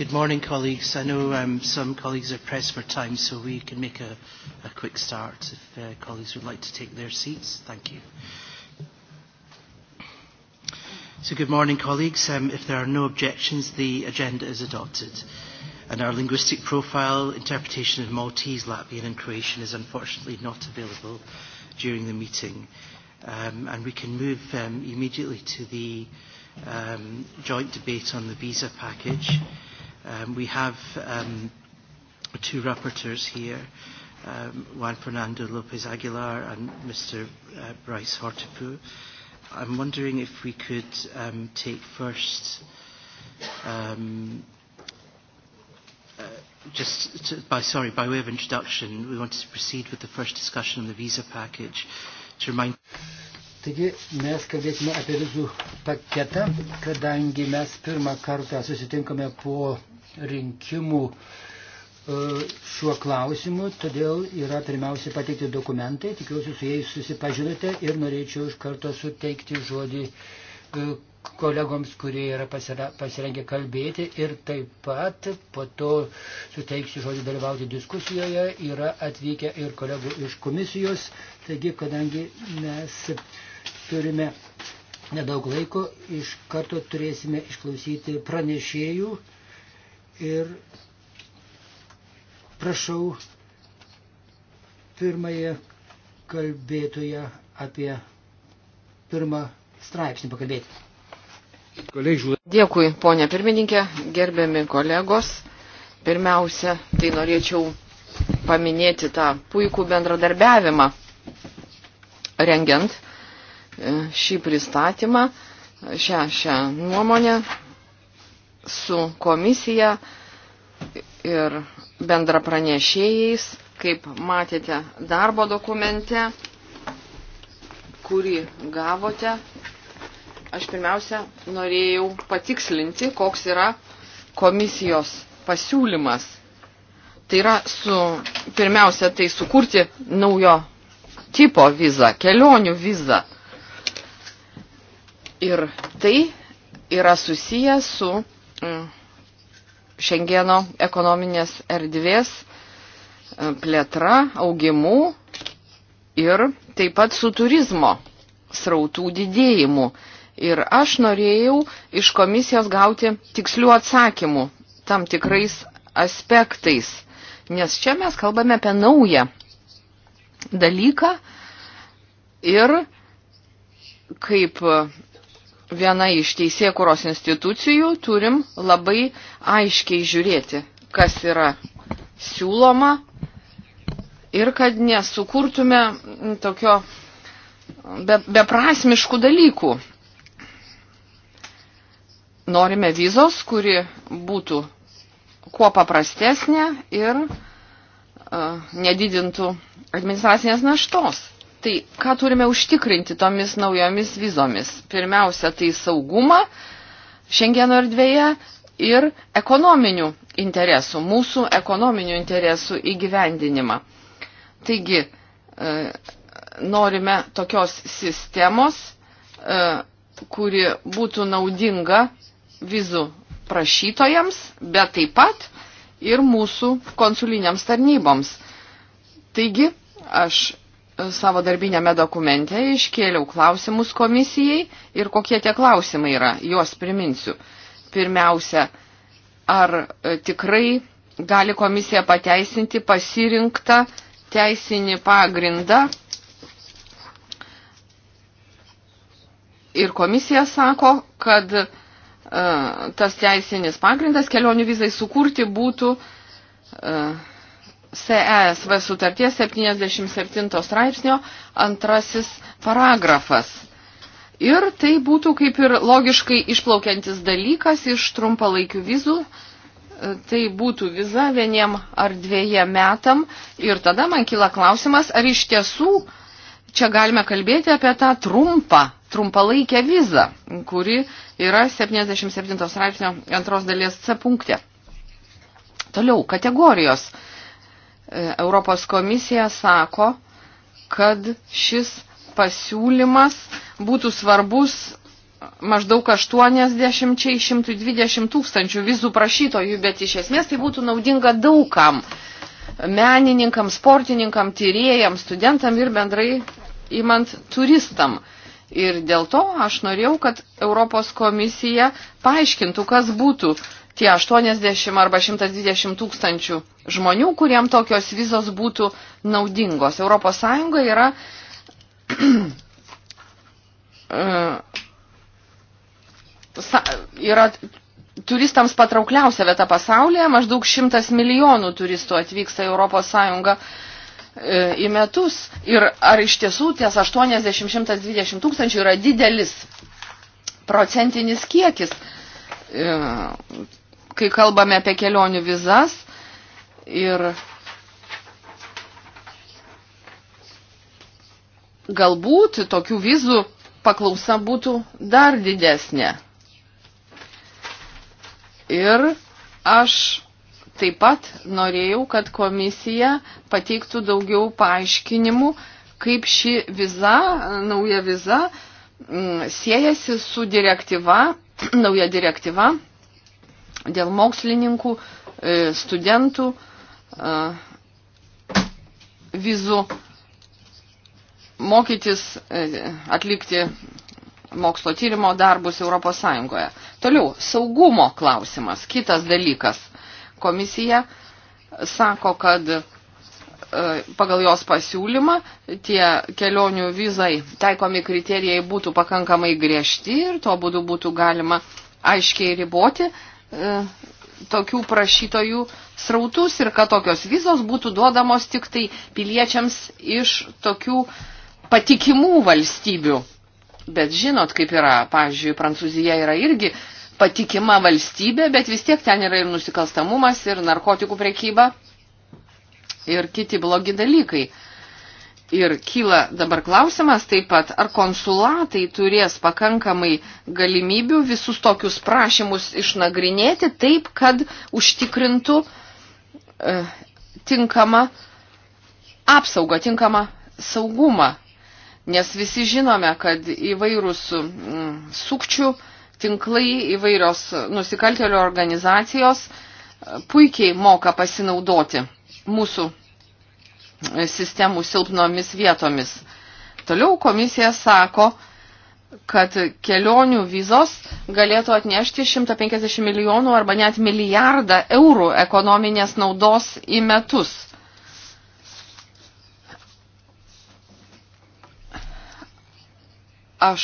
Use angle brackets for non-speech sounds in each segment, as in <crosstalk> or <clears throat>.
Good morning, colleagues. I know um, some colleagues are pressed for time, so we can make a, a quick start if uh, colleagues would like to take their seats. Thank you. So good morning, colleagues. Um, if there are no objections, the agenda is adopted. And our linguistic profile, interpretation of Maltese, Latvian and Croatian is unfortunately not available during the meeting. Um, and we can move um, immediately to the um, joint debate on the visa package. Mm-hmm Um, we have um, two rapporteurs here, um, Juan Fernando Lopez Aguilar and Mr. Uh, Bryce Hortepeux. I'm wondering if we could um, take first um, uh, just to, by sorry by way of introduction, we wanted to proceed with the first discussion on the visa package. To remind. Taigi mes kalbėsime apie vizų paketą, kadangi mes pirmą kartą susitinkame po rinkimų e, šiuo klausimu, todėl yra pirmiausia pateikti dokumentai, tikiuosi su jais susipažinote ir norėčiau iš karto suteikti žodį e, kolegoms, kurie yra pasirengę kalbėti ir taip pat po to suteiksiu žodį dalyvauti diskusijoje, yra atvykę ir kolegų iš komisijos, taigi kadangi mes turime nedaug laiko, iš karto turėsime išklausyti pranešėjų ir prašau pirmąją kalbėtoją apie pirmą straipsnį pakalbėti. Dėkui, ponė pirmininkė, gerbiami kolegos. Pirmiausia, tai norėčiau paminėti tą puikų bendradarbiavimą rengiant E, šį pristatymą, šią, šią nuomonę su komisija ir bendra pranešėjais, kaip matėte darbo dokumente, kurį gavote. Aš pirmiausia norėjau patikslinti, koks yra komisijos pasiūlymas. Tai yra su, pirmiausia, tai sukurti naujo tipo vizą, kelionių vizą. Ir tai yra susiję su mm, Šengeno ekonominės erdvės e, plėtra, augimu ir taip pat su turizmo srautų didėjimu. Ir aš norėjau iš komisijos gauti tikslių atsakymų tam tikrais aspektais, nes čia mes kalbame apie naują dalyką ir kaip viena iš teisėkuros institucijų turim labai aiškiai žiūrėti, kas yra siūloma ir kad nesukurtume tokio be, beprasmiškų dalykų. Norime vizos, kuri būtų kuo paprastesnė ir uh, nedidintų administracinės naštos. Tai ką turime užtikrinti tomis naujomis vizomis? Pirmiausia, tai saugumą Šengeno erdvėje ir ekonominių interesų, mūsų ekonominių interesų įgyvendinimą. Taigi, e, norime tokios sistemos, e, kuri būtų naudinga vizų prašytojams, bet taip pat ir mūsų konsuliniams tarnyboms. Taigi, aš savo darbinėme dokumente iškėliau klausimus komisijai ir kokie tie klausimai yra, juos priminsiu. Pirmiausia, ar e, tikrai gali komisija pateisinti pasirinktą teisinį pagrindą. Ir komisija sako, kad uh, tas teisinis pagrindas kelionių vizai sukurti būtų uh, CESV sutarties 77 straipsnio antrasis paragrafas. Ir tai būtų kaip ir logiškai išplaukiantis dalykas iš trumpalaikių vizų. E, tai būtų viza vieniem ar dviejiem metam. Ir tada man kyla klausimas, ar iš tiesų čia galime kalbėti apie tą trumpą, trumpalaikę vizą, kuri yra 77 straipsnio antros dalies C punkte. Toliau, kategorijos Europos komisija sako, kad šis pasiūlymas būtų svarbus maždaug 80-120 tūkstančių vizų prašytojų, bet iš esmės tai būtų naudinga daugam menininkam, sportininkam, tyrėjam, studentam ir bendrai imant turistam. Ir dėl to aš norėjau, kad Europos komisija paaiškintų, kas būtų uh, tie 80 arba 120 tūkstančių žmonių, kuriem tokios vizos būtų naudingos. Europos Sąjunga yra <clears throat> e, yra turistams patraukliausia vieta pasaulyje, maždaug šimtas milijonų turistų atvyksta į Europos Sąjungą e, į metus. Ir ar iš tiesų ties 80-120 tūkstančių yra didelis procentinis kiekis e, kai kalbame apie kelionių vizas ir galbūt tokių vizų paklausa būtų dar didesnė. Ir aš taip pat norėjau, kad komisija pateiktų daugiau paaiškinimų, kaip ši viza, nauja viza, mm, siejasi su direktyva, <clears throat> nauja direktyva dėl mokslininkų, e, studentų e, vizų mokytis e, atlikti mokslo tyrimo darbus Europos Sąjungoje. Toliau, saugumo klausimas, kitas dalykas. Komisija sako, kad pagal jos pasiūlymą tie kelionių vizai taikomi kriterijai būtų pakankamai griežti ir tuo būdu būtų galima aiškiai riboti E, tokių prašytojų srautus ir kad tokios vizos būtų duodamos tik tai piliečiams iš tokių patikimų valstybių. Bet žinot, kaip yra, pavyzdžiui, Prancūzija yra irgi patikima valstybė, bet vis tiek ten yra ir nusikalstamumas, ir narkotikų prekyba, ir kiti blogi dalykai. Ir kyla dabar klausimas taip pat, ar konsulatai turės pakankamai galimybių visus tokius prašymus išnagrinėti taip, kad užtikrintų e, tinkamą apsaugą, tinkamą saugumą. Nes visi žinome, kad įvairūs mm, sukčių tinklai, įvairios nusikaltėlių organizacijos e, puikiai moka pasinaudoti mūsų sistemų silpnomis vietomis. Toliau komisija sako, kad kelionių vizos galėtų atnešti 150 milijonų arba net milijardą eurų ekonominės naudos į metus. Aš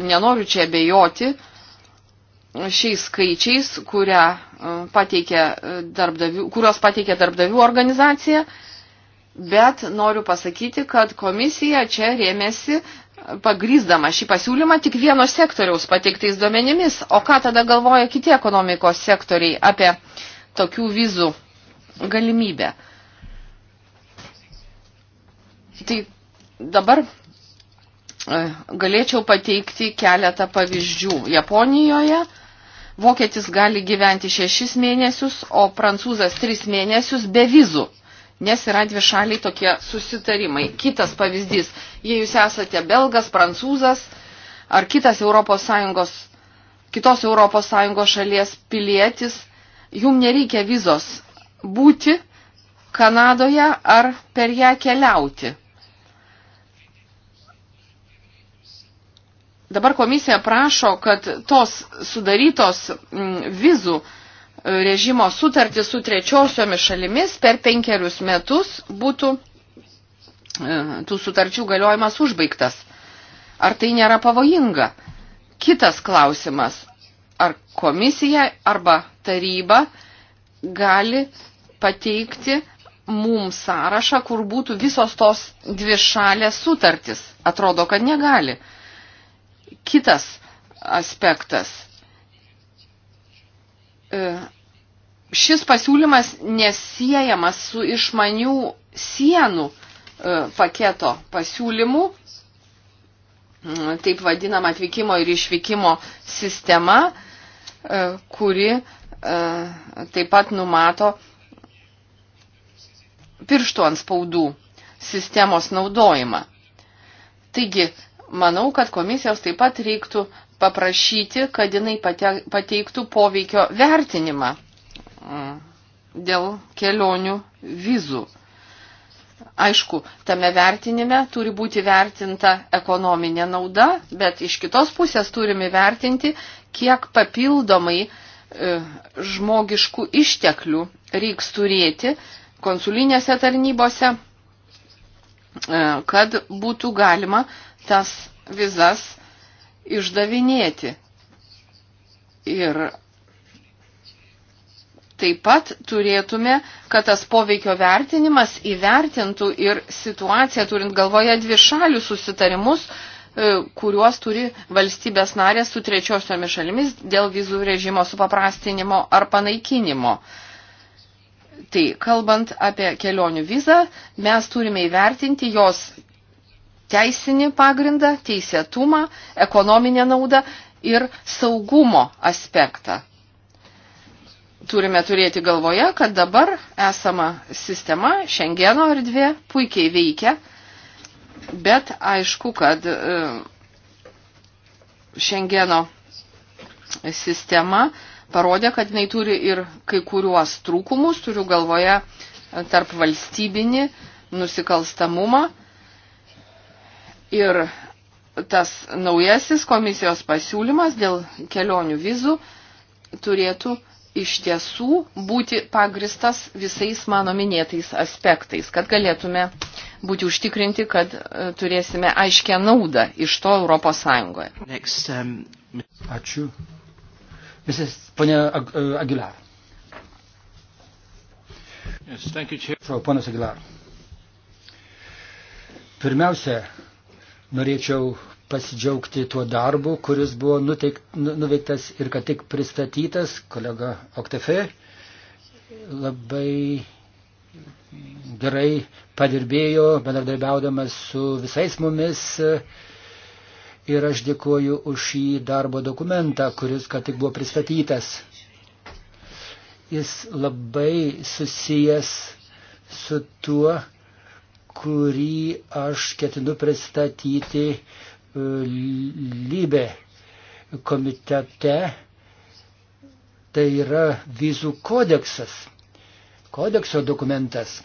nenoriu čia bejoti šiais skaičiais, kurią e, pateikė e, darbdavių, kurios pateikė darbdavių organizacija. Bet noriu pasakyti, kad komisija čia rėmėsi pagrysdama šį pasiūlymą tik vieno sektoriaus pateiktais duomenimis. O ką tada galvoja kiti ekonomikos sektoriai apie tokių vizų galimybę? Tai dabar e, galėčiau pateikti keletą pavyzdžių. Japonijoje vokietis gali gyventi šešis mėnesius, o prancūzas tris mėnesius be vizų nes yra dvišaliai tokie susitarimai. Kitas pavyzdys, jei jūs esate belgas, prancūzas ar kitas Europos Sąjungos, kitos Europos Sąjungos šalies pilietis, jum nereikia vizos būti Kanadoje ar per ją keliauti. Dabar komisija prašo, kad tos sudarytos mm, vizų mm, režimo sutartį su trečiosiomis šalimis per penkerius metus būtų e, tų sutarčių galiojimas užbaigtas. Ar tai nėra pavojinga? Kitas klausimas. Ar komisija arba taryba gali pateikti mums sąrašą, kur būtų visos tos dvi šalės sutartis? Atrodo, kad negali. Kitas aspektas E, šis pasiūlymas nesiejamas su išmanių sienų e, paketo pasiūlymu, taip vadinama atvykimo ir išvykimo sistema, e, kuri taip pat numato pirštų ant spaudų sistemos naudojimą. Taigi, manau, kad komisijos taip pat reiktų paprašyti, kad jinai pateiktų poveikio vertinimą mm, dėl kelionių vizų. Aišku, tame vertinime turi būti vertinta ekonominė nauda, bet iš kitos pusės turime vertinti, kiek papildomai e, žmogiškų išteklių reiks turėti konsulinėse tarnybose, e, kad būtų galima tas vizas išdavinėti. Ir taip pat turėtume, kad tas poveikio vertinimas įvertintų ir situaciją, turint galvoje dvi šalių susitarimus, e, kuriuos turi valstybės narės su trečiosiomis šalimis dėl vizų režimo supaprastinimo ar panaikinimo. Tai kalbant apie kelionių vizą, mes turime įvertinti jos teisinį pagrindą, teisėtumą, ekonominę naudą ir saugumo aspektą. Turime turėti galvoje, kad dabar esama sistema Šengeno erdvė puikiai veikia, bet aišku, kad e, Šengeno sistema parodė, kad jinai turi ir kai kuriuos trūkumus, turiu galvoje tarp valstybinį nusikalstamumą Ir tas naujasis komisijos pasiūlymas dėl kelionių vizų turėtų iš tiesų būti pagristas visais mano minėtais aspektais, kad galėtume būti užtikrinti, kad e, turėsime aiškę naudą iš to Europos Sąjungoje. Next, um... Ačiū. Visas, ponia Ag e, Aguilar. Yes, thank you, Chair. Ponas Aguilar. Pirmiausia, norėčiau pasidžiaugti tuo darbu, kuris buvo nuteik, nu, nuveiktas ir kad tik pristatytas kolega Oktefe. Labai gerai padirbėjo, bendradarbiaudamas su visais mumis. Ir aš dėkuoju už šį darbo dokumentą, kuris ką tik buvo pristatytas. Jis labai susijęs su tuo, kurį aš ketinu pristatyti lybė komitete. Tai yra vizų kodeksas, kodekso dokumentas.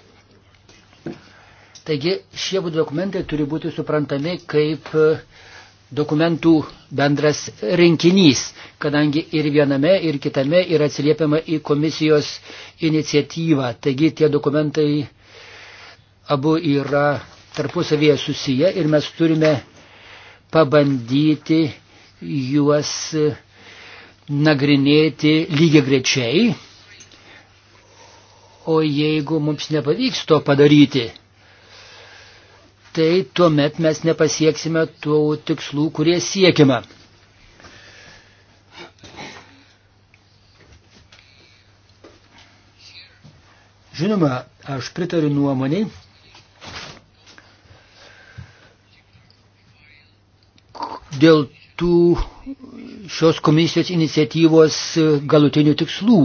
Taigi šie dokumentai turi būti suprantami kaip dokumentų bendras rinkinys, kadangi ir viename, ir kitame yra atsiliepiama į komisijos iniciatyvą. Taigi tie dokumentai abu yra tarpusavėje susiję ir mes turime pabandyti juos e, nagrinėti lygiai grečiai. O jeigu mums nepavyks to padaryti, tai tuomet mes nepasieksime tų tikslų, kurie siekime. Žinoma, aš pritariu nuomonėj, dėl tų šios komisijos iniciatyvos e, galutinių tikslų,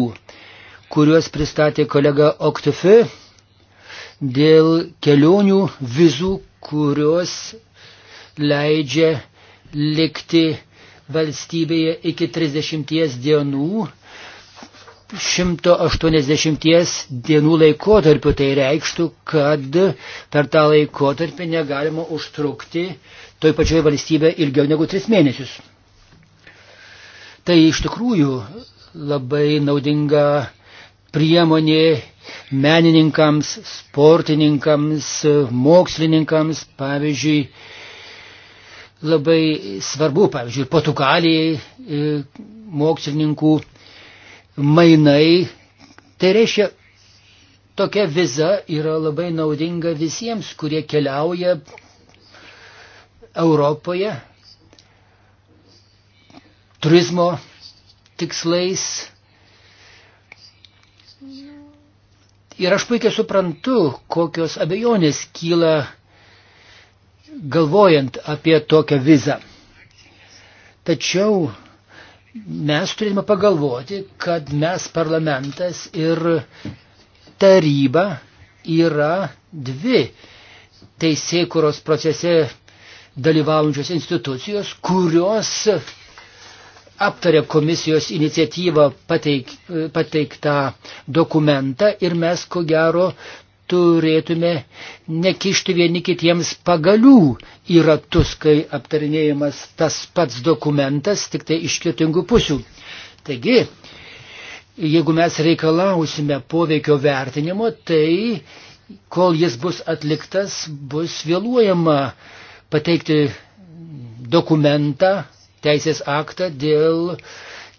kuriuos pristatė kolega Oktefe dėl kelionių vizų, kurios leidžia likti valstybėje iki 30 dienų 180 dienų laikotarpiu. Tai reikštų, kad per tą laikotarpį negalima užtrukti toj pačioj valstybė ilgiau negu 3 mėnesius. Tai iš tikrųjų labai naudinga priemonė menininkams, sportininkams, mokslininkams, pavyzdžiui, labai svarbu, pavyzdžiui, Portugalijai mokslininkų mainai. Tai reiškia, tokia viza yra labai naudinga visiems, kurie keliauja Europoje turizmo tikslais. Ir aš puikiai suprantu, kokios abejonės kyla galvojant apie tokią vizą. Tačiau mes turėtume pagalvoti, kad mes parlamentas ir taryba yra dvi teisėkuros procese dalyvaujančios institucijos, kurios aptarė komisijos iniciatyvą pateik, pateiktą dokumentą ir mes ko gero turėtume nekišti vieni kitiems pagalių į ratus, kai aptarinėjimas tas pats dokumentas, tik tai iš skirtingų pusių. Taigi, jeigu mes reikalausime poveikio vertinimo, tai kol jis bus atliktas, bus vėluojama pateikti dokumentą, teisės aktą dėl uh,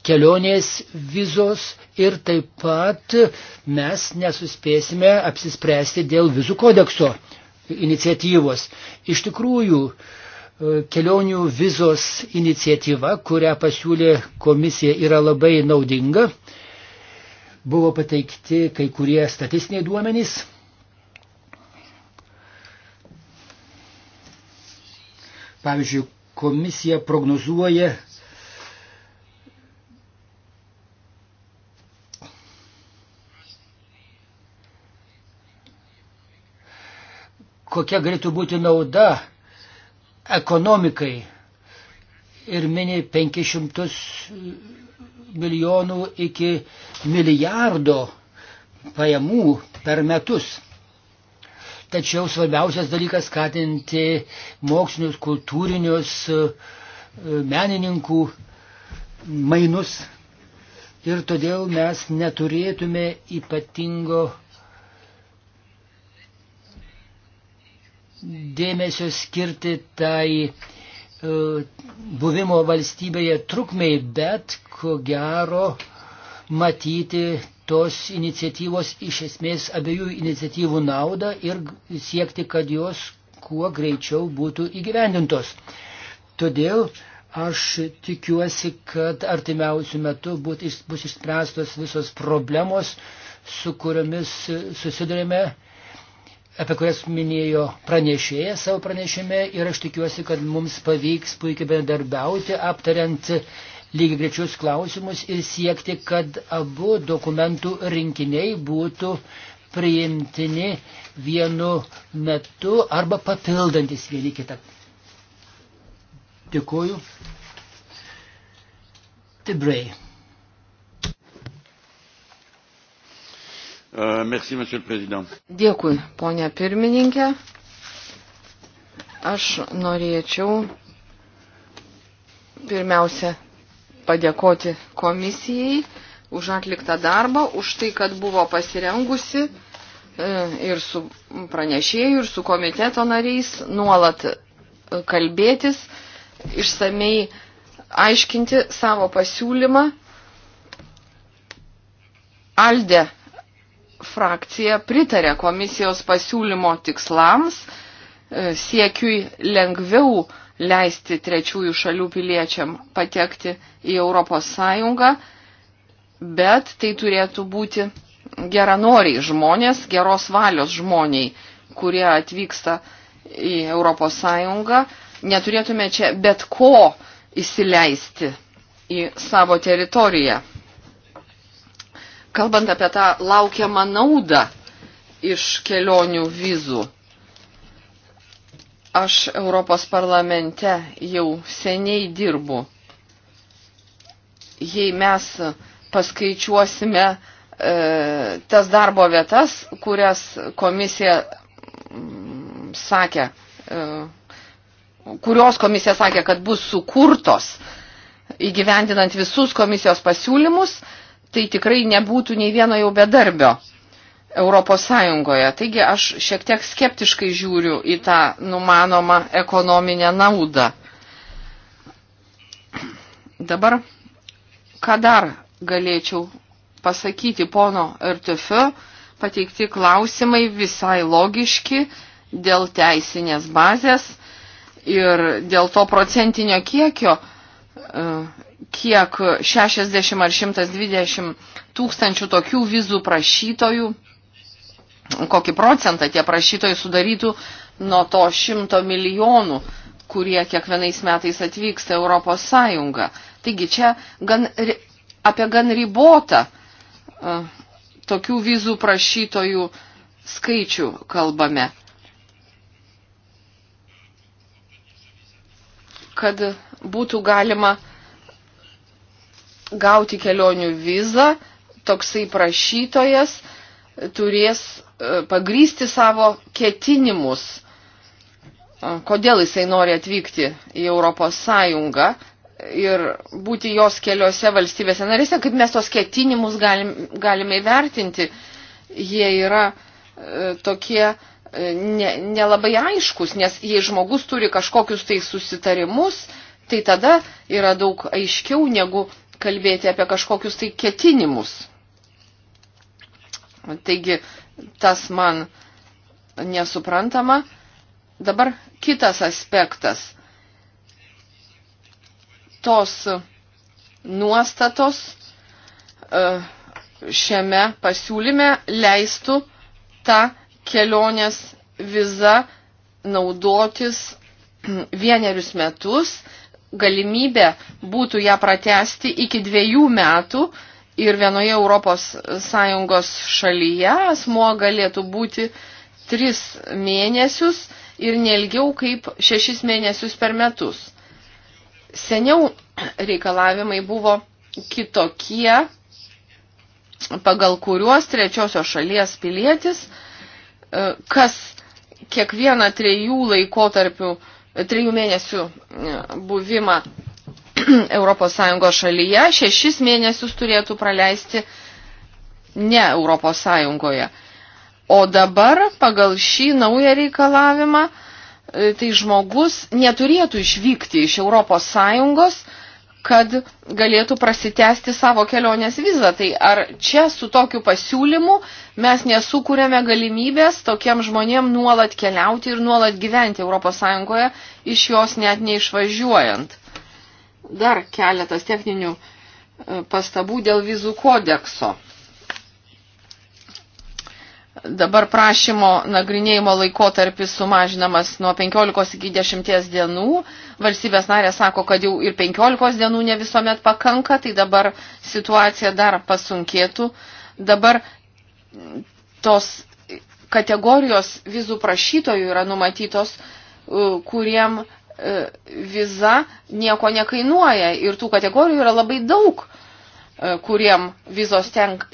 kelionės vizos ir taip pat mes nesuspėsime apsispręsti dėl vizų kodekso iniciatyvos. Iš tikrųjų, e, kelionių vizos iniciatyva, kurią pasiūlė komisija, yra labai naudinga. Buvo pateikti kai kurie statistiniai duomenys. Pavyzdžiui, komisija prognozuoja kokia galėtų būti nauda ekonomikai ir mini 500 milijonų iki milijardo pajamų per metus. Tačiau svarbiausias dalykas skatinti mokslinius, kultūrinius, menininkų mainus. Ir todėl mes neturėtume ypatingo dėmesio skirti tai e, buvimo valstybėje trukmei, bet ko gero matyti tos iniciatyvos iš esmės abiejų iniciatyvų naudą ir siekti, kad jos kuo greičiau būtų įgyvendintos. Todėl aš tikiuosi, kad artimiausių metų bus išspręstos visos problemos, su kuriomis susidurėme apie kurias minėjo pranešėjas savo pranešime ir aš tikiuosi, kad mums pavyks puikiai bendarbiauti, aptariant lygiai grečius klausimus ir siekti, kad abu dokumentų rinkiniai būtų priimtini vienu metu arba papildantis vieni kitą. Dėkuoju. Tibrai. Euh, merci, monsieur le président. Dėkui, ponia pirmininkė. Aš norėčiau pirmiausia padėkoti komisijai už atliktą darbą, už tai, kad buvo pasirengusi e, ir su pranešėjų, ir su komiteto nariais nuolat e, kalbėtis, išsamei aiškinti savo pasiūlymą. Alde frakcija pritarė komisijos pasiūlymo tikslams, e, siekiui lengviau leisti trečiųjų šalių piliečiam patekti į Europos Sąjungą, bet tai turėtų būti geranoriai žmonės, geros valios žmoniai, kurie atvyksta į Europos Sąjungą. Neturėtume čia bet ko įsileisti į savo teritoriją kalbant apie tą laukiamą naudą iš kelionių vizų, aš Europos parlamente jau seniai dirbu. Jei mes paskaičiuosime e, tas darbo vietas, kurias komisija m, mm, sakė, e, kurios komisija sakė, kad bus sukurtos įgyvendinant visus komisijos pasiūlymus, e, tai tikrai nebūtų nei vieno jau bedarbio Europos Sąjungoje. Taigi aš šiek tiek skeptiškai žiūriu į tą numanomą ekonominę naudą. Dabar, ką dar galėčiau pasakyti pono Ertefiu, pateikti klausimai visai logiški dėl teisinės bazės ir dėl to procentinio kiekio e, kiek 60 ar 120 tūkstančių tokių vizų prašytojų, kokį procentą tie prašytojai sudarytų nuo to 100 milijonų, kurie kiekvienais metais atvyksta Europos Sąjunga. Taigi čia gan, apie gan ribotą e, tokių vizų prašytojų skaičių kalbame. Kad būtų galima uh, gauti kelionių vizą, toksai prašytojas turės e, pagrysti savo ketinimus, e, kodėl jisai nori atvykti į Europos Sąjungą ir būti jos keliose valstybėse narėse, kaip mes tos ketinimus galim, galime įvertinti, jie yra e, tokie e, nelabai ne, ne aiškus, nes jei žmogus turi kažkokius tai susitarimus, tai tada yra daug aiškiau negu kalbėti apie kažkokius tai ketinimus. Taigi, tas man nesuprantama. Dabar kitas aspektas. Tos nuostatos e, šiame pasiūlyme leistų tą kelionės vizą naudotis vienerius metus galimybė būtų ją pratesti iki dviejų metų ir vienoje Europos Sąjungos šalyje asmuo galėtų būti tris mėnesius ir nelgiau kaip šešis mėnesius per metus. Seniau reikalavimai buvo kitokie, pagal kuriuos trečiosios šalies pilietis, e, kas kiekvieną trejų laikotarpių tarpių trijų mėnesių e, buvimą ES <clears throat> šalyje, šešis mėnesius turėtų praleisti ne ES. O dabar pagal šį naują reikalavimą e, tai žmogus neturėtų išvykti iš ES kad galėtų prasitęsti savo kelionės vizą. Tai ar čia su tokiu pasiūlymu mes nesukūrėme galimybės tokiem žmonėm nuolat keliauti ir nuolat gyventi ES iš jos net neišvažiuojant? Dar keletas techninių e, pastabų dėl vizų kodekso. Dabar prašymo nagrinėjimo laikotarpis sumažinamas nuo 15 iki 10 dienų valstybės narės sako, kad jau ir 15 dienų ne visuomet pakanka, tai dabar situacija dar pasunkėtų. Dabar tos kategorijos vizų prašytojų yra numatytos, kuriem e, viza nieko nekainuoja ir tų kategorijų yra labai daug, e, kuriem vizos tenk,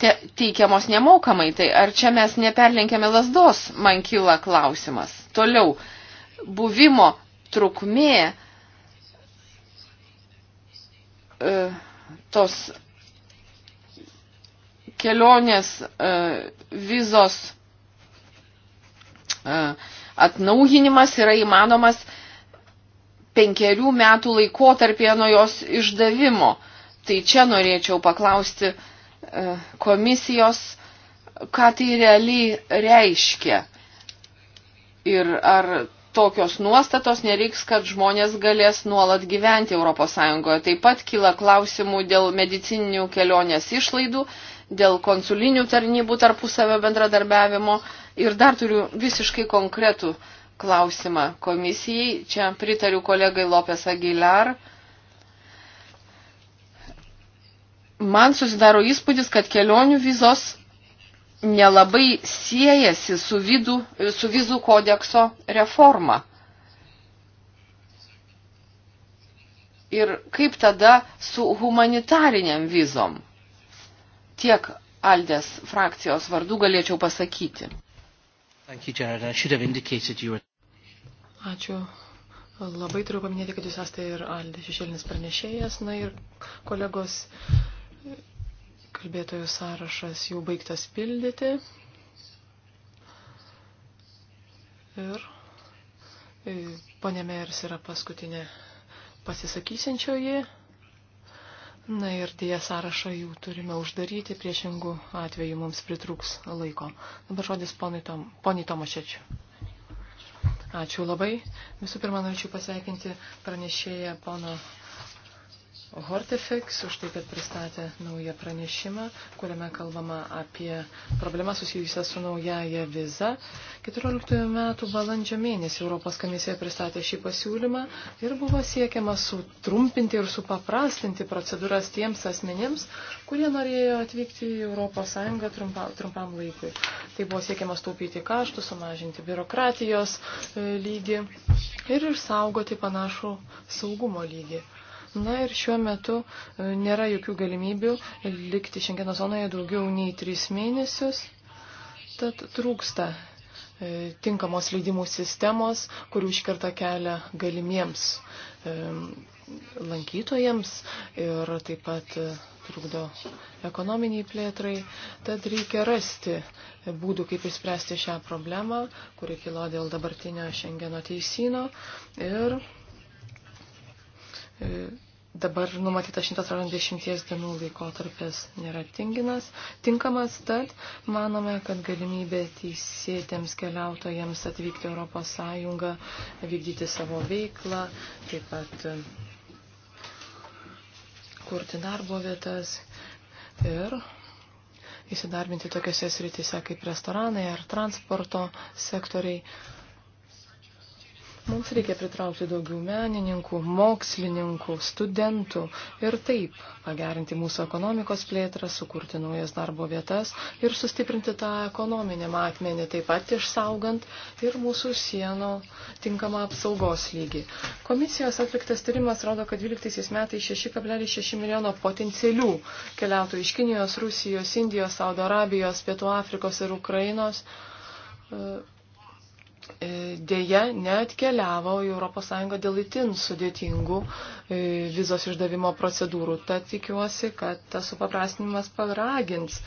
te, teikiamos nemokamai. Tai ar čia mes neperlenkėme lasdos, man kyla klausimas. Toliau, buvimo trukmė e, tos kelionės e, vizos e, atnaujinimas yra įmanomas penkerių metų laikotarpėje nuo jos išdavimo. Tai čia norėčiau paklausti komisijos, ką tai realiai reiškia. Ir ar tokios nuostatos nereiks, kad žmonės galės nuolat gyventi ES. Taip pat kyla klausimų dėl medicininių kelionės išlaidų, dėl konsulinių tarnybų tarpusavio bendradarbiavimo ir dar turiu visiškai konkretų klausimą komisijai. Čia pritariu kolegai Lopes Aguilar. Man susidaro įspūdis, kad kelionių vizos nelabai siejasi su, vidų, su vizų kodekso reforma. Ir kaip tada su humanitariniam vizom? Tiek Aldės frakcijos vardų galėčiau pasakyti. Ačiū. Labai turiu paminėti, kad jūs esate ir Aldė šešėlinis pranešėjas, na ir kolegos Kalbėtojų sąrašas jau baigtas pildyti. Ir e, ponė Mers yra paskutinė pasisakysiančioji. Na ir dėja sąrašą jau turime uždaryti, priešingų atveju mums pritrūks laiko. Dabar žodis poniai Tom, Tomašečiu. Ačiū labai. Visų pirma, norėčiau pasveikinti pranešėją pono Hortifex už tai, kad pristatė naują pranešimą, kuriame kalbama apie problemą susijusią su naujaja viza. 14 metų balandžio mėnesį Europos komisija pristatė šį pasiūlymą ir buvo siekiama sutrumpinti ir supaprastinti procedūras tiems asmenims, kurie norėjo atvykti į Europos Sąjungą trumpa, trumpam laikui. Tai buvo siekiama staupyti kaštų, sumažinti biurokratijos e, lygį ir išsaugoti panašų saugumo lygį. Na ir šiuo metu e, nėra jokių galimybių likti Šengeno zonoje daugiau nei 3 mėnesius, tad trūksta e, tinkamos leidimų sistemos, kurių iškerta kelią galimiems e, lankytojams ir taip pat trukdo ekonominiai plėtrai. Tad reikia rasti būdų, kaip įspręsti šią problemą, kuri kilo dėl dabartinio Šengeno teisino. Ir Dabar numatytas 180 dienų laikotarpis nėra tinginas, tinkamas, tad manome, kad galimybė teisėtiems keliautojams atvykti Europos Sąjungą, vykdyti savo veiklą, taip pat e, kurti darbo vietas ir įsidarbinti tokiose srityse kaip restoranai ar transporto sektoriai Mums reikia pritraukti daugiau menininkų, mokslininkų, studentų ir taip pagerinti mūsų ekonomikos plėtrą, sukurti naujas darbo vietas ir sustiprinti tą ekonominį matmenį, taip pat išsaugant ir mūsų sienų tinkamą apsaugos lygį. Komisijos atliktas tyrimas rodo, kad 12 metais 6,6 milijono potencialių keliautų iš Kinijos, Rusijos, Indijos, Saudo Arabijos, Pietų Afrikos ir Ukrainos. Uh, E, dėja neatkeliavo į ES dėl itin sudėtingų e, vizos išdavimo procedūrų. Tad tikiuosi, kad tas supaprastinimas paragins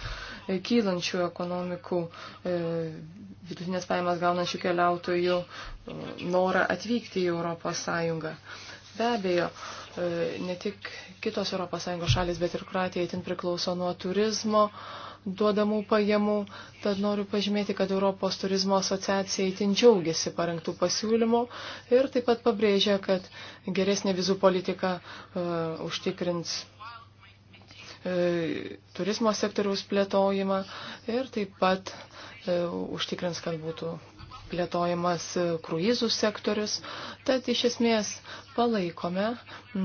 e, kylančių ekonomikų vidutinės pajamas gaunančių keliautojų norą atvykti į ES. Be abejo, ne tik kitos ES šalis, bet ir Kroatija itin priklauso nuo turizmo duodamų pajamų. Tad noriu pažymėti, kad Europos turizmo asociacija įtin džiaugiasi parengtų pasiūlymų ir taip pat pabrėžia, kad geresnė vizų politika uh, užtikrins uh, turizmo sektoriaus plėtojimą ir taip pat uh, užtikrins, kad būtų plėtojamas e, kruizų sektorius, tad iš esmės palaikome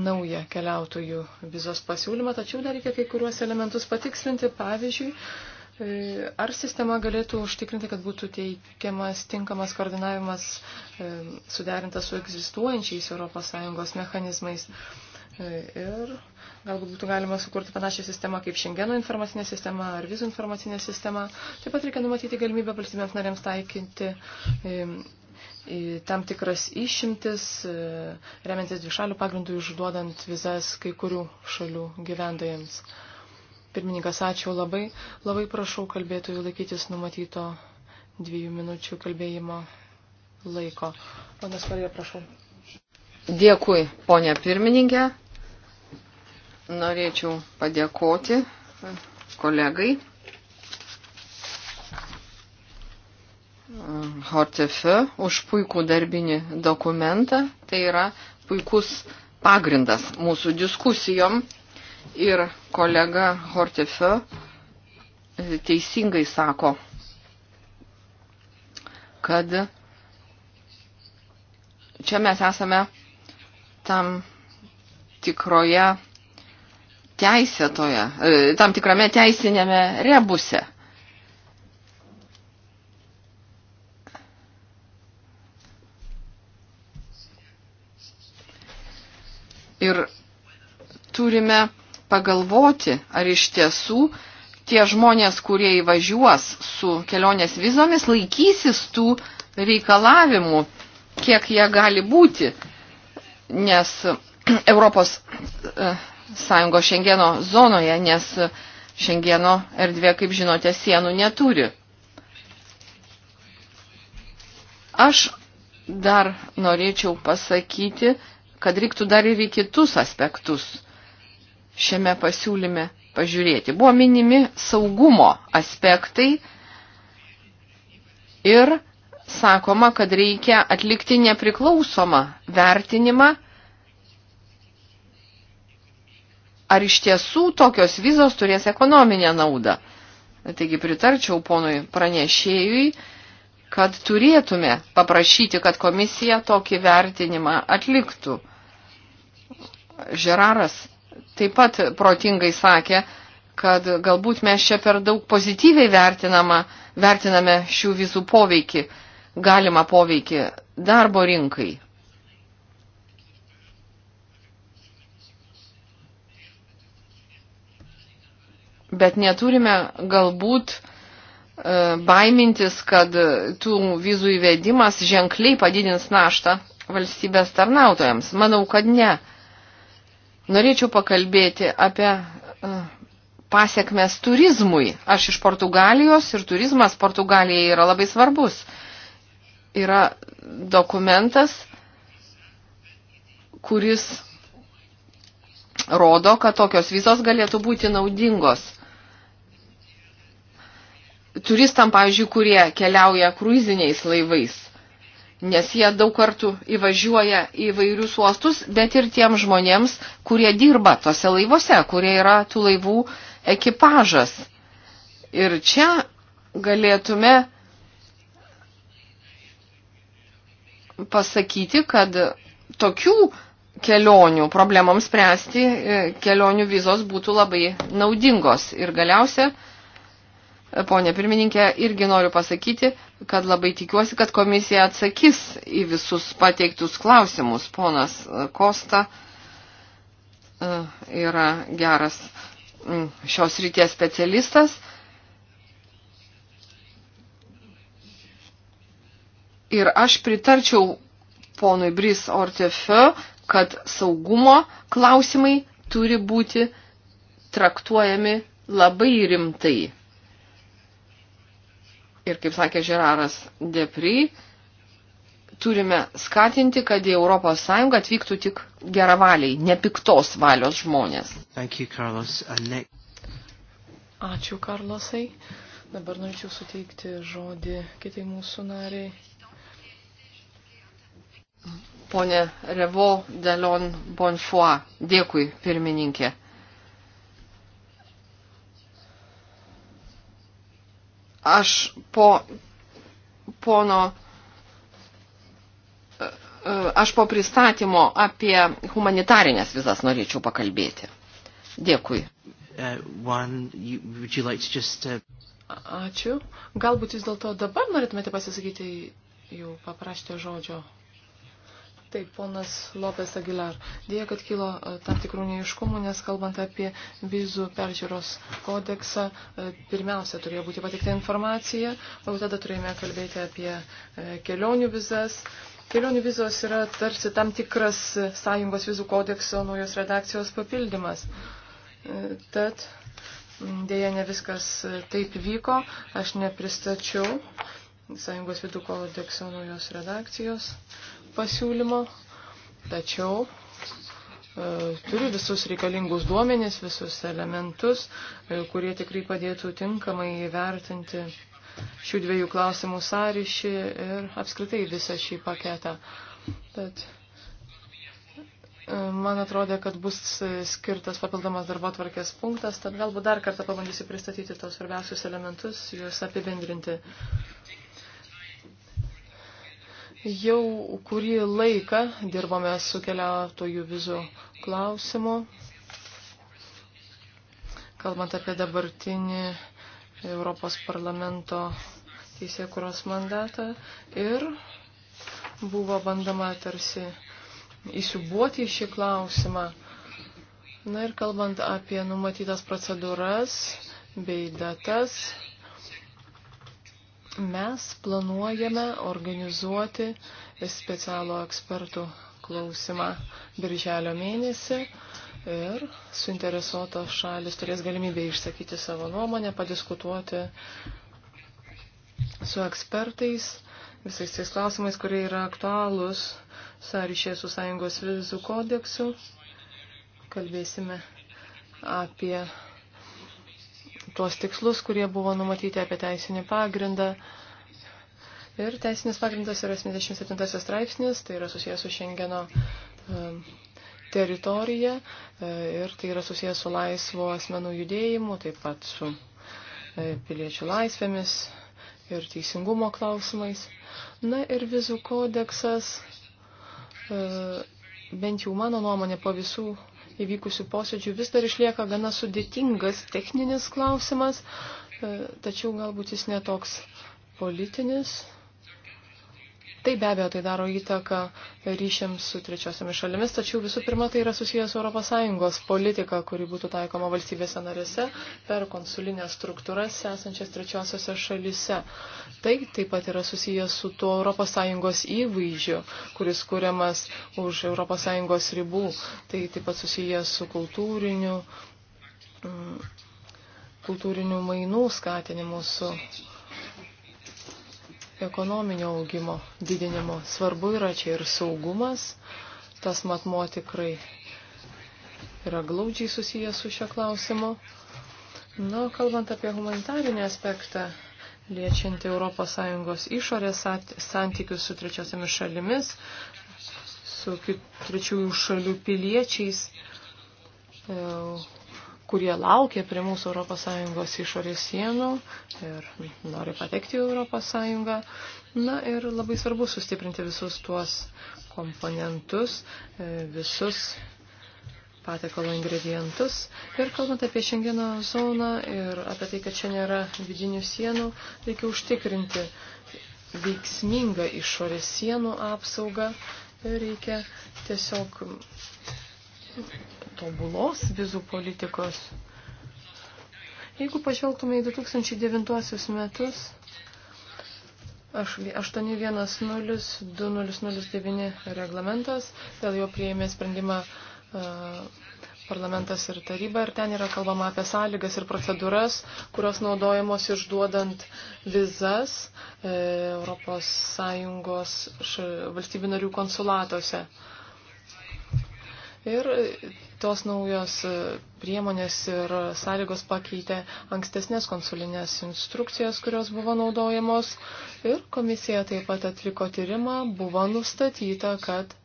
naują keliautojų vizos pasiūlymą, tačiau dar reikia kai kuriuos elementus patikslinti. Pavyzdžiui, e, ar sistema galėtų užtikrinti, kad būtų teikiamas tinkamas koordinavimas e, suderintas su egzistuojančiais ES mechanizmais. Ir galbūt būtų galima sukurti panašią sistemą kaip Schengeno informacinė sistema ar vizų informacinė sistema. Taip pat reikia numatyti galimybę valstybėms narėms taikinti tam tikras išimtis, e, remiantis dvišalių pagrindų išduodant vizas kai kurių šalių gyventojams. Pirmininkas, ačiū labai. Labai prašau kalbėtojų laikytis numatyto dviejų minučių kalbėjimo laiko. Ponas Valė, prašau. Dėkui, ponė pirmininkė. Norėčiau padėkoti kolegai Hortefe už puikų darbinį dokumentą. Tai yra puikus pagrindas mūsų diskusijom ir kolega Hortefe teisingai sako, kad čia mes esame tam tikroje teisėtoje, e, tam tikrame teisinėme rebuse. Ir turime pagalvoti, ar iš tiesų tie žmonės, kurie įvažiuos su kelionės vizomis, laikysis tų reikalavimų, kiek jie gali būti. Nes <clears throat> Europos e, sąjungo šengeno zonoje, nes šengeno erdvė, kaip žinote, sienų neturi. Aš dar norėčiau pasakyti, kad reiktų dar ir į kitus aspektus šiame pasiūlyme pažiūrėti. Buvo minimi saugumo aspektai ir sakoma, kad reikia atlikti nepriklausomą vertinimą ar iš tiesų tokios vizos turės ekonominę naudą. Taigi pritarčiau ponui pranešėjui, kad turėtume paprašyti, kad komisija tokį vertinimą atliktų. Žeraras taip pat protingai sakė, kad galbūt mes čia per daug pozityviai vertiname šių vizų poveikį, galimą poveikį darbo rinkai. bet neturime galbūt e, baimintis, kad tų vizų įvedimas ženkliai padidins naštą valstybės tarnautojams. Manau, kad ne. Norėčiau pakalbėti apie e, pasiekmes turizmui. Aš iš Portugalijos ir turizmas Portugalijai yra labai svarbus. Yra dokumentas, kuris rodo, kad tokios vizos galėtų būti naudingos turistam, pavyzdžiui, kurie keliauja kruiziniais laivais, nes jie daug kartų įvažiuoja į vairius uostus, bet ir tiem žmonėms, kurie dirba tose laivuose, kurie yra tų laivų ekipažas. Ir čia galėtume pasakyti, kad tokių kelionių problemams spręsti e, kelionių vizos būtų labai naudingos. Ir galiausia, ponė pirmininkė, irgi noriu pasakyti, kad labai tikiuosi, kad komisija atsakys į visus pateiktus klausimus. Ponas Kosta e, yra geras šios ryties specialistas. Ir aš pritarčiau ponui Bris Ortefe, kad saugumo klausimai turi būti traktuojami labai rimtai ir, kaip sakė Žeraras Depry, turime skatinti, kad į Europos Sąjungą atvyktų tik geravaliai, nepiktos valios žmonės. Thank you, Carlos. Ačiū, Karlosai. Dabar norėčiau suteikti žodį kitai mūsų nariai. Pone Revo Delon Bonfoy. Dėkui, pirmininkė. Aš po pono. E, e, aš po pristatymo apie humanitarinės vizas norėčiau pakalbėti. Dėkui. Uh, one, you, would you like to just, uh... Ačiū. Galbūt vis dėlto dabar norėtumėte pasisakyti, jau paprašėte žodžio. Taip, ponas Lopes Aguilar. Dėja, kad kilo e, tam tikrų neiškumų, nes kalbant apie vizų peržiūros kodeksą, e, pirmiausia turėjo būti patikta informacija, o tada turėjome kalbėti apie e, kelionių vizas. Kelionių vizos yra tarsi tam tikras sąjungos vizų kodekso naujos redakcijos papildymas. Tad dėja ne viskas taip vyko, aš nepristačiau sąjungos vidų kodekso naujos redakcijos pasiūlymo, tačiau e, turi visus reikalingus duomenis, visus elementus, e, kurie tikrai padėtų tinkamai įvertinti šių dviejų klausimų sąryšį ir apskritai visą šį paketą. Bet man atrodo, kad bus skirtas papildomas darbo tvarkės punktas, tad galbūt dar kartą pabandysiu pristatyti tos svarbiausius elementus, juos apibendrinti. Jau kurį laiką dirbame su keliautojų vizų klausimu. Kalbant apie dabartinį Europos parlamento teisėkuros mandatą ir buvo bandama tarsi įsiubuoti į šį klausimą. Na ir kalbant apie numatytas procedūras bei datas, Mes planuojame organizuoti specialų ekspertų klausimą birželio mėnesį ir suinteresuotos šalis turės galimybę išsakyti savo nuomonę, padiskutuoti su ekspertais visais tais klausimais, kurie yra aktualūs sąryšė su Sąjungos vizų kodeksu. Kalbėsime apie tuos tikslus, kurie buvo numatyti apie teisinį pagrindą. Ir teisinis pagrindas yra 77 straipsnis, tai yra susijęs su Šengeno um, teritorija e, ir tai yra susijęs su laisvo asmenų judėjimu, taip pat su e, piliečių laisvėmis ir teisingumo klausimais. Na ir vizų kodeksas, e, bent jau mano nuomonė po visų įvykusių posėdžių vis dar išlieka gana sudėtingas techninis klausimas, e, tačiau galbūt jis netoks politinis. Tai be abejo, tai daro įtaką ryšiams su trečiosiamis šalimis, tačiau visų pirma tai yra susijęs su ES politika, kuri būtų taikoma valstybėse narėse per konsulinės struktūras esančias trečiosiose šalise. Tai taip pat yra susijęs su tuo ES įvaizdžiu, kuris kuriamas už ES ribų. Tai taip pat susijęs su kultūriniu, mm, kultūriniu mainų skatinimu su ekonominio augimo didinimo. Svarbu yra čia ir saugumas, tas matmo tikrai yra glaudžiai susijęs su šio klausimu. Na, kalbant apie humanitarinį aspektą, liečianti ES išorės santykius su trečiosiamis šalimis, su trečiųjų šalių piliečiais, e, kurie laukia prie mūsų ES išorės sienų ir nori patekti į ES. Na ir labai svarbu sustiprinti visus tuos komponentus, e, visus patekalo ingredientus. Ir kalbant apie šiandieną zoną ir apie tai, kad čia nėra vidinių sienų, reikia užtikrinti veiksmingą išorės sienų apsaugą. Ir reikia tiesiog tobulos vizų politikos. Jeigu pažvelgtume į 2009 metus, 810-2009 reglamentas, dėl jo prieimė sprendimą e, parlamentas ir taryba ir ten yra kalbama apie sąlygas ir procedūras, kurios naudojamos išduodant vizas e, Europos Sąjungos valstybių narių konsulatuose. Ir tos naujos e, priemonės ir sąlygos pakeitė ankstesnės konsulinės instrukcijas, kurios buvo naudojamos. Ir komisija taip pat atliko tyrimą, buvo nustatyta, kad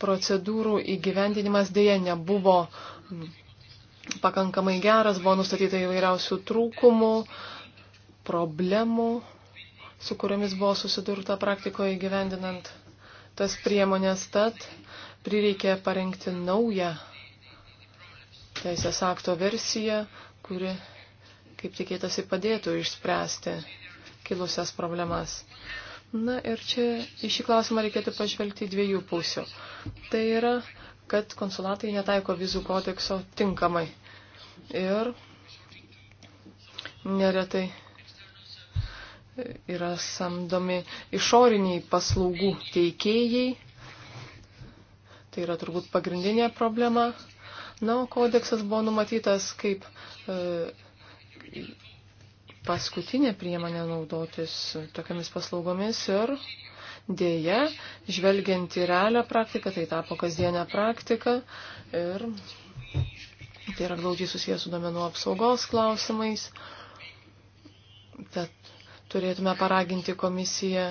procedūrų įgyvendinimas dėja nebuvo pakankamai geras, buvo nustatyta įvairiausių trūkumų, problemų, su kuriomis buvo susidurta praktikoje įgyvendinant tas priemonės. Tad prireikė parengti naują teisės akto versiją, kuri, kaip tikėtasi, padėtų išspręsti kilusias problemas. Na ir čia į šį klausimą reikėtų pažvelgti dviejų pusių. Tai yra, kad konsulatai netaiko vizų kodekso tinkamai. Ir neretai yra samdomi išoriniai paslaugų teikėjai Tai yra turbūt pagrindinė problema. Na, o kodeksas buvo numatytas kaip e, paskutinė priemonė naudotis tokiamis paslaugomis ir dėje, žvelgiant į realią praktiką, tai tapo kasdienę praktiką ir tai yra glaudžiai susijęs su domenų apsaugos klausimais. Tad turėtume paraginti komisiją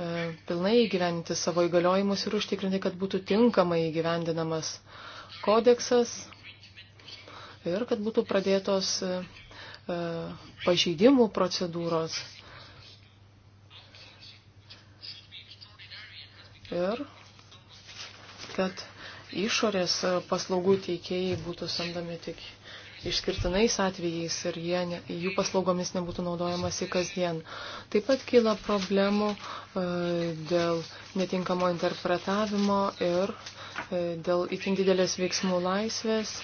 E, pilnai įgyventi savo įgaliojimus ir užtikrinti, kad būtų tinkamai įgyvendinamas kodeksas ir kad būtų pradėtos e, e, pažeidimų procedūros. Ir kad išorės paslaugų teikėjai būtų samdomi tik išskirtinais atvejais ir jie, ne, jų paslaugomis nebūtų naudojamasi kasdien. Taip pat kyla problemų e, dėl netinkamo interpretavimo ir e, dėl itin didelės veiksmų laisvės.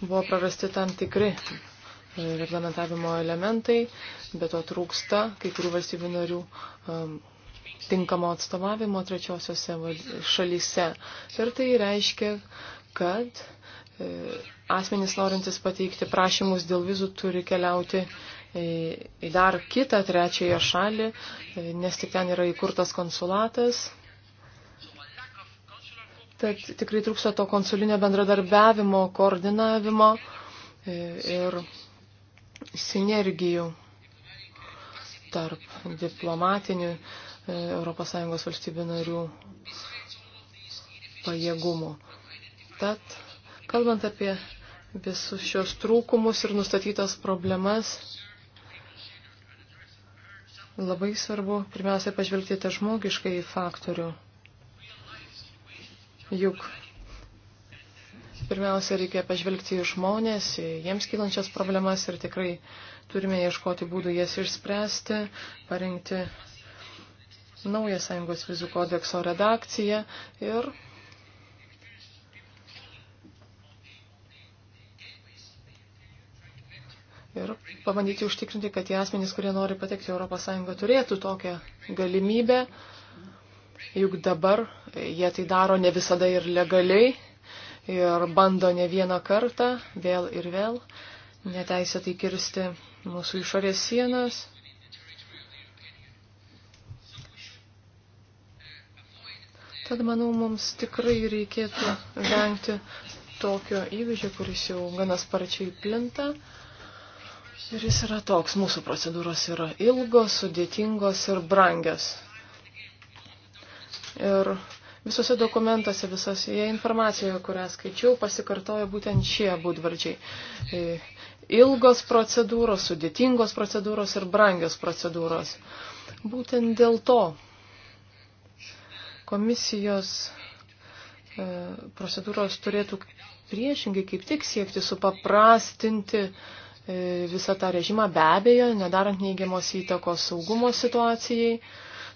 Buvo prarasti tam tikri e, reglamentavimo elementai, bet to trūksta kai kurių valstybių narių um, tinkamo atstovavimo trečiosiose šalyse. Ir tai reiškia, kad e, asmenys norintis pateikti prašymus dėl vizų turi keliauti į dar kitą trečiąją šalį, e, nes tik ten yra įkurtas konsulatas. Tad tikrai trūksta to konsulinio bendradarbiavimo, koordinavimo e, ir sinergijų tarp diplomatinių ES valstybių narių pajėgumų. Tad, kalbant apie visus šios trūkumus ir nustatytas problemas. Labai svarbu pirmiausia pažvelgti tą žmogiškai faktorių. Juk pirmiausia reikia pažvelgti į žmonės, į jiems kylančias problemas ir tikrai turime ieškoti būdų jas išspręsti, parengti naują Sąjungos vizų kodekso redakciją ir pabandyti užtikrinti, kad tie asmenys, kurie nori patekti ES, turėtų tokią galimybę. Juk dabar jie tai daro ne visada ir legaliai ir bando ne vieną kartą vėl ir vėl neteisėtai kirsti mūsų išorės sienas. Tad manau, mums tikrai reikėtų vengti tokio įvaizdžio, kuris jau ganas parčiai plinta. Ir jis yra toks, mūsų procedūros yra ilgos, sudėtingos ir brangios. Ir visose dokumentuose, visose informacijoje, kurią skaičiau, pasikartoja būtent šie būdvardžiai. E, ilgos procedūros, sudėtingos procedūros ir brangios procedūros. Būtent dėl to komisijos e, procedūros turėtų priešingai kaip tik siekti supaprastinti uh, E, visą tą režimą, be abejo, nedarant neįgiamos įtakos saugumo situacijai.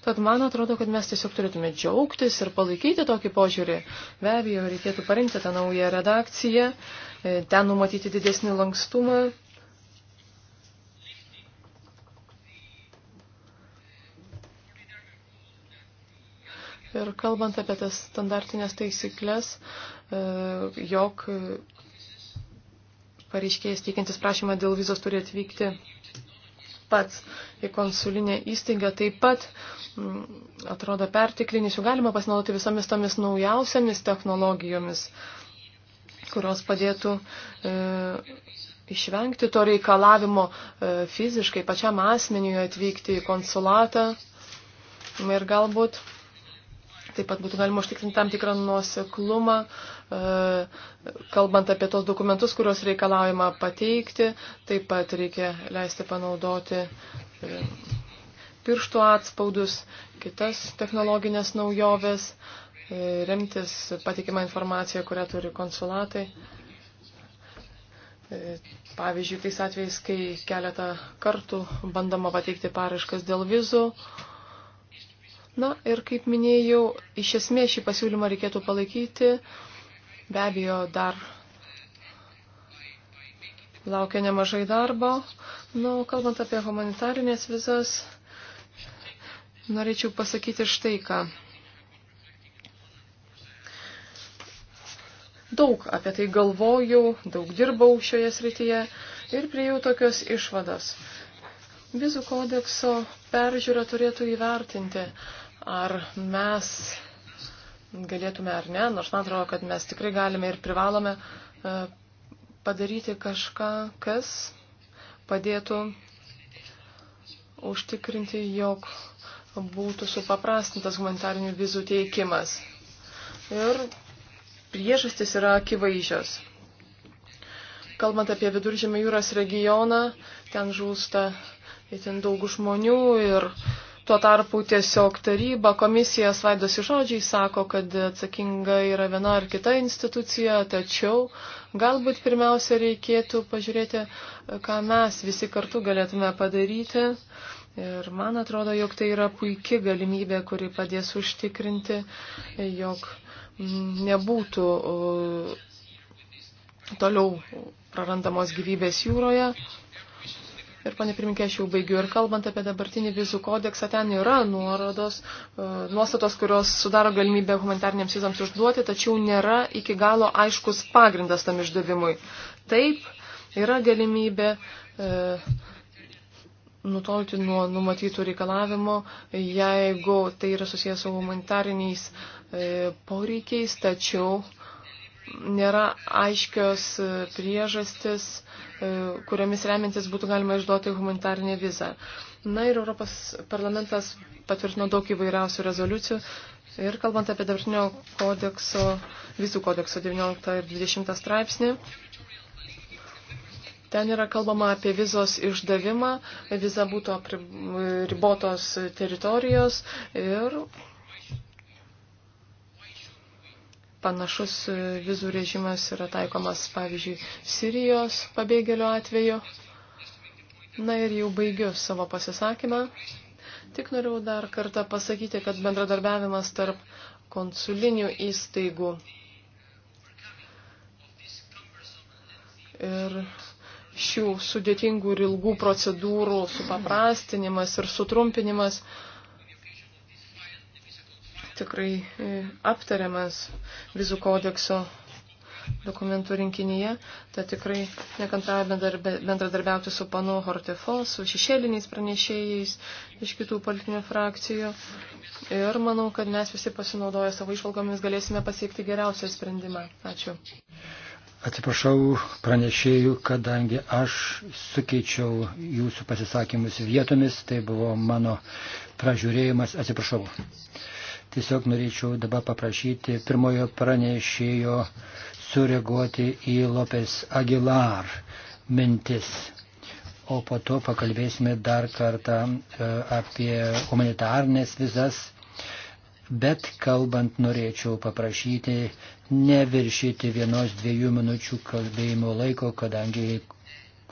Tad man atrodo, kad mes tiesiog turėtume džiaugtis ir palaikyti tokį požiūrį. Be abejo, reikėtų parinkti tą naują redakciją, e, ten numatyti didesnį lankstumą. Ir kalbant apie tas standartinės taisyklės, e, jog pareiškėjas teikiantis prašymą dėl vizos turi atvykti pats į konsulinę įstaigą. Taip pat m, mm, atrodo pertiklinis, jų galima pasinaudoti visomis tomis naujausiamis technologijomis, kurios padėtų e, išvengti to reikalavimo e, fiziškai pačiam asmeniui atvykti į konsulatą. Ir galbūt taip pat būtų galima užtikrinti tam tikrą nuoseklumą E, kalbant apie tos dokumentus, kuriuos reikalaujama pateikti, taip pat reikia leisti panaudoti e, pirštų atspaudus, kitas technologinės naujoves, e, remtis patikimą informaciją, kurią turi konsulatai. Pavyzdžiui, tais atvejais, kai keletą kartų bandoma pateikti paraiškas dėl vizų. Na ir kaip minėjau, iš esmės šį pasiūlymą reikėtų palaikyti, Be abejo, dar laukia nemažai darbo. Na, nu, kalbant apie humanitarinės vizas, norėčiau pasakyti štai ką. Daug apie tai galvojau, daug dirbau šioje srityje ir priejau tokios išvados. Vizų kodekso peržiūra turėtų įvertinti, ar mes galėtume ar ne, nors man atrodo, kad mes tikrai galime ir privalome e, padaryti kažką, kas padėtų užtikrinti, jog būtų supaprastintas humanitarinių vizų teikimas. Ir priežastis yra akivaizdžios. Kalbant apie viduržėmio jūros regioną, ten žūsta itin daug žmonių ir uh, Tuo tarpu tiesiog taryba, komisija svaidosi žodžiai, sako, kad atsakinga yra viena ar kita institucija, tačiau galbūt pirmiausia reikėtų pažiūrėti, ką mes visi kartu galėtume padaryti. Ir man atrodo, jog tai yra puikia galimybė, kuri padės užtikrinti, jog nebūtų toliau prarandamos gyvybės jūroje. Ir, panė pirminkė, aš jau baigiu. Ir kalbant apie dabartinį vizų kodeksą, ten yra nuorodos, e, nuostatos, kurios sudaro galimybę humanitarniams vizams užduoti, tačiau nėra iki galo aiškus pagrindas tam išdavimui. Taip, yra galimybė. E, nutolti nuo numatytų reikalavimo, jeigu tai yra susijęs su humanitariniais e, poreikiais, tačiau e, nėra aiškios e, priežastis, e, kuriamis remintis būtų galima išduoti humanitarinę vizą. Na ir Europos parlamentas patvirtino daug įvairiausių rezoliucijų. Ir kalbant apie dabartinio kodekso, visų kodekso 19 ir 20 straipsnį, ten yra kalbama apie vizos išdavimą, viza būtų ribotos teritorijos ir Panašus vizų režimas yra taikomas, pavyzdžiui, Sirijos pabėgėlio atveju. Na ir jau baigiu savo pasisakymą. Tik norėjau dar kartą pasakyti, kad bendradarbiavimas tarp konsulinių įstaigų ir šių sudėtingų ir ilgų procedūrų supaprastinimas ir sutrumpinimas tikrai e, aptariamas vizų kodekso dokumentų rinkinyje, tai tikrai nekantravę bendradarbiauti su panu Hortefo, su šešėliniais pranešėjais iš kitų politinių frakcijų. Ir manau, kad mes visi pasinaudoję savo išvalgomis galėsime pasiekti geriausią sprendimą. Ačiū. Atsiprašau pranešėjų, kadangi aš sukeičiau jūsų pasisakymus vietomis, tai buvo mano pražiūrėjimas. Atsiprašau. Tiesiog norėčiau dabar paprašyti pirmojo pranešėjo sureaguoti į Lopes Aguilar mintis. O po to pakalbėsime dar kartą e, apie humanitarnės vizas. Bet kalbant norėčiau paprašyti neviršyti vienos dviejų minučių kalbėjimo laiko, kadangi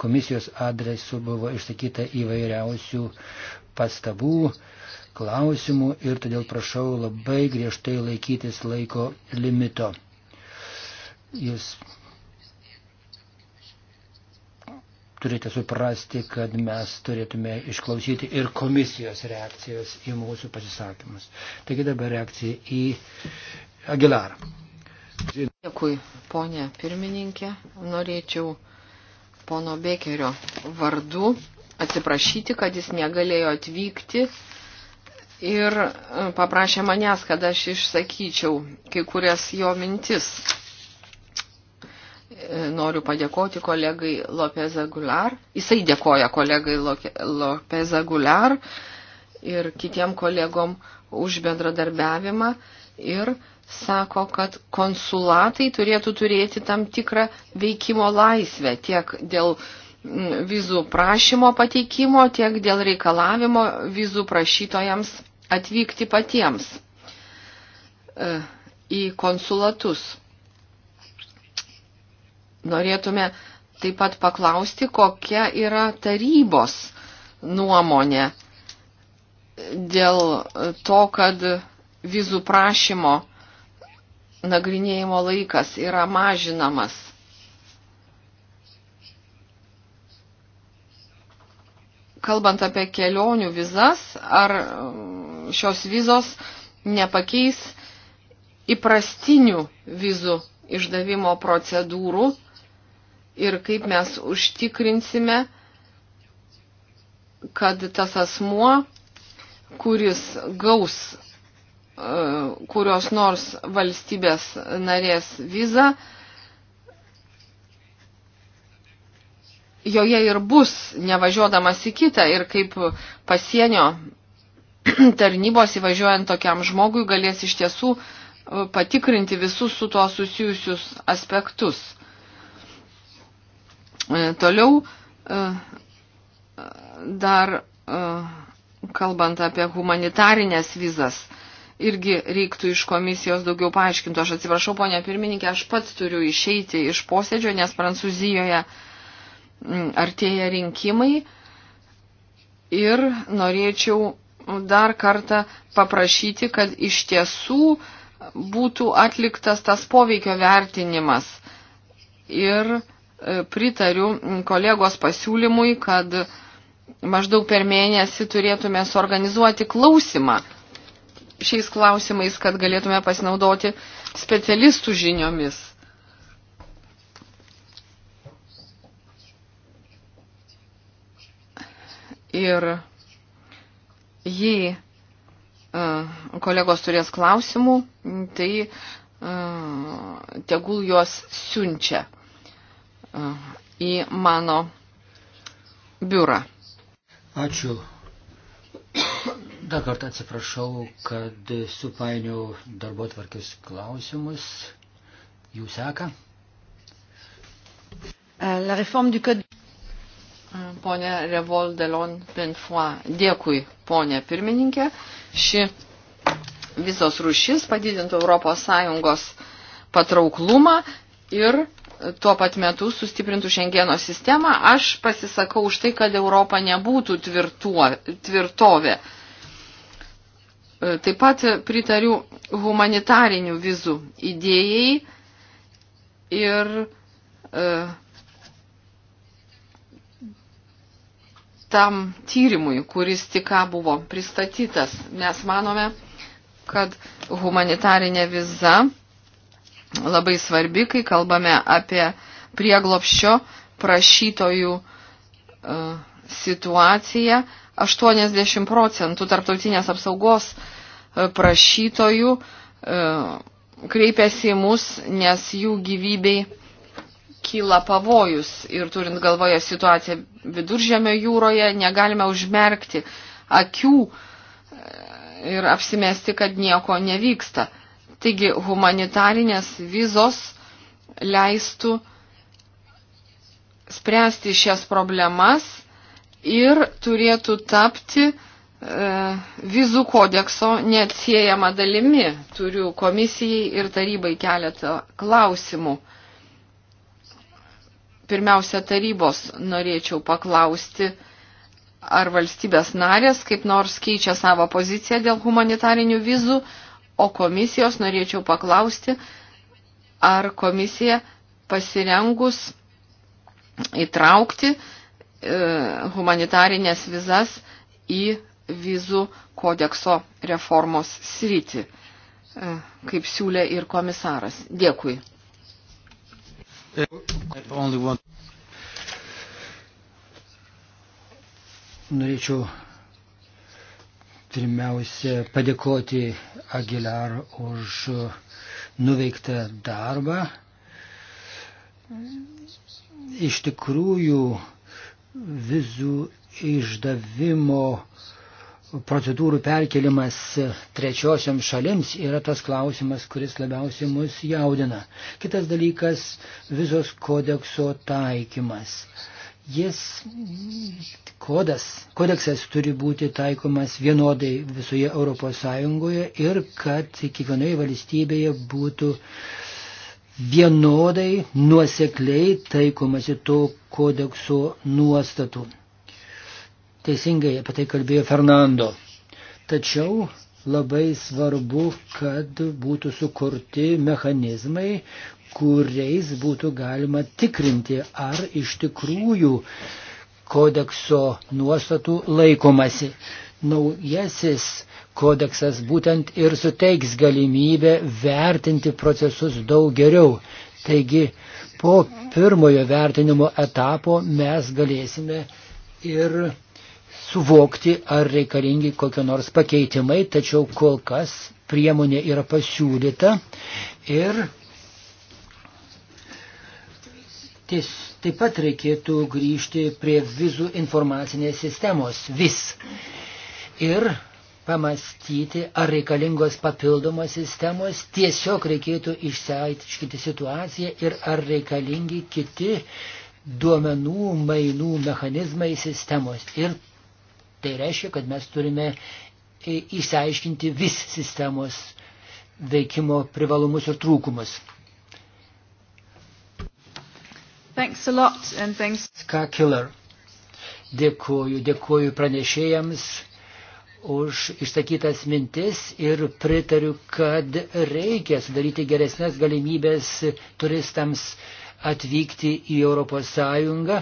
komisijos adresu buvo išsakyta įvairiausių pastabų klausimų ir todėl prašau labai griežtai laikytis laiko limito. Jūs turite suprasti, kad mes turėtume išklausyti ir komisijos reakcijos į mūsų pasisakymus. Taigi dabar reakcija į Agilarą. Dėkui, ponė pirmininkė. Norėčiau pono Bekerio vardu atsiprašyti, kad jis negalėjo atvykti ir e, paprašė manęs, kad aš išsakyčiau kai kurias jo mintis. E, noriu padėkoti kolegai Lopeza Gular. Jisai dėkoja kolegai Lopeza Gular ir kitiem kolegom už bendradarbiavimą ir sako, kad konsulatai turėtų turėti tam tikrą veikimo laisvę tiek dėl vizų prašymo pateikimo, tiek dėl reikalavimo vizų prašytojams atvykti patiems e, į konsulatus. Norėtume taip pat paklausti, kokia yra tarybos nuomonė dėl to, kad vizų prašymo nagrinėjimo laikas yra mažinamas. Kalbant apie kelionių vizas, ar šios vizos nepakeis įprastinių vizų išdavimo procedūrų ir kaip mes užtikrinsime, kad tas asmuo, kuris gaus e, kurios nors valstybės narės vizą, joje ir bus, nevažiuodamas į kitą ir kaip pasienio <clears throat> tarnybos įvažiuojant tokiam žmogui galės iš tiesų e, patikrinti visus su tuo susijusius aspektus. E, toliau e, dar kalbant apie humanitarinės vizas, irgi reiktų iš komisijos daugiau paaiškinto. Aš atsiprašau, ponia pirmininkė, aš pats turiu išeiti iš posėdžio, nes Prancūzijoje mm, artėja rinkimai ir norėčiau dar kartą paprašyti, kad iš tiesų būtų atliktas tas poveikio vertinimas. Ir e, pritariu kolegos pasiūlymui, kad maždaug per mėnesį turėtume suorganizuoti klausimą šiais klausimais, kad galėtume pasinaudoti specialistų žiniomis. Ir Jei e, kolegos turės klausimų, tai e, tegul juos siunčia e, į mano biurą. Ačiū. Dar kartą atsiprašau, kad supainiau darbo tvarkius klausimus. Jų seka. La reforme du code Pone Revoldelon Penfoy, dėkui, ponė pirmininkė. Ši visos rušis padidintų ES patrauklumą ir tuo pat metu sustiprintų šengeno sistemą. Aš pasisakau už tai, kad Europa nebūtų tvirtuo, tvirtovė. Taip pat pritariu humanitarinių vizų idėjai ir e, tam tyrimui, kuris tik ką buvo pristatytas. Mes manome, kad humanitarinė viza labai svarbi, kai kalbame apie prieglopščio prašytojų uh, situaciją. 80 procentų tarptautinės apsaugos e, prašytojų uh, kreipiasi į mus, nes jų gyvybei kyla pavojus ir turint galvoje situaciją viduržėmio jūroje, negalime užmerkti akių e, ir apsimesti, kad nieko nevyksta. Taigi humanitarinės vizos leistų spręsti šias problemas ir turėtų tapti e, vizų kodekso neatsiejama dalimi. Turiu komisijai ir tarybai keletą klausimų pirmiausia tarybos norėčiau paklausti, ar valstybės narės kaip nors keičia savo poziciją dėl humanitarinių vizų, o komisijos norėčiau paklausti, ar komisija pasirengus įtraukti e, humanitarinės vizas į vizų kodekso reformos sritį, e, kaip siūlė ir komisaras. Dėkui. Norėčiau pirmiausia padėkoti Aguilar už nuveiktą darbą. Iš tikrųjų, vizų išdavimo uh, procedūrų perkelimas trečiosiam šalims yra tas klausimas, kuris labiausiai mus jaudina. Kitas dalykas - vizos kodekso taikymas. Jis kodas, kodeksas turi būti taikomas vienodai visoje ES ir kad kiekvienoje valstybėje būtų vienodai nuosekliai taikomasi to kodekso nuostatų. Teisingai apie tai kalbėjo Fernando. Tačiau labai svarbu, kad būtų sukurti mechanizmai, kuriais būtų galima tikrinti, ar iš tikrųjų kodekso nuostatų laikomasi. Naujasis kodeksas būtent ir suteiks galimybę vertinti procesus daug geriau. Taigi po pirmojo vertinimo etapo mes galėsime ir suvokti, ar reikalingi kokie nors pakeitimai, tačiau kol kas priemonė yra pasiūlyta ir ties, taip pat reikėtų grįžti prie vizų informacinės sistemos vis ir pamastyti, ar reikalingos papildomos sistemos, tiesiog reikėtų išsiaiškinti situaciją ir ar reikalingi kiti duomenų mainų mechanizmai sistemos. Ir Tai reiškia, kad mes turime įsiaiškinti vis sistemos veikimo privalumus ir trūkumus. Ska Killer. Dėkuoju, dėkuoju pranešėjams už išsakytas mintis ir pritariu, kad reikia sudaryti geresnės galimybės turistams atvykti į Europos Sąjungą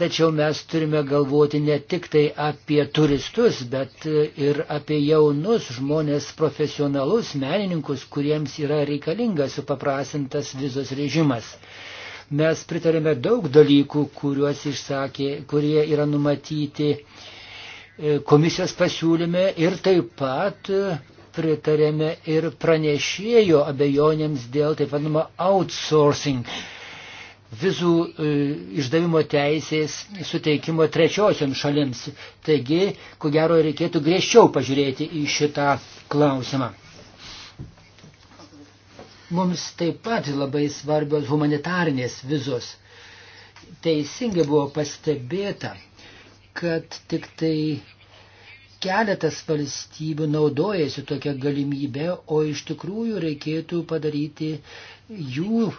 Tačiau mes turime galvoti ne tik tai apie turistus, bet ir apie jaunus žmonės, profesionalus, menininkus, kuriems yra reikalingas supaprasintas vizos režimas mes pritarėme daug dalykų, kuriuos išsakė, kurie yra numatyti e, komisijos pasiūlyme ir taip pat e, pritarėme ir pranešėjo abejonėms dėl taip vadinamo outsourcing vizų e, išdavimo teisės suteikimo trečiosiam šalims. Taigi, ko gero, reikėtų griežčiau pažiūrėti į šitą klausimą. Mums taip pat labai svarbios humanitarnės vizos. Teisingai buvo pastebėta, kad tik tai keletas valstybių naudojasi tokią galimybę, o iš tikrųjų reikėtų padaryti jų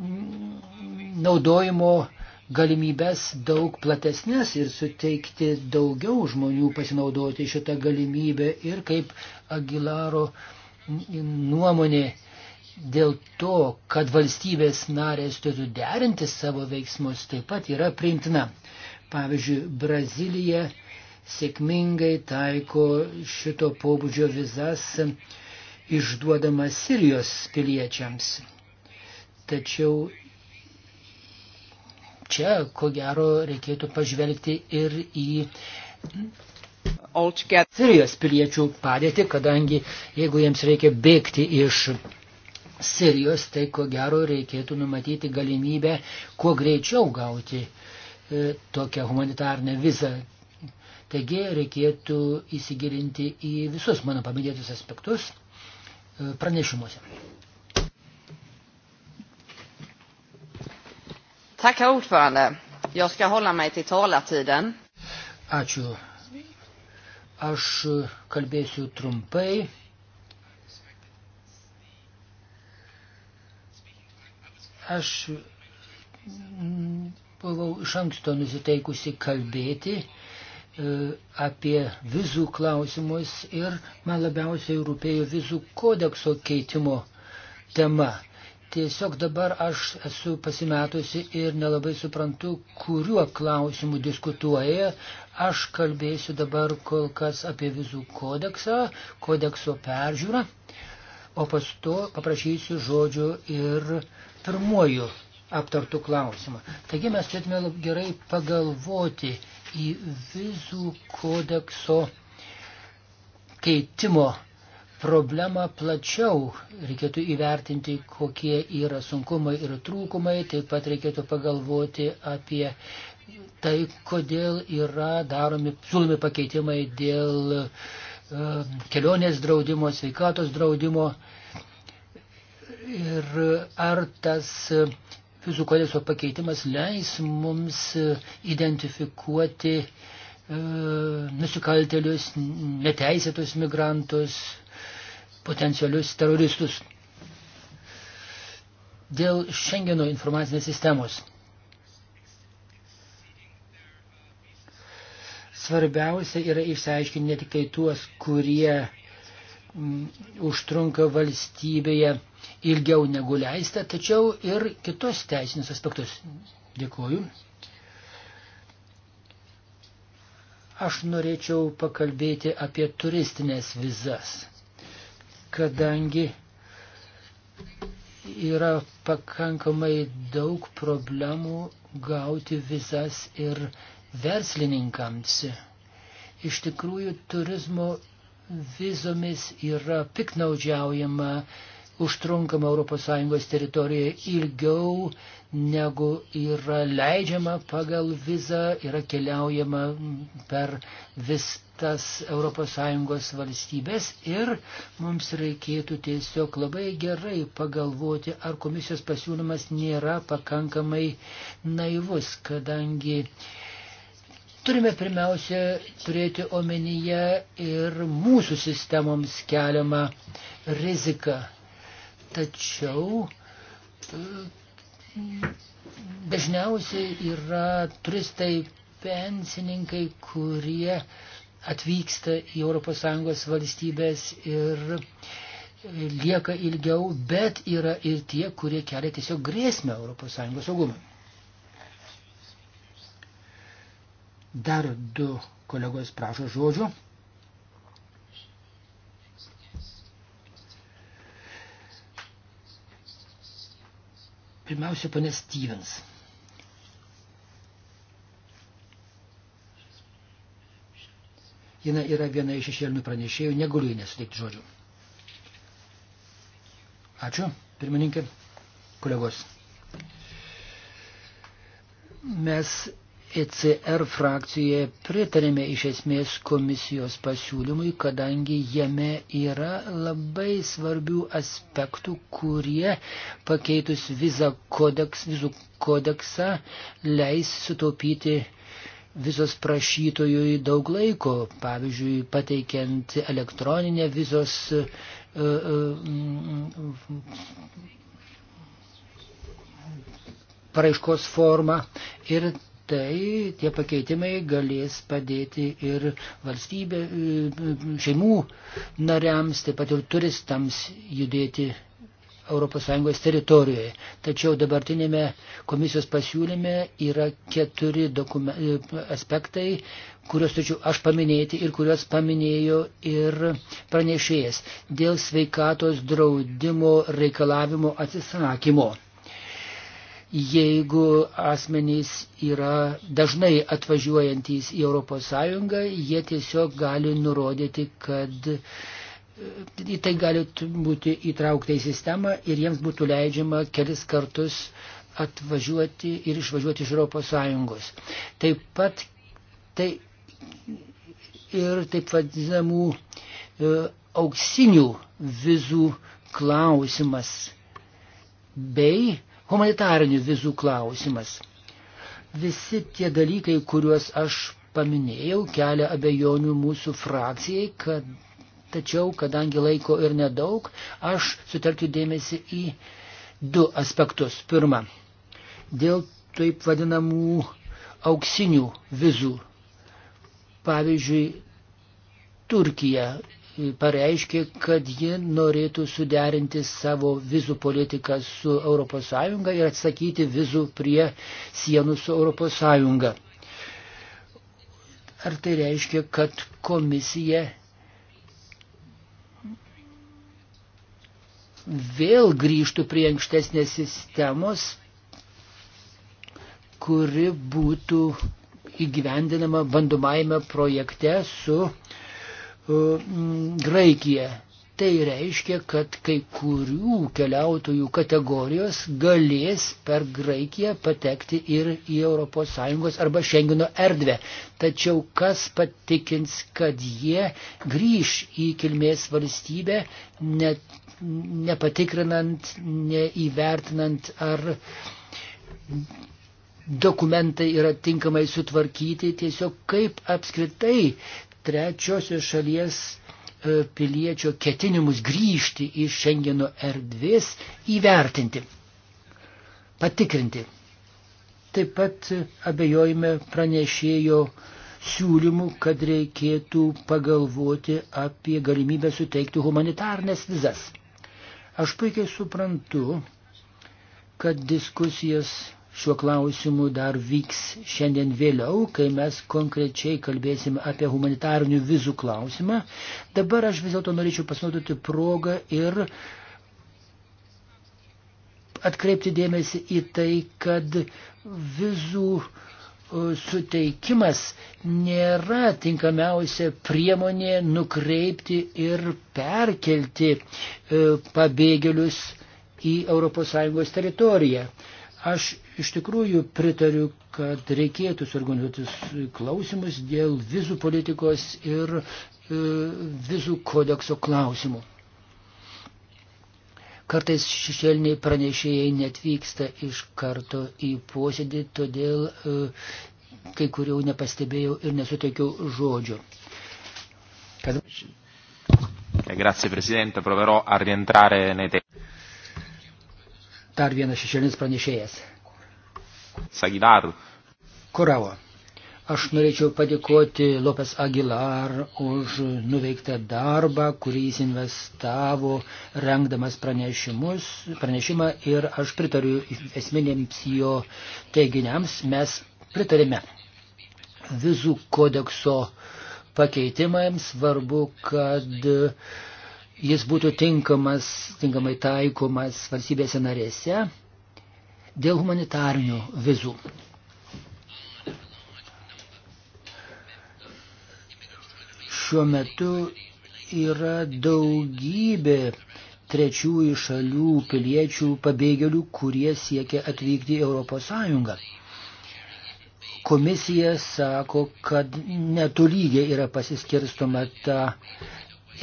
naudojimo galimybės daug platesnės ir suteikti daugiau žmonių pasinaudoti šitą galimybę ir kaip Agilaro nuomonė dėl to, kad valstybės narės turi derinti savo veiksmus, taip pat yra priimtina. Pavyzdžiui, Brazilija sėkmingai taiko šito pobūdžio vizas išduodamas Sirijos piliečiams. Tačiau čia, ko gero, reikėtų pažvelgti ir į Sirijos piliečių padėtį, kadangi jeigu jiems reikia bėgti iš Sirijos, tai ko gero reikėtų numatyti galimybę kuo greičiau gauti e, tokią humanitarnę vizą. Taigi reikėtų įsigilinti į visus mano paminėtus aspektus e, pranešimuose. Tack, herr ordförande. Jag ska hålla mig till talartiden. Ačiū. Aš e, kalbėsiu trumpai. Aš mm, buvau iš anksto nusiteikusi kalbėti e, apie vizų klausimus ir man labiausiai rūpėjo vizų kodekso keitimo tema. Tiesiog dabar aš esu pasimetusi ir nelabai suprantu, kuriuo klausimu diskutuoja. Aš kalbėsiu dabar kol kas apie vizų kodeksą, kodekso peržiūrą, o pasto paprašysiu žodžio ir pirmuoju aptartų klausimą. Taigi mes turėtume gerai pagalvoti į vizų kodekso keitimo problemą plačiau, reikėtų įvertinti, kokie yra sunkumai ir trūkumai, taip pat reikėtų pagalvoti apie tai, kodėl yra daromi, siūlomi pakeitimai dėl e, kelionės draudimo, sveikatos draudimo ir ar tas e, visų kodekso pakeitimas leis mums e, identifikuoti e, nusikaltelius, neteisėtus migrantus, potencialius teroristus. Dėl Schengeno informacinės sistemos. Svarbiausia yra išsiaiškinti ne tik tai tuos, kurie m, mm, užtrunka valstybėje ilgiau negu leista, tačiau ir kitos teisinius aspektus. Dėkuoju. Aš norėčiau pakalbėti apie turistinės vizas kadangi yra pakankamai daug problemų gauti vizas ir verslininkams. Iš tikrųjų, turizmo vizomis yra piknaudžiaujama užtrunkama ES teritorijoje ilgiau negu yra leidžiama pagal vizą, yra keliaujama per vis tas ES valstybės ir mums reikėtų tiesiog labai gerai pagalvoti, ar komisijos pasiūlymas nėra pakankamai naivus, kadangi turime pirmiausia turėti omenyje ir mūsų sistemoms keliamą riziką tačiau e, dažniausiai yra turistai pensininkai, kurie atvyksta į ES valstybės ir lieka ilgiau, bet yra ir tie, kurie kelia tiesiog grėsmę ES saugumui. Dar du kolegos prašo žodžio. Pirmiausia, ponė Stevens. Jina yra viena iš šešėlinių pranešėjų, negaliu jai nesuteikti žodžių. Ačiū, pirmininkė, kolegos. Mes ECR frakcijoje pritarėme iš esmės komisijos pasiūlymui, kadangi jame yra labai svarbių aspektų, kurie pakeitus vizą kodeks, vizų kodeksą leis sutaupyti vizos prašytojui daug laiko, pavyzdžiui, pateikiant elektroninę vizos. Uh, uh, uh, paraiškos formą ir tai tie pakeitimai galės padėti ir valstybė, e, šeimų nariams, taip pat ir turistams judėti ES teritorijoje. Tačiau dabartinėme komisijos pasiūlyme yra keturi e, aspektai, kuriuos tačiau aš paminėti ir kuriuos paminėjo ir pranešėjas dėl sveikatos draudimo reikalavimo atsisakymo jeigu asmenys yra dažnai atvažiuojantys į ES, jie tiesiog gali nurodyti, kad e, į tai gali būti įtraukta į sistemą ir jiems būtų leidžiama kelis kartus atvažiuoti ir išvažiuoti iš ES. Taip pat tai ir taip vadinamų e, auksinių vizų klausimas bei humanitarinių vizų klausimas. Visi tie dalykai, kuriuos aš paminėjau, kelia abejonių mūsų frakcijai, kad tačiau, kadangi laiko ir nedaug, aš sutelkiu dėmesį į du aspektus. Pirma, dėl taip vadinamų auksinių vizų. Pavyzdžiui, Turkija pareiškė, kad ji norėtų suderinti savo vizų politiką su ES ir atsakyti vizų prie sienų su ES. Ar tai reiškia, kad komisija vėl grįžtų prie ankstesnės sistemos, kuri būtų įgyvendinama bandomajame projekte su uh, E, Graikija. Tai reiškia, kad kai kurių keliautojų kategorijos galės per Graikiją patekti ir į ES arba Šengino erdvę. Tačiau kas patikins, kad jie grįž į kilmės valstybę, ne, nepatikrinant, neįvertinant, ar dokumentai yra tinkamai sutvarkyti, tiesiog kaip apskritai trečiosios šalies e, piliečio ketinimus grįžti į Šengeno erdvės įvertinti, patikrinti. Taip pat abejojame pranešėjo siūlymų, kad reikėtų pagalvoti apie galimybę suteikti humanitarnes vizas. Aš puikiai suprantu, kad diskusijas šiuo klausimu dar vyks šiandien vėliau, kai mes konkrečiai kalbėsim apie humanitarinių vizų klausimą. Dabar aš vis dėlto norėčiau pasinaudoti progą ir atkreipti dėmesį į tai, kad vizų suteikimas nėra tinkamiausia priemonė nukreipti ir perkelti e, pabėgėlius į ES teritoriją. Aš iš tikrųjų pritariu, kad reikėtų suorganizuotis klausimus dėl vizų politikos ir e, vizų kodekso klausimų. Kartais šešėliniai pranešėjai netvyksta iš karto į posėdį, todėl e, kai kurių nepastebėjau ir nesuteikiau žodžio. Kad... Eh, grazie Presidente, proverò a rientrare nei tempi. Dar vienas šešėlinis pranešėjas. Sagilar. Kuravo. Aš norėčiau padėkoti Lopes Aguilar už nuveiktą darbą, kurį jis investavo, rengdamas pranešimą ir aš pritariu esminėms jo teiginiams. Mes pritarime vizų kodekso pakeitimams. Svarbu, kad uh, jis būtų tinkamas, tinkamai taikomas valstybėse narėse dėl humanitarnių vizų. Šiuo metu yra daugybė trečiųjų šalių piliečių pabėgėlių, kurie siekia atvykti į ES. Komisija sako, kad netolygiai yra pasiskirstoma ta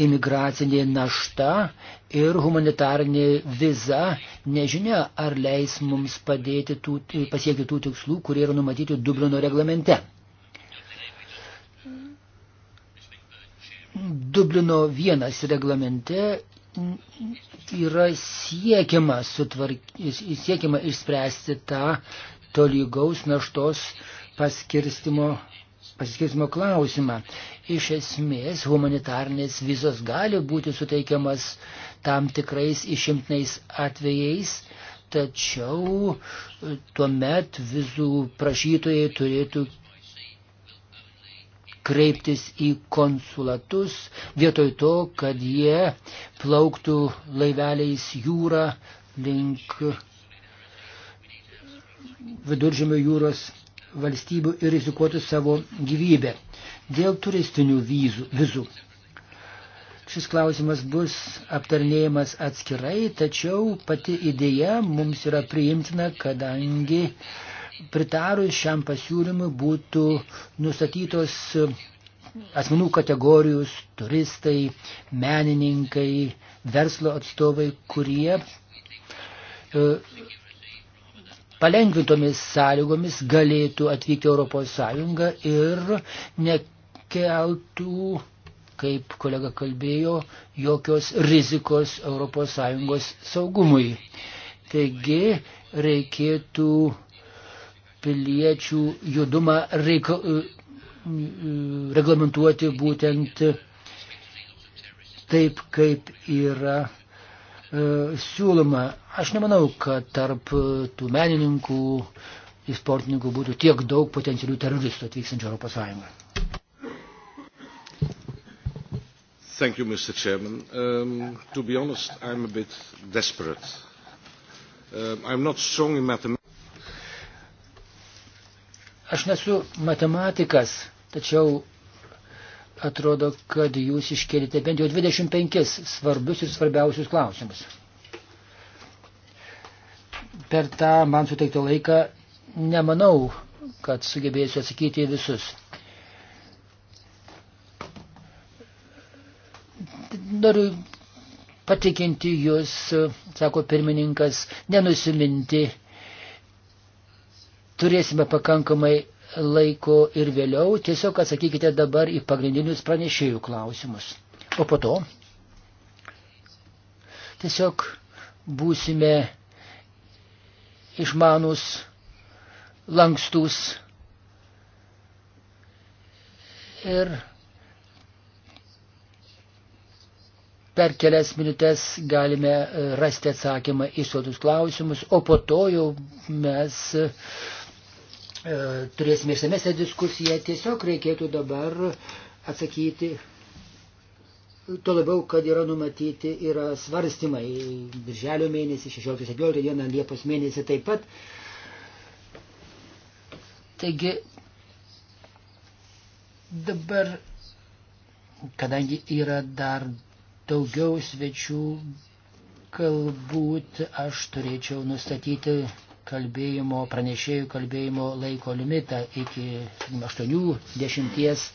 imigracinė našta ir humanitarinė viza nežinia, ar leis mums padėti tų, pasiekti tų tikslų, kurie yra numatyti Dublino reglamente. Dublino vienas reglamente yra siekiama, sutvark... siekiama išspręsti tą tolygaus naštos paskirstimo pasiskirstimo klausimą. Iš esmės, humanitarnės vizos gali būti suteikiamas tam tikrais išimtiniais atvejais, tačiau e, tuomet vizų prašytojai turėtų kreiptis į konsulatus, vietoj to, kad jie plauktų laiveliais jūrą link viduržėmio jūros valstybių ir rizikuotų savo gyvybę. Dėl turistinių vizų, vizų. Šis klausimas bus aptarnėjimas atskirai, tačiau pati idėja mums yra priimtina, kadangi pritarus šiam pasiūlymui būtų nustatytos asmenų kategorijos turistai, menininkai, verslo atstovai, kurie e, palengvintomis sąlygomis galėtų atvykti Europos Sąjunga ir nekeltų, kaip kolega kalbėjo, jokios rizikos Europos Sąjungos saugumui. Taigi reikėtų piliečių judumą reika, e, reglamentuoti būtent taip, kaip yra E, siūloma. Aš nemanau, kad tarp tų menininkų ir sportininkų būtų tiek daug potencialių teroristų atvykstančių Europos Sąjungą. Thank you, Mr. Chairman. Um, to be honest, I'm a bit desperate. Um, I'm not strong in mathematics. Aš nesu matematikas, tačiau Atrodo, kad jūs iškėlėte bent jau 25 svarbius ir svarbiausius klausimus. Per tą man suteiktą laiką nemanau, kad sugebėsiu atsakyti į visus. Noriu patikinti jūs, sako pirmininkas, nenusiminti. Turėsime pakankamai laiko ir vėliau. Tiesiog atsakykite dabar į pagrindinius pranešėjų klausimus. O po to tiesiog būsime išmanus, lankstus ir per kelias minutės galime rasti atsakymą į suotus klausimus, o po to jau mes E, turėsime išsamesę diskusiją, tiesiog reikėtų dabar atsakyti, tuo labiau, kad yra numatyti, yra svarstymai birželio mėnesį, 16-17 dieną, Liepos mėnesį taip pat. Taigi, dabar, kadangi yra dar daugiau svečių, galbūt aš turėčiau nustatyti kalbėjimo, pranešėjų kalbėjimo laiko limitą iki 80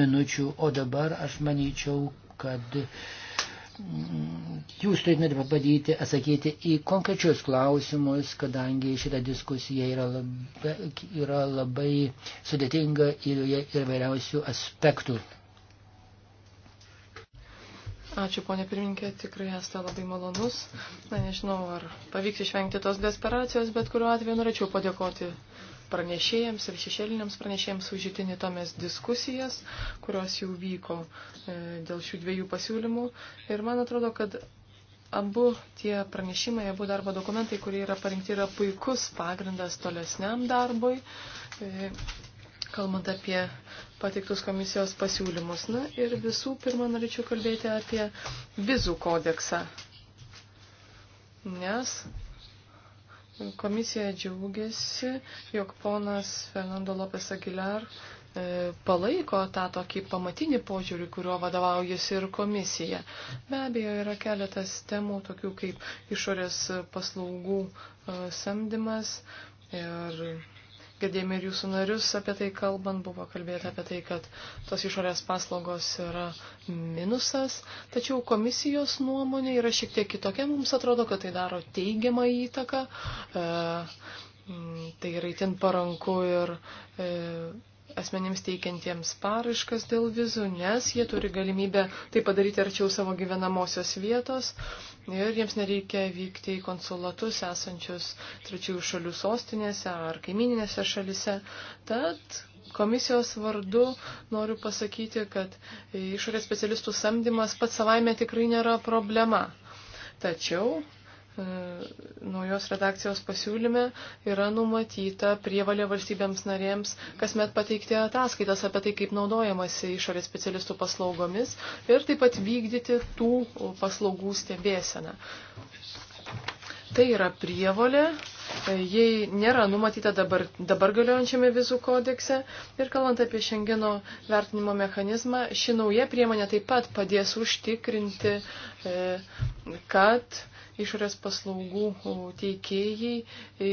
minučių, o dabar aš manyčiau, kad mm, jūs turėtumėte pabandyti atsakyti į konkrečius klausimus, kadangi šita diskusija yra labai, yra labai sudėtinga ir įvairiausių aspektų. Ačiū, ponė pirminkė, tikrai esate labai malonus. Na, nežinau, ar pavyks išvengti tos desperacijos, bet kuriuo atveju norėčiau padėkoti pranešėjams ir šešėliniams pranešėjams už įtinitomis diskusijas, kurios jau vyko e, dėl šių dviejų pasiūlymų. Ir man atrodo, kad abu tie pranešimai, abu darbo dokumentai, kurie yra parinkti, yra puikus pagrindas tolesniam darbui. E, kalbant apie pateiktus komisijos pasiūlymus. Na ir visų pirma norėčiau kalbėti apie vizų kodeksą. Nes komisija džiaugiasi, jog ponas Fernando Lopes Aguilar e, palaiko tą tokį pamatinį požiūrį, kuriuo vadovaujasi ir komisija. Be abejo, yra keletas temų, tokių kaip išorės paslaugų e, samdymas ir girdėjome ir jūsų narius apie tai kalbant, buvo kalbėta apie tai, kad tos išorės paslaugos yra minusas, tačiau komisijos nuomonė yra šiek tiek kitokia, mums atrodo, kad tai daro teigiamą įtaką, e, tai yra įtin paranku ir e, asmenims teikiantiems paraiškas dėl vizų, nes jie turi galimybę tai padaryti arčiau savo gyvenamosios vietos ir jiems nereikia vykti į konsulatus esančius trečiųjų šalių sostinėse ar kaimininėse šalise. Tad komisijos vardu noriu pasakyti, kad išorės specialistų samdymas pats savaime tikrai nėra problema. Tačiau E, naujos redakcijos pasiūlyme yra numatyta prievalė valstybėms narėms kasmet pateikti ataskaitas apie tai, kaip naudojamasi išorės specialistų paslaugomis ir taip pat vykdyti tų paslaugų stebėseną. Tai yra prievalė, e, jei nėra numatyta dabar, dabar galiojančiame vizų kodekse ir kalbant apie šengeno vertinimo mechanizmą, ši nauja priemonė taip pat padės užtikrinti, e, kad išorės paslaugų teikėjai e,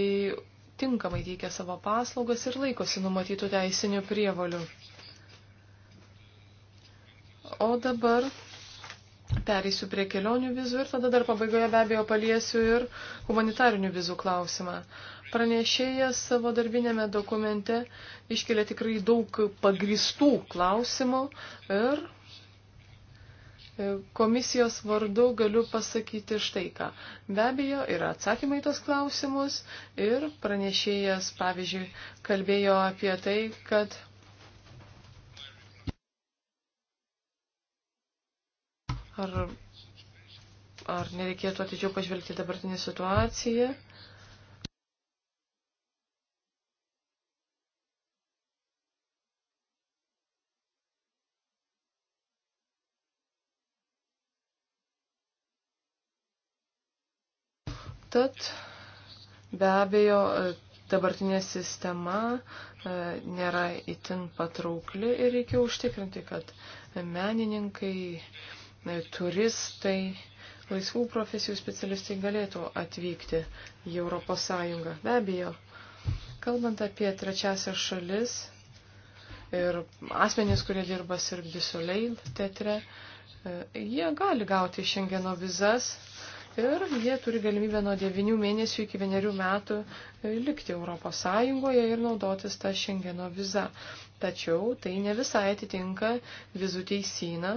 tinkamai teikia savo paslaugas ir laikosi numatytų teisinių prievalių. O dabar pereisiu prie kelionių vizų ir tada dar pabaigoje be abejo paliesiu ir humanitarinių vizų klausimą. Pranešėjas savo darbinėme dokumente iškelia tikrai daug pagristų klausimų ir komisijos vardu galiu pasakyti štai ką. Be abejo, yra atsakymai tos klausimus ir pranešėjas, pavyzdžiui, kalbėjo apie tai, kad ar, ar nereikėtų atidžiau pažvelgti dabartinį situaciją. Tad be abejo, dabartinė sistema e, nėra itin patraukli ir reikia užtikrinti, kad menininkai, e, turistai, laisvų profesijų specialistai galėtų atvykti į ES. Be abejo, kalbant apie trečiasias šalis ir asmenys, kurie dirba Sirgdisuleil teatre, e, jie gali gauti šengeno vizas ir jie turi galimybę nuo 9 mėnesių iki 1 metų e, likti Europos Sąjungoje ir naudotis tą Schengeno vizą. Tačiau tai ne visai atitinka vizų teisyną.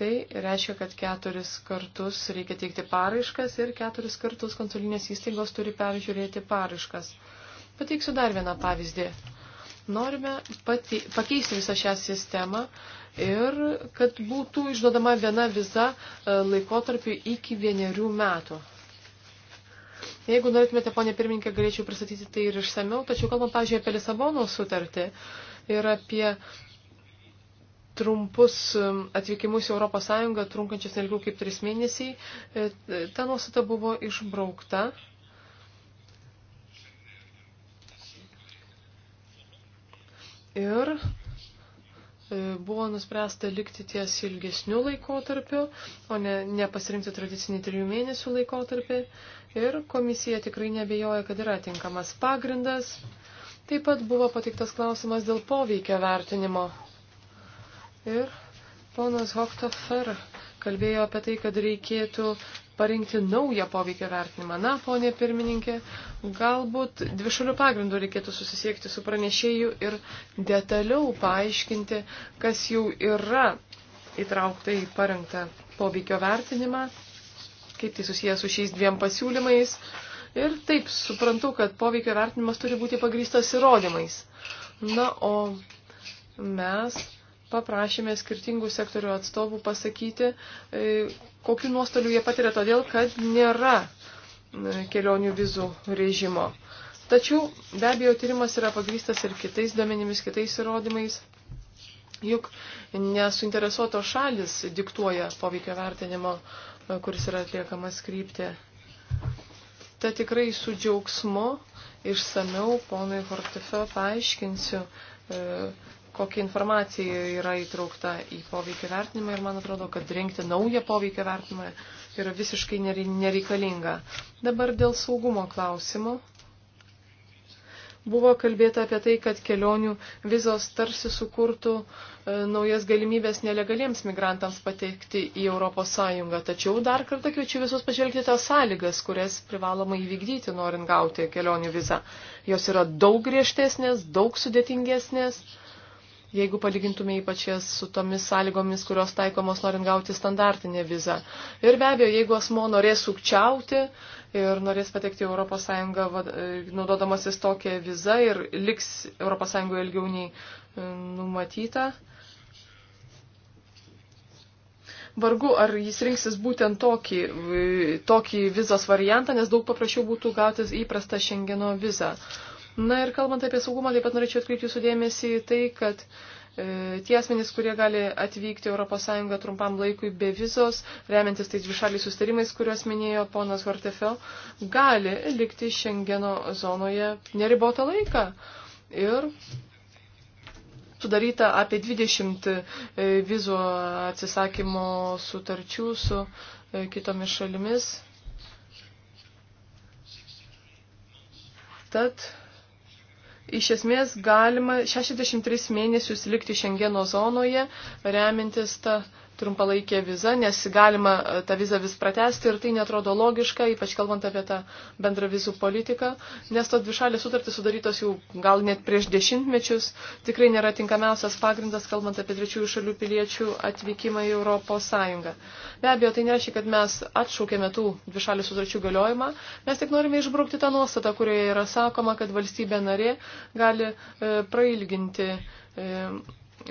Tai reiškia, kad keturis kartus reikia teikti paraiškas ir keturis kartus konsulinės įstaigos turi peržiūrėti paraiškas. Pateiksiu dar vieną pavyzdį. Norime pati, pakeisti visą šią sistemą ir kad būtų išduodama viena viza e, laikotarpiu iki vienerių metų. Jeigu norėtumėte, ponė pirmininkė, galėčiau pristatyti tai ir išsameu, tačiau kalbant, pavyzdžiui, apie Lisabono sutartį ir apie trumpus e, atvykimus į Europos Sąjungą, trunkančius nelgiau kaip tris mėnesiai, e, ta nuostata buvo išbraukta. Ir E, buvo nuspręsta likti ties ilgesniu laikotarpiu, o ne, ne pasirinkti tradicinį trijų mėnesių laikotarpį. Ir komisija tikrai nebejoja, kad yra tinkamas pagrindas. Taip pat buvo pateiktas klausimas dėl poveikio vertinimo. Ir ponas Hoktofer kalbėjo apie tai, kad reikėtų parinkti naują poveikio vertinimą. Na, ponė pirmininkė, galbūt dvišalių pagrindų reikėtų susisiekti su pranešėju ir detaliau paaiškinti, kas jau yra įtraukta į parengtą poveikio vertinimą, kaip tai susijęs su šiais dviem pasiūlymais. Ir taip, suprantu, kad poveikio vertinimas turi būti pagrįstas įrodymais. Na, o mes paprašėme skirtingų sektorių atstovų pasakyti, e, kokiu nuostoliu jie patiria todėl, kad nėra e, kelionių vizų režimo. Tačiau be abejo tyrimas yra pagrystas ir kitais duomenimis, kitais įrodymais. Juk nesuinteresuotos šalis diktuoja poveikio vertinimo, e, kuris yra atliekamas kryptė. Ta tikrai su džiaugsmu išsameu ponui Hortife paaiškinsiu, kokia informacija yra įtraukta į poveikio vertinimą ir man atrodo, kad rinkti naują poveikio vertinimą yra visiškai nereikalinga. Dabar dėl saugumo klausimų. Buvo kalbėta apie tai, kad kelionių vizos tarsi sukurtų e, naujas galimybės nelegaliems migrantams patekti į ES. Tačiau dar kartą kviečiu visus pažvelgti tas sąlygas, kurias privaloma įvykdyti, norint gauti kelionių vizą. Jos yra daug griežtesnės, daug sudėtingesnės jeigu palygintume ypač jas su tomis sąlygomis, kurios taikomos norint gauti standartinę vizą. Ir be abejo, jeigu asmo norės sukčiauti ir norės patekti ES e, naudodamasis tokią vizą ir liks ES ilgiau nei e, numatyta, vargu, ar jis rinksis būtent tokį, tokį vizos variantą, nes daug paprasčiau būtų gauti įprastą Šengeno vizą. Na ir kalbant apie saugumą, taip pat norėčiau atkreipti jūsų dėmesį į tai, kad e, tie asmenys, kurie gali atvykti ES trumpam laikui be vizos, remiantis tais dvišaliais sustarimais, kuriuos minėjo ponas Hortefel, gali likti Šengeno zonoje neribotą laiką. Ir sudaryta apie 20 e, vizų atsisakymo sutarčių su e, kitomis šalimis. Tad iš esmės galima 63 mėnesius likti Šengeno zonoje, remintis tą trumpalaikė viza, nes galima e, tą vizą vis pratesti ir tai netrodo logiška, ypač kalbant apie tą bendrą vizų politiką, nes tos dvišalės sutartys sudarytos jau gal net prieš dešimtmečius tikrai nėra tinkamiausias pagrindas, kalbant apie trečiųjų šalių piliečių atvykimą į Europos Sąjungą. Be abejo, tai nereiškia, kad mes atšaukėme tų dvišalių sutarčių galiojimą, mes tik norime išbraukti tą nuostatą, kurioje yra sakoma, kad valstybė narė gali e, prailginti e,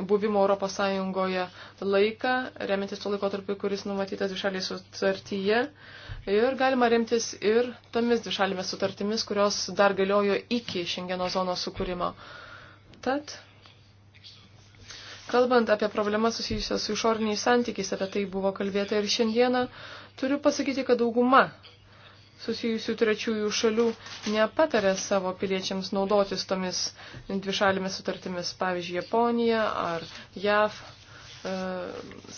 buvimo Europos Sąjungoje laiką, remiantis tuo laikotarpiu, kuris numatytas dvišaliai sutartyje. Ir galima remtis ir tomis dvišalėmis sutartimis, kurios dar galiojo iki Šengeno zonos sukūrimo. Tad, kalbant apie problemas susijusias su išoriniais santykiais, apie tai buvo kalbėta ir šiandieną, turiu pasakyti, kad dauguma susijusių trečiųjų šalių nepatarė savo piliečiams naudotis tomis dvišalėmis sutartimis, pavyzdžiui, Japonija ar JAV e,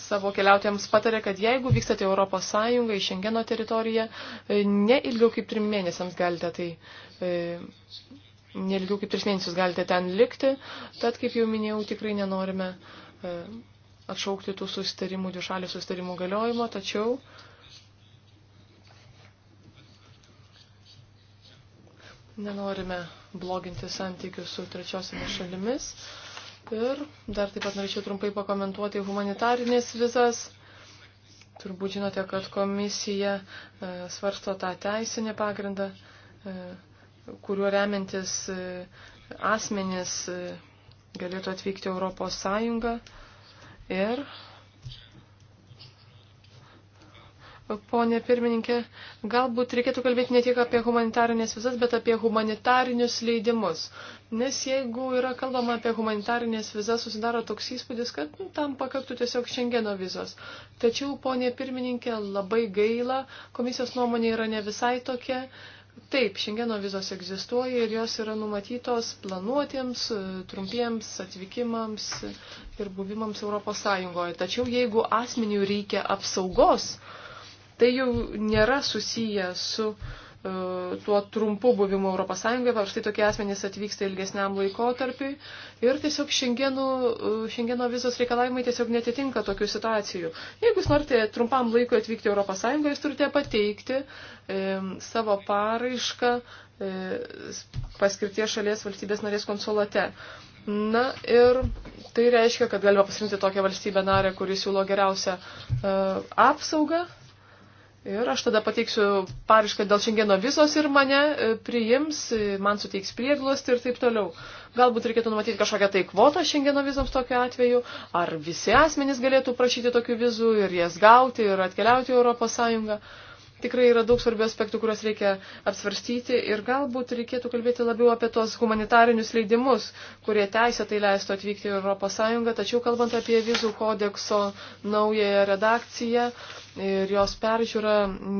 savo keliautojams patarė, kad jeigu vykstate Europos Sąjungą į Šengeno teritoriją, e, ne ilgiau kaip trim mėnesiams galite tai, e, ne ilgiau kaip tris mėnesius galite ten likti, tad, kaip jau minėjau, tikrai nenorime atšaukti tų susitarimų, dvišalių susitarimų galiojimo, tačiau uh, Nenorime bloginti santykių su trečiosiamis šalimis. Ir dar taip pat norėčiau trumpai pakomentuoti humanitarinės vizas. Turbūt žinote, kad komisija e, svarsto tą teisinį pagrindą, e, kuriuo remiantis e, asmenys e, galėtų atvykti Europos Sąjungą. Ir Pone pirmininkė, galbūt reikėtų kalbėti ne tiek apie humanitarinės vizas, bet apie humanitarinius leidimus. Nes jeigu yra kalbama apie humanitarinės vizas, susidaro toks įspūdis, kad nu, tam pakaktų tiesiog šengeno vizos. Tačiau, ponė pirmininkė, labai gaila, komisijos nuomonė yra ne visai tokia. Taip, šengeno vizos egzistuoja ir jos yra numatytos planuotiems, trumpiems atvykimams ir buvimams Europos Sąjungoje. Tačiau jeigu asmenių reikia apsaugos, tai jau nėra susiję su e, tuo trumpu buvimu Europos Sąjungoje, va štai tokie asmenys atvyksta ilgesniam laikotarpiui ir tiesiog šengenų, e, šengeno vizos reikalavimai tiesiog netitinka tokių situacijų. Jeigu jūs norite trumpam laikui atvykti Europos Sąjungoje, jūs turite pateikti e, savo paraišką e, paskirties šalies valstybės narės konsulate. Na ir tai reiškia, kad galima pasirinkti tokią valstybę narę, kuris siūlo geriausią e, apsaugą Ir aš tada pateiksiu paraišką dėl šengeno vizos ir mane e, priims, e, man suteiks prieglostį ir taip toliau. Galbūt reikėtų numatyti kažkokią tai kvotą šengeno vizams tokiu atveju, ar visi asmenys galėtų prašyti tokių vizų ir jas gauti ir atkeliauti į Europos Sąjungą. Uh, tikrai yra daug svarbių aspektų, kuriuos reikia apsvarstyti ir galbūt reikėtų kalbėti labiau apie tos humanitarinius leidimus, kurie teisė tai leistų atvykti į ES, tačiau kalbant apie vizų kodekso naująją redakciją ir jos peržiūrą,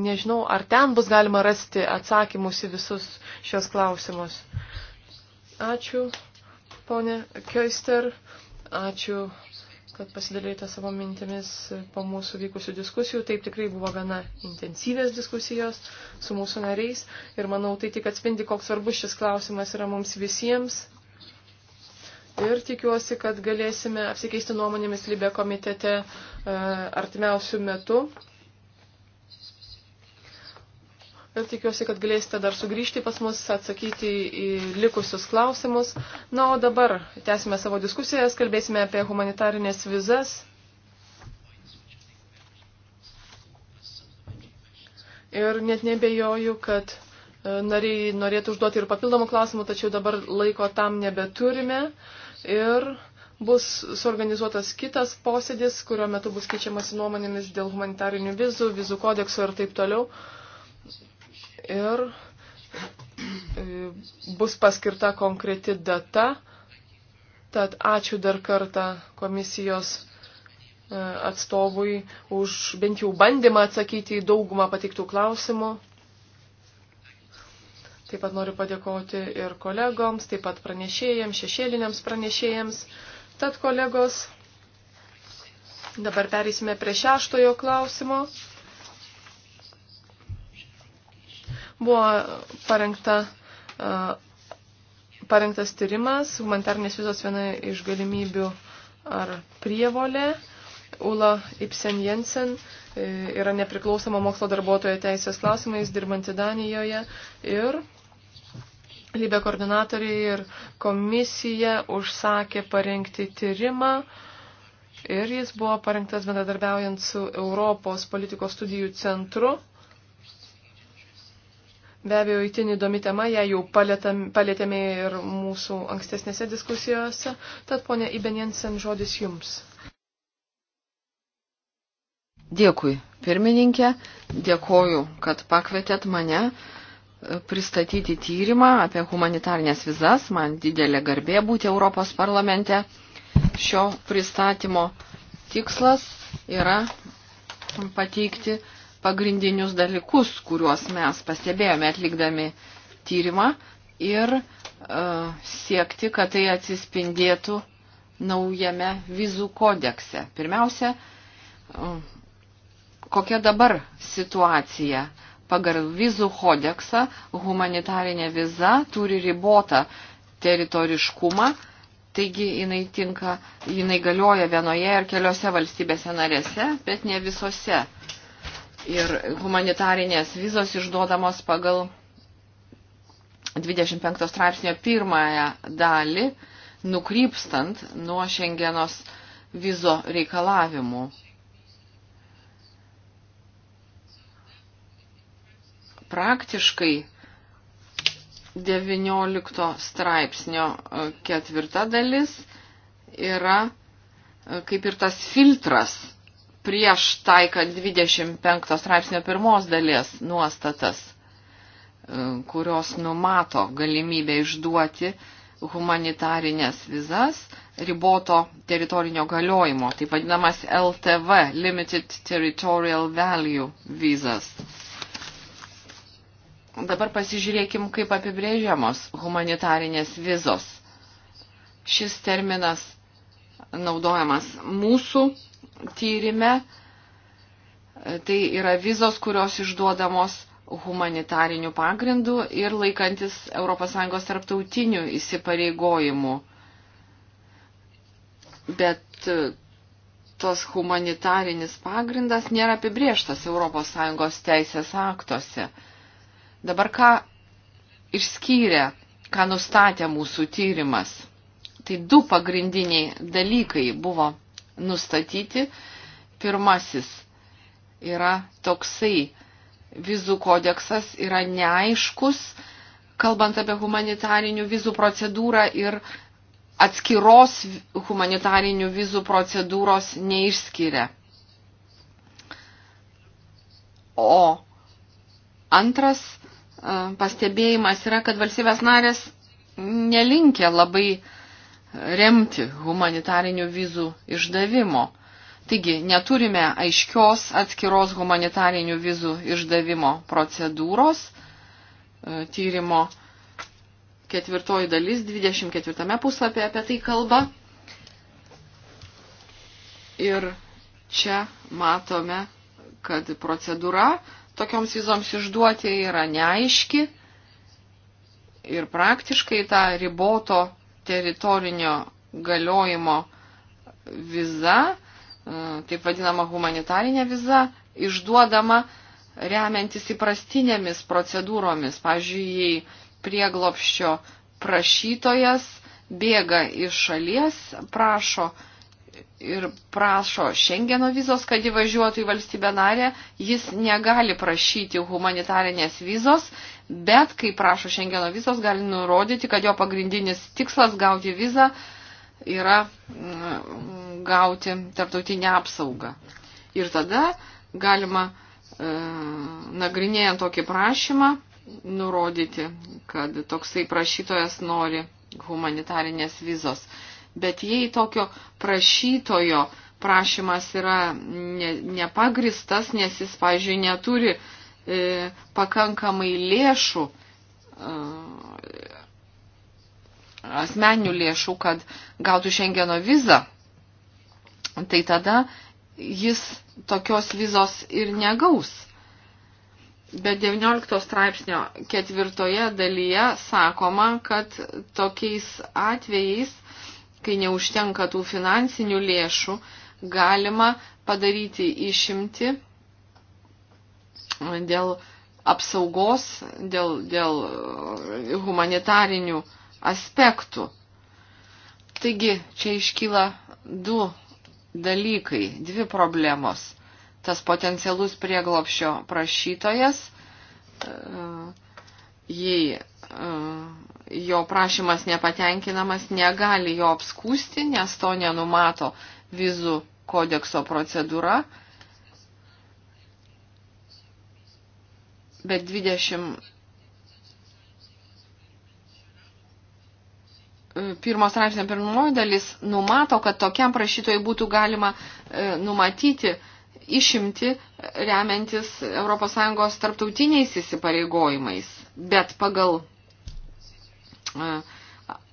nežinau, ar ten bus galima rasti atsakymus į visus šios klausimus. Ačiū, ponė Keister, ačiū kad pasidalėjote savo mintimis po mūsų vykusių diskusijų. Taip tikrai buvo gana intensyvės diskusijos su mūsų nariais ir manau tai tik atspindi, koks svarbus šis klausimas yra mums visiems. Ir tikiuosi, kad galėsime apsikeisti nuomonėmis Libė komitete e, artimiausių metų ir tikiuosi, kad galėsite dar sugrįžti pas mus, atsakyti į likusius klausimus. Na, o dabar tęsime savo diskusijas, kalbėsime apie humanitarinės vizas. Ir net nebejoju, kad e, nariai norėtų užduoti ir papildomų klausimų, tačiau dabar laiko tam nebeturime. Ir bus suorganizuotas kitas posėdis, kurio metu bus keičiamasi nuomonėmis dėl humanitarinių vizų, vizų kodekso ir taip toliau ir e, bus paskirta konkreti data. Tad ačiū dar kartą komisijos e, atstovui už bent jau bandymą atsakyti į daugumą patiktų klausimų. Taip pat noriu padėkoti ir kolegoms, taip pat pranešėjams, šešėliniams pranešėjams. Tad kolegos, dabar perėsime prie šeštojo klausimo. Buvo parengta, parengtas tyrimas, humanitarnės vizos viena iš galimybių ar prievolė. Ula Ibsen Jensen e, yra nepriklausoma mokslo darbuotojo teisės klausimais, dirbanti Danijoje ir Lybė koordinatoriai ir komisija užsakė parengti tyrimą ir jis buvo parengtas bendradarbiaujant su Europos politikos studijų centru. Be abejo, įtin įdomi tema, ją jau palėtam, palėtėme ir mūsų ankstesnėse diskusijose. Tad, ponė Ibeniensen, žodis jums. Dėkui, pirmininkė, dėkoju, kad pakvietėt mane e, pristatyti tyrimą apie humanitarnės vizas. Man didelė garbė būti Europos parlamente. Šio pristatymo tikslas yra pateikti pagrindinius dalykus, kuriuos mes pastebėjome atlikdami tyrimą ir e, siekti, kad tai atsispindėtų naujame vizų kodekse. Pirmiausia, e, kokia dabar situacija. Pagal vizų kodeksą humanitarinė viza turi ribotą teritoriškumą, taigi jinai tinka, jinai galioja vienoje ir keliose valstybėse narėse, bet ne visose ir humanitarinės vizos išduodamos pagal 25 straipsnio pirmąją dalį, nukrypstant nuo Šengenos vizo reikalavimų. Praktiškai 19 straipsnio e, ketvirta dalis yra e, kaip ir tas filtras prieš taikant 25 straipsnio pirmos dalies nuostatas, e, kurios numato galimybę išduoti humanitarinės vizas riboto teritorinio galiojimo, taip vadinamas LTV, Limited Territorial Value vizas. Dabar pasižiūrėkim, kaip apibrėžiamos humanitarinės vizos. Šis terminas naudojamas mūsų tyrime. Tai yra vizos, kurios išduodamos humanitarinių pagrindų ir laikantis ES tarptautinių įsipareigojimų. Bet e, tos humanitarinis pagrindas nėra apibrieštas ES teisės aktuose. Dabar ką išskyrė, ką nustatė mūsų tyrimas? Tai du pagrindiniai dalykai buvo nustatyti. Pirmasis yra toksai. Vizų kodeksas yra neaiškus, kalbant apie humanitarinių vizų procedūrą ir atskiros humanitarinių vizų procedūros neišskiria. O antras e, pastebėjimas yra, kad valstybės narės nelinkė labai uh, remti humanitarinių vizų išdavimo. Taigi, neturime aiškios atskiros humanitarinių vizų išdavimo procedūros. E, tyrimo ketvirtoji dalis 24 puslapyje apie tai kalba. Ir čia matome, kad procedūra tokioms vizoms išduoti yra neaiški ir praktiškai tą riboto teritorinio galiojimo viza, e, taip vadinama humanitarinė viza, išduodama remiantis įprastinėmis procedūromis. Pavyzdžiui, jei prieglopščio prašytojas bėga iš šalies, prašo ir prašo Šengeno vizos, kad įvažiuotų į valstybę narę, jis negali prašyti humanitarinės vizos, bet kai prašo Šengeno vizos, gali nurodyti, kad jo pagrindinis tikslas gauti vizą yra mm, gauti tarptautinę apsaugą. Ir tada galima, e, nagrinėjant tokį prašymą, nurodyti, kad toksai prašytojas nori humanitarinės vizos. Bet jei tokio prašytojo prašymas yra ne, nepagristas, nes jis, pažiūrėjau, neturi uh, E, pakankamai lėšų, e, asmeninių lėšų, kad gautų Šengeno vizą, tai tada jis tokios vizos ir negaus. Bet 19 straipsnio ketvirtoje dalyje sakoma, kad tokiais atvejais, kai neužtenka tų finansinių lėšų, galima padaryti išimti dėl apsaugos, dėl, dėl e, humanitarinių aspektų. Taigi čia iškyla du dalykai, dvi problemos. Tas potencialus prieglopšio prašytojas, e, jei e, jo prašymas nepatenkinamas, negali jo apskūsti, nes to nenumato vizų kodekso procedūra bet 20 e, pirmos straipsnio pirmoji dalis numato, kad tokiam prašytojui būtų galima e, numatyti išimti remiantis ES tarptautiniais įsipareigojimais. Bet pagal e,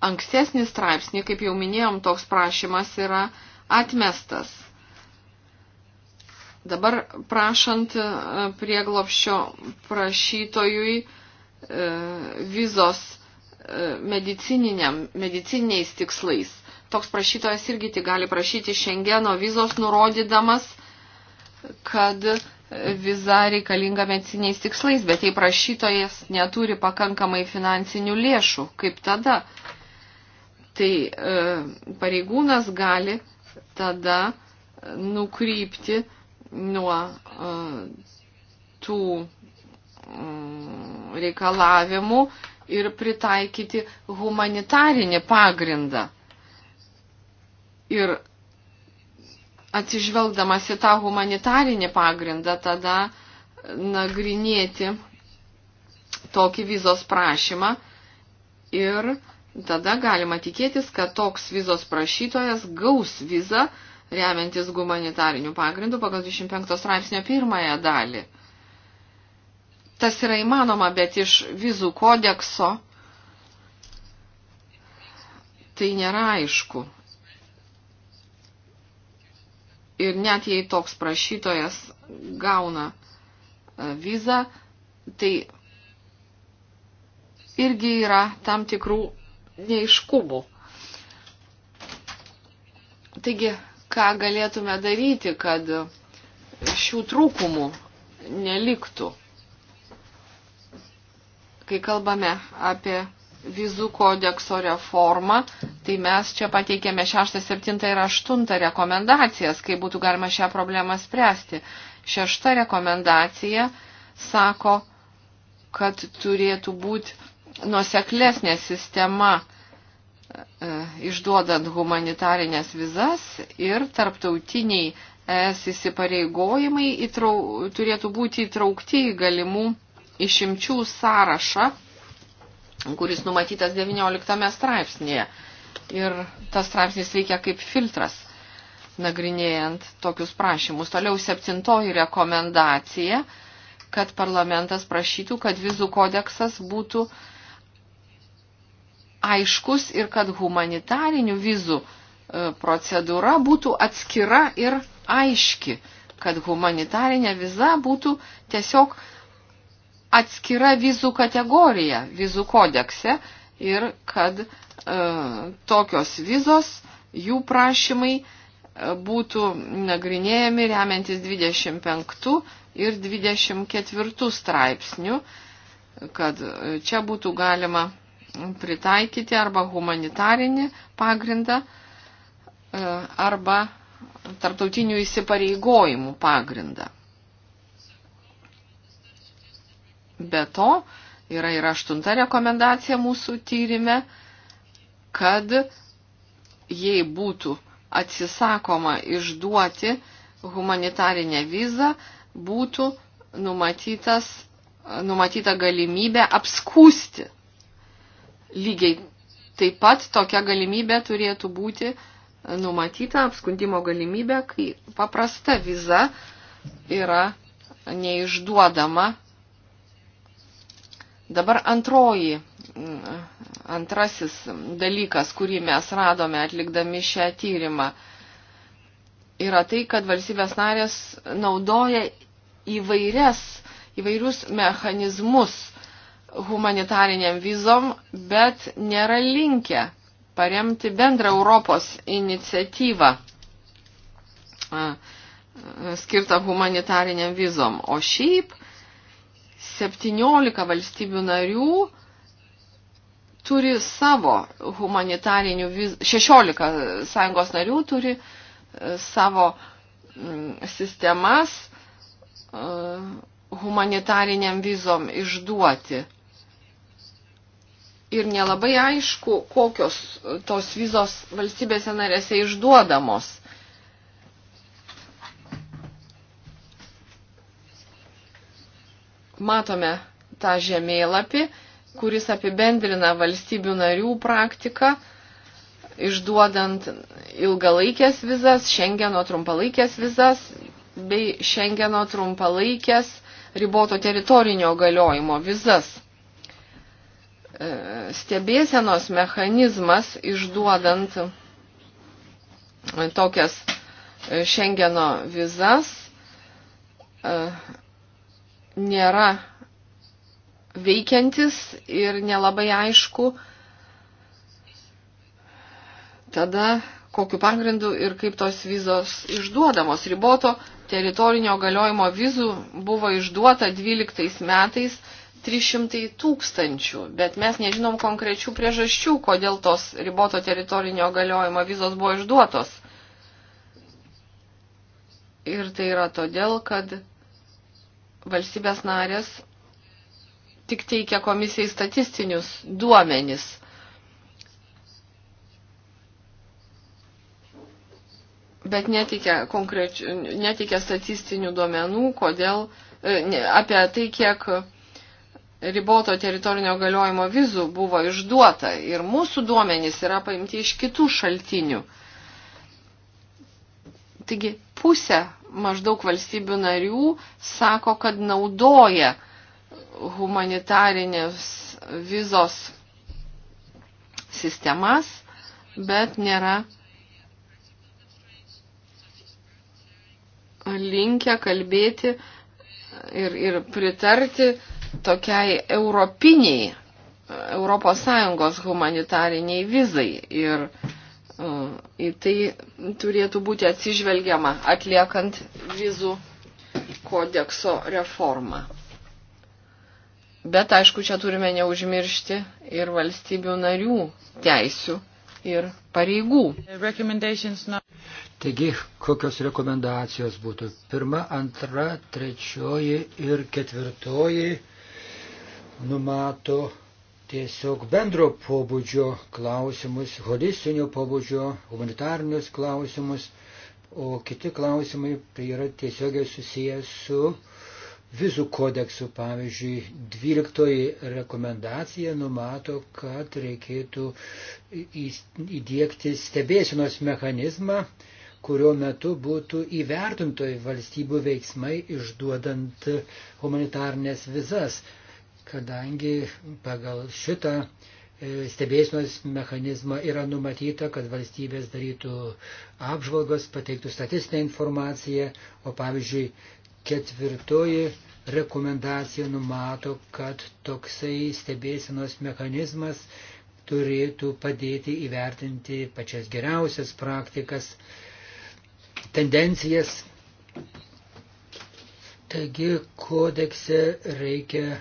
ankstesnį straipsnį, kaip jau minėjom, toks prašymas yra atmestas. Dabar prašant e, prieglopščio prašytojui e, vizos e, medicininiais tikslais. Toks prašytojas irgi tik gali prašyti Šengeno vizos, nurodydamas, kad viza reikalinga mediciniais tikslais, bet jei prašytojas neturi pakankamai finansinių lėšų, kaip tada, tai pareigūnas gali tada nukrypti nuo e, tų e, reikalavimų ir pritaikyti humanitarinį pagrindą. Ir atsižvelgdamas į tą humanitarinį pagrindą, tada nagrinėti tokį vizos prašymą ir tada galima tikėtis, kad toks vizos prašytojas gaus vizą, remiantis humanitarinių pagrindų pagal 25 straipsnio pirmąją dalį. Tas yra įmanoma, bet iš vizų kodekso tai nėra aišku. Ir net jei toks prašytojas gauna e, vizą, tai irgi yra tam tikrų neiškumų. Taigi, ką galėtume daryti, kad šių trūkumų neliktų. Kai kalbame apie vizų kodekso reformą, tai mes čia pateikėme 6, 7 ir 8 rekomendacijas, kaip būtų galima šią problemą spręsti. Šešta rekomendacija sako, kad turėtų būti nuseklesnė sistema E, išduodant humanitarinės vizas ir tarptautiniai ES įsipareigojimai įtrau, turėtų būti įtraukti į galimų išimčių sąrašą, kuris numatytas 19 straipsnėje. Ir tas straipsnis veikia kaip filtras, nagrinėjant tokius prašymus. Toliau septintoji rekomendacija, kad parlamentas prašytų, kad vizų kodeksas būtų uh, aiškus ir kad humanitarinių vizų e, procedūra būtų atskira ir aiški, kad humanitarinė viza būtų tiesiog atskira vizų kategorija vizų kodekse ir kad e, tokios vizos, jų prašymai e, būtų nagrinėjami remiantis 25 ir 24 straipsnių, kad e, čia būtų galima pritaikyti arba humanitarinį pagrindą, e, arba tarptautinių įsipareigojimų pagrindą. Be to, yra ir aštunta rekomendacija mūsų tyrime, kad jei būtų atsisakoma išduoti humanitarinę vizą, būtų numatytas, numatyta galimybė apskūsti Lygiai taip pat tokia galimybė turėtų būti e, numatyta apskundimo galimybė, kai paprasta viza yra neišduodama. Dabar antroji, antrasis dalykas, kurį mes radome atlikdami šią tyrimą, yra tai, kad valstybės narės naudoja įvairias, įvairius mechanizmus humanitariniam vizom, bet nėra linkę paremti bendrą Europos iniciatyvą skirtą humanitariniam vizom. O šiaip 17 valstybių narių turi savo humanitarinių vizų, 16 sąjungos narių turi e, savo sistemas e, humanitariniam vizom išduoti ir nelabai aišku, kokios tos vizos valstybėse narėse išduodamos. Matome tą žemėlapį, kuris apibendrina valstybių narių praktiką, išduodant ilgalaikės vizas, šengeno trumpalaikės vizas bei šengeno trumpalaikės riboto teritorinio galiojimo vizas. E, stebėsenos mechanizmas išduodant tokias Šengeno e, vizas e, nėra veikiantis ir nelabai aišku, tada kokiu pagrindu ir kaip tos vizos išduodamos. Riboto teritorinio galiojimo vizų buvo išduota 12 metais 300 tūkstančių, bet mes nežinom konkrečių priežasčių, kodėl tos riboto teritorinio galiojimo vizos buvo išduotos. Ir tai yra todėl, kad valstybės narės tik teikia komisijai statistinius duomenis. Bet netikia, konkrečių, netikia statistinių duomenų, kodėl, e, ne, apie tai, kiek riboto teritorinio galiojimo vizų buvo išduota ir mūsų duomenys yra paimti iš kitų šaltinių. Taigi pusė maždaug valstybių narių sako, kad naudoja humanitarinės vizos sistemas, bet nėra linkę kalbėti ir, ir pritarti uh, tokiai europiniai ES humanitariniai vizai ir e, į tai turėtų būti atsižvelgiama atliekant vizų kodekso reformą. Bet aišku, čia turime neužmiršti ir valstybių narių teisių ir pareigų. Taigi, kokios rekomendacijos būtų? Pirma, antra, trečioji ir ketvirtoji numato tiesiog bendro pobūdžio klausimus, holistinio pobūdžio, humanitarnius klausimus, o kiti klausimai tai yra tiesiogiai susijęs su vizų kodeksu. Pavyzdžiui, 12 rekomendacija numato, kad reikėtų įdėkti stebėsinos mechanizmą, kurio metu būtų įvertintojai valstybių veiksmai išduodant humanitarnės vizas kadangi pagal šitą e, stebėsinos mechanizmą yra numatyta, kad valstybės darytų apžvalgos, pateiktų statistinę informaciją, o pavyzdžiui, ketvirtoji rekomendacija numato, kad toksai stebėsinos mechanizmas turėtų padėti įvertinti pačias geriausias praktikas, tendencijas. Taigi kodekse reikia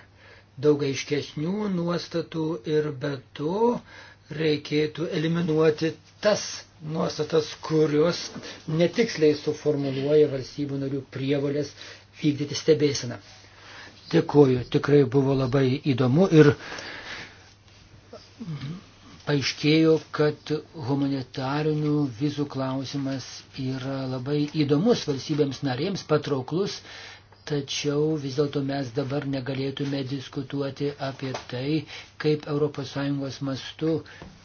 daug aiškesnių nuostatų ir be to reikėtų eliminuoti tas nuostatas, kurios netiksliai suformuluoja valstybių narių prievolės vykdyti stebėsiną. Dėkuoju, tikrai buvo labai įdomu ir paaiškėjo, kad humanitarinių vizų klausimas yra labai įdomus valstybėms narėms, patrauklus Tačiau vis dėlto mes dabar negalėtume diskutuoti apie tai, kaip ES mastu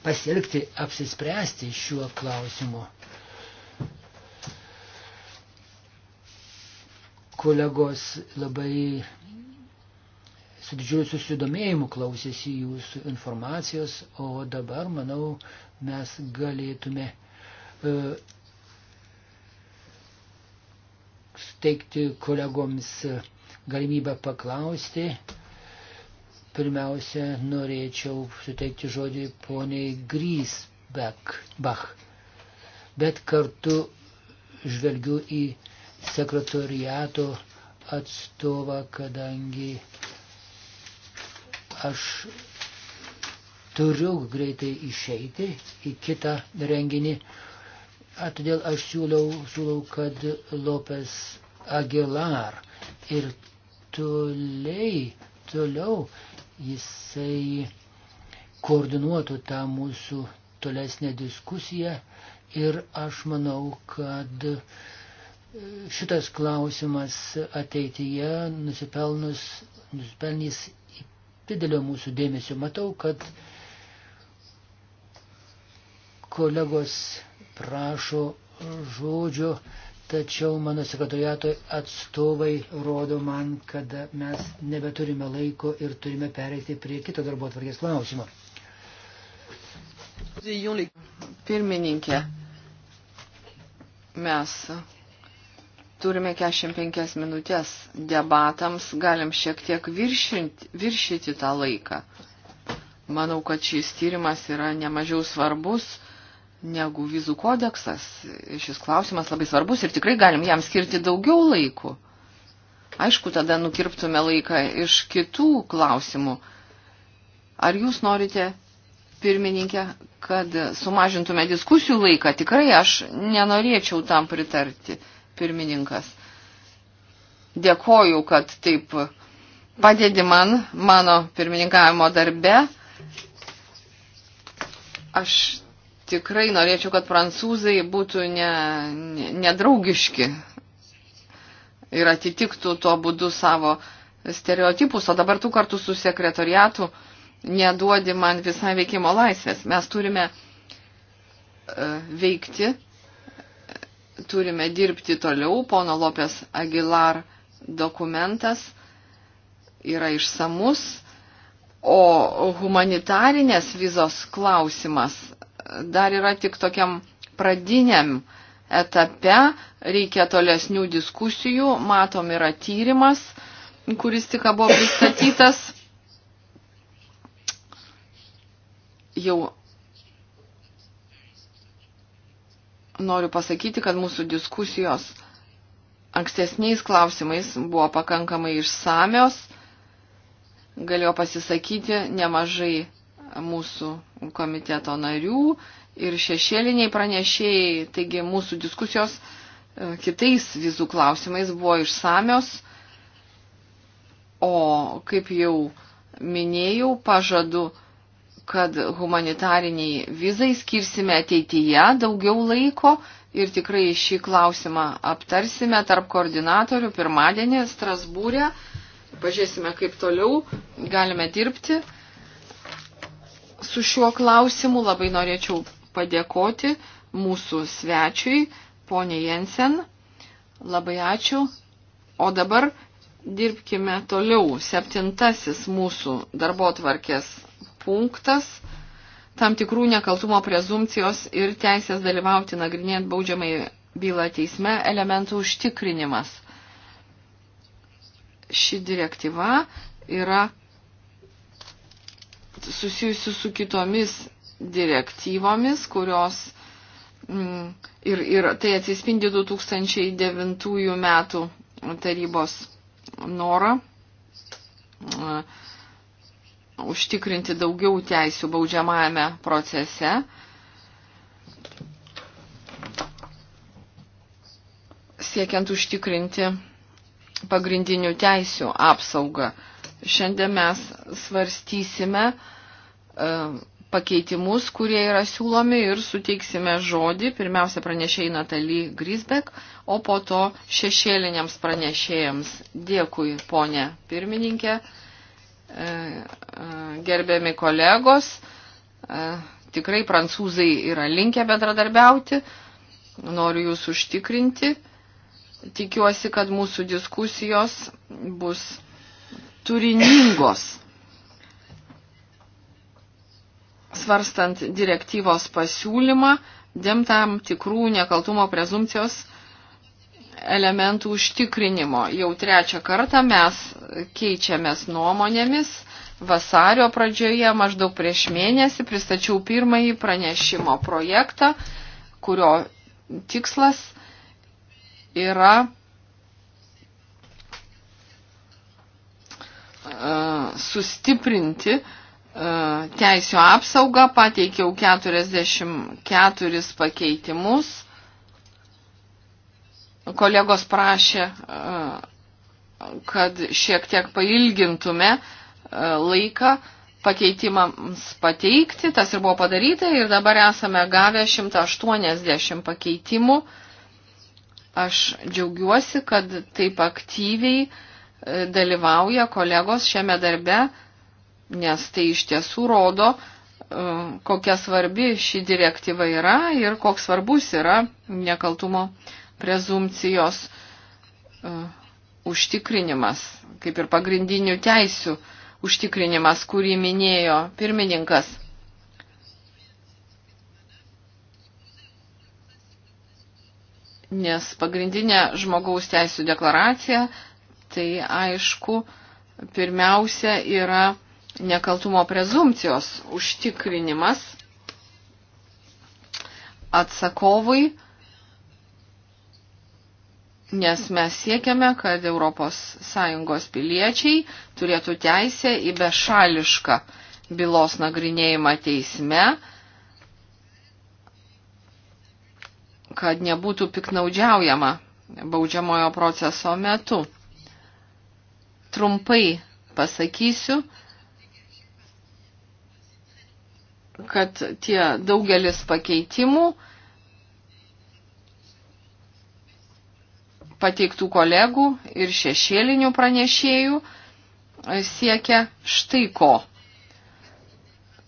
pasielgti, apsispręsti šiuo klausimu. Kolegos labai su didžiuliu susidomėjimu klausėsi jūsų informacijos, o dabar, manau, mes galėtume. Uh, suteikti kolegoms galimybę paklausti. Pirmiausia, norėčiau suteikti žodį poniai Grisbach. Bet kartu žvelgiu į sekretoriato atstovą, kadangi aš turiu greitai išeiti į kitą renginį, A, todėl aš siūlau, siūlau kad Lopes Aguilar ir toliai, toliau jisai koordinuotų tą mūsų tolesnę diskusiją ir aš manau, kad e, šitas klausimas ateityje nusipelnus, nusipelnys didelio mūsų dėmesio. Matau, kad kolegos prašo žodžio, tačiau mano sekretoriato atstovai rodo man, kad mes nebeturime laiko ir turime pereiti prie kito darbo atvarkės klausimo. Pirmininkė, mes turime 45 minutės debatams, galim šiek tiek viršinti, viršyti tą laiką. Manau, kad šis tyrimas yra nemažiau svarbus negu vizų kodeksas. Šis klausimas labai svarbus ir tikrai galim jam skirti daugiau laiko. Aišku, tada nukirptume laiką iš kitų klausimų. Ar jūs norite, pirmininkė, kad sumažintume diskusijų laiką? Tikrai aš nenorėčiau tam pritarti, pirmininkas. Dėkoju, kad taip padėdi man mano pirmininkavimo darbe. Aš tikrai norėčiau, kad prancūzai būtų nedraugiški ne, ne ir atitiktų tuo būdu savo stereotipus, o dabar tu kartu su sekretoriatu neduodi man visai veikimo laisvės. Mes turime e, veikti, turime dirbti toliau. Pono Lopės Agilar dokumentas yra išsamus, o humanitarinės vizos klausimas dar yra tik tokiam pradiniam etape, reikia tolesnių diskusijų, matom yra tyrimas, kuris tik buvo pristatytas. Jau noriu pasakyti, kad mūsų diskusijos ankstesniais klausimais buvo pakankamai išsamios, galėjo pasisakyti nemažai mūsų komiteto narių ir šešėliniai pranešėjai. Taigi mūsų diskusijos e, kitais vizų klausimais buvo išsamios. O kaip jau minėjau, pažadu, kad humanitariniai vizai skirsime ateityje daugiau laiko ir tikrai šį klausimą aptarsime tarp koordinatorių pirmadienį Strasbūrė. Pažiūrėsime, kaip toliau galime dirbti su šiuo klausimu. Labai norėčiau padėkoti mūsų svečiui, ponė Jensen. Labai ačiū. O dabar dirbkime toliau. Septintasis mūsų darbo tvarkės punktas - tam tikrų nekaltumo prezumcijos ir teisės dalyvauti nagrinėjant baudžiamai bylą teisme elementų užtikrinimas. Ši direktyva yra susijusių su kitomis direktyvomis, kurios mm, ir, ir tai atsispindi 2009 metų tarybos norą mm, užtikrinti daugiau teisių baudžiamajame procese. siekiant užtikrinti pagrindinių teisių apsaugą. Šiandien mes svarstysime e, pakeitimus, kurie yra siūlomi ir suteiksime žodį. Pirmiausia pranešėjai Natalie Grisbek, o po to šešėliniams pranešėjams. Dėkui, ponė pirmininkė, e, e, gerbiami kolegos. Tikrai prancūzai yra linkę bendradarbiauti. Noriu jūs užtikrinti. Tikiuosi, kad mūsų diskusijos bus turiningos. Svarstant direktyvos pasiūlymą, dėm tam tikrų nekaltumo prezumcijos elementų užtikrinimo. Jau trečią kartą mes keičiamės nuomonėmis. Vasario pradžioje, maždaug prieš mėnesį, pristačiau pirmąjį pranešimo projektą, kurio tikslas yra sustiprinti teisio apsaugą, pateikiau 44 pakeitimus. Kolegos prašė, kad šiek tiek pailgintume laiką pakeitimams pateikti, tas ir buvo padaryta ir dabar esame gavę 180 pakeitimų. Aš džiaugiuosi, kad taip aktyviai uh, dalyvauja kolegos šiame darbe, nes tai iš tiesų rodo, e, kokia svarbi ši direktyva yra ir koks svarbus yra nekaltumo prezumcijos e, užtikrinimas, kaip ir pagrindinių teisių užtikrinimas, kurį minėjo pirmininkas. Nes pagrindinė žmogaus teisų deklaracija tai aišku, pirmiausia yra nekaltumo prezumcijos užtikrinimas atsakovui, nes mes siekiame, kad ES piliečiai turėtų teisę į bešališką bylos nagrinėjimą teisme, kad nebūtų piknaudžiaujama baudžiamojo proceso metu trumpai pasakysiu, kad tie daugelis pakeitimų pateiktų kolegų ir šešėlinių pranešėjų siekia štai ko.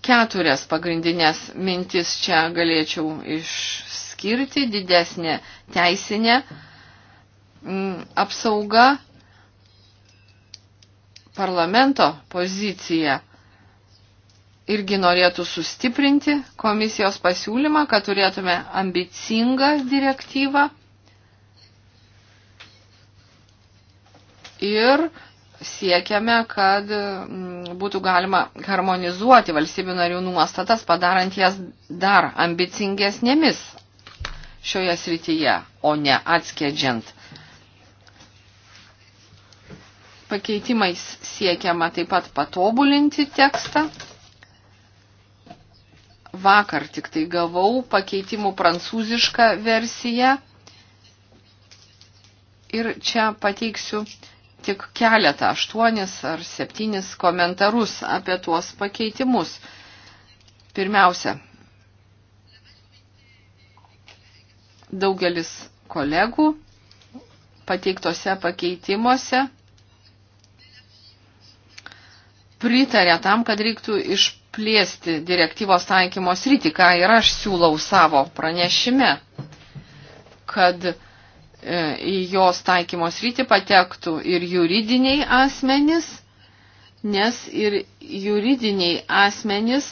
Keturias pagrindinės mintis čia galėčiau išskirti. Didesnė teisinė mm, apsauga, parlamento poziciją irgi norėtų sustiprinti komisijos pasiūlymą, kad turėtume ambicingą direktyvą ir siekiame, kad mm, būtų galima harmonizuoti valstybių narių nuostatas, padarant jas dar ambicingesnėmis šioje srityje, o ne atskėdžiant Pakeitimais siekiama taip pat patobulinti tekstą. Vakar tik tai gavau pakeitimų prancūzišką versiją ir čia pateiksiu tik keletą, aštuonis ar septynis komentarus apie tuos pakeitimus. Pirmiausia, daugelis kolegų pateiktose pakeitimuose pritarė tam, kad reiktų išplėsti direktyvos taikymo sritį, ką ir aš siūlau savo pranešime, kad e, į jos taikymo sritį patektų ir juridiniai asmenys, nes ir juridiniai asmenys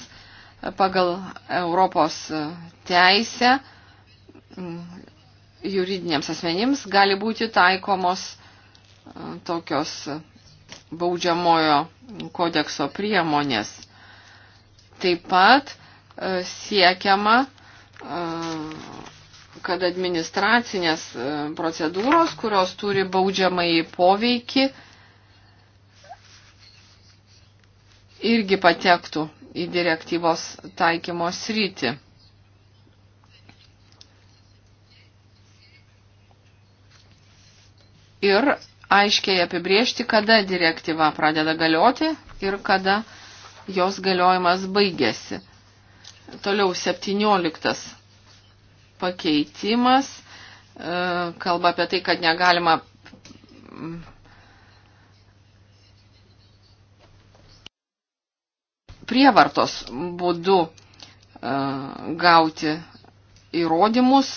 pagal Europos teisę juridiniams asmenims gali būti taikomos e, tokios baudžiamojo kodekso priemonės. Taip pat e, siekiama, e, kad administracinės e, procedūros, kurios turi baudžiamai poveikį, irgi patektų į direktyvos taikymo sritį. Ir aiškiai apibriežti, kada direktyva pradeda galioti ir kada jos galiojimas baigėsi. Toliau 17 pakeitimas e, kalba apie tai, kad negalima mm, prievartos būdu e, gauti įrodymus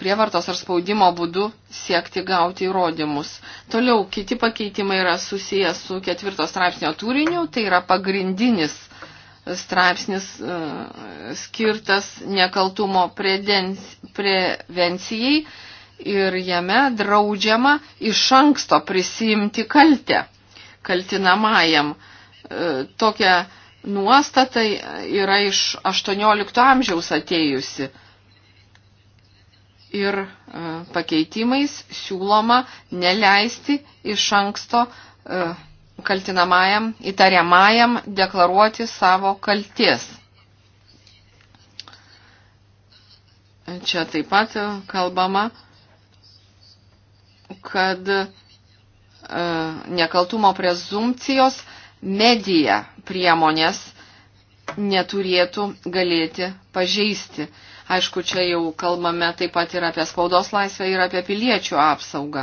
prievartos ar spaudimo būdu siekti gauti įrodymus. Toliau kiti pakeitimai yra susijęs su ketvirto straipsnio turiniu, tai yra pagrindinis straipsnis e, skirtas nekaltumo prevencijai ir jame draudžiama iš anksto prisimti kaltę kaltinamajam. E, tokia nuostata yra iš 18 amžiaus atėjusi ir e, pakeitimais siūloma neleisti iš anksto e, kaltinamajam, įtariamajam deklaruoti savo kalties. Čia taip pat kalbama, kad e, nekaltumo prezumcijos medija priemonės neturėtų galėti pažeisti Aišku, čia jau kalbame taip pat ir apie spaudos laisvę, ir apie piliečių apsaugą.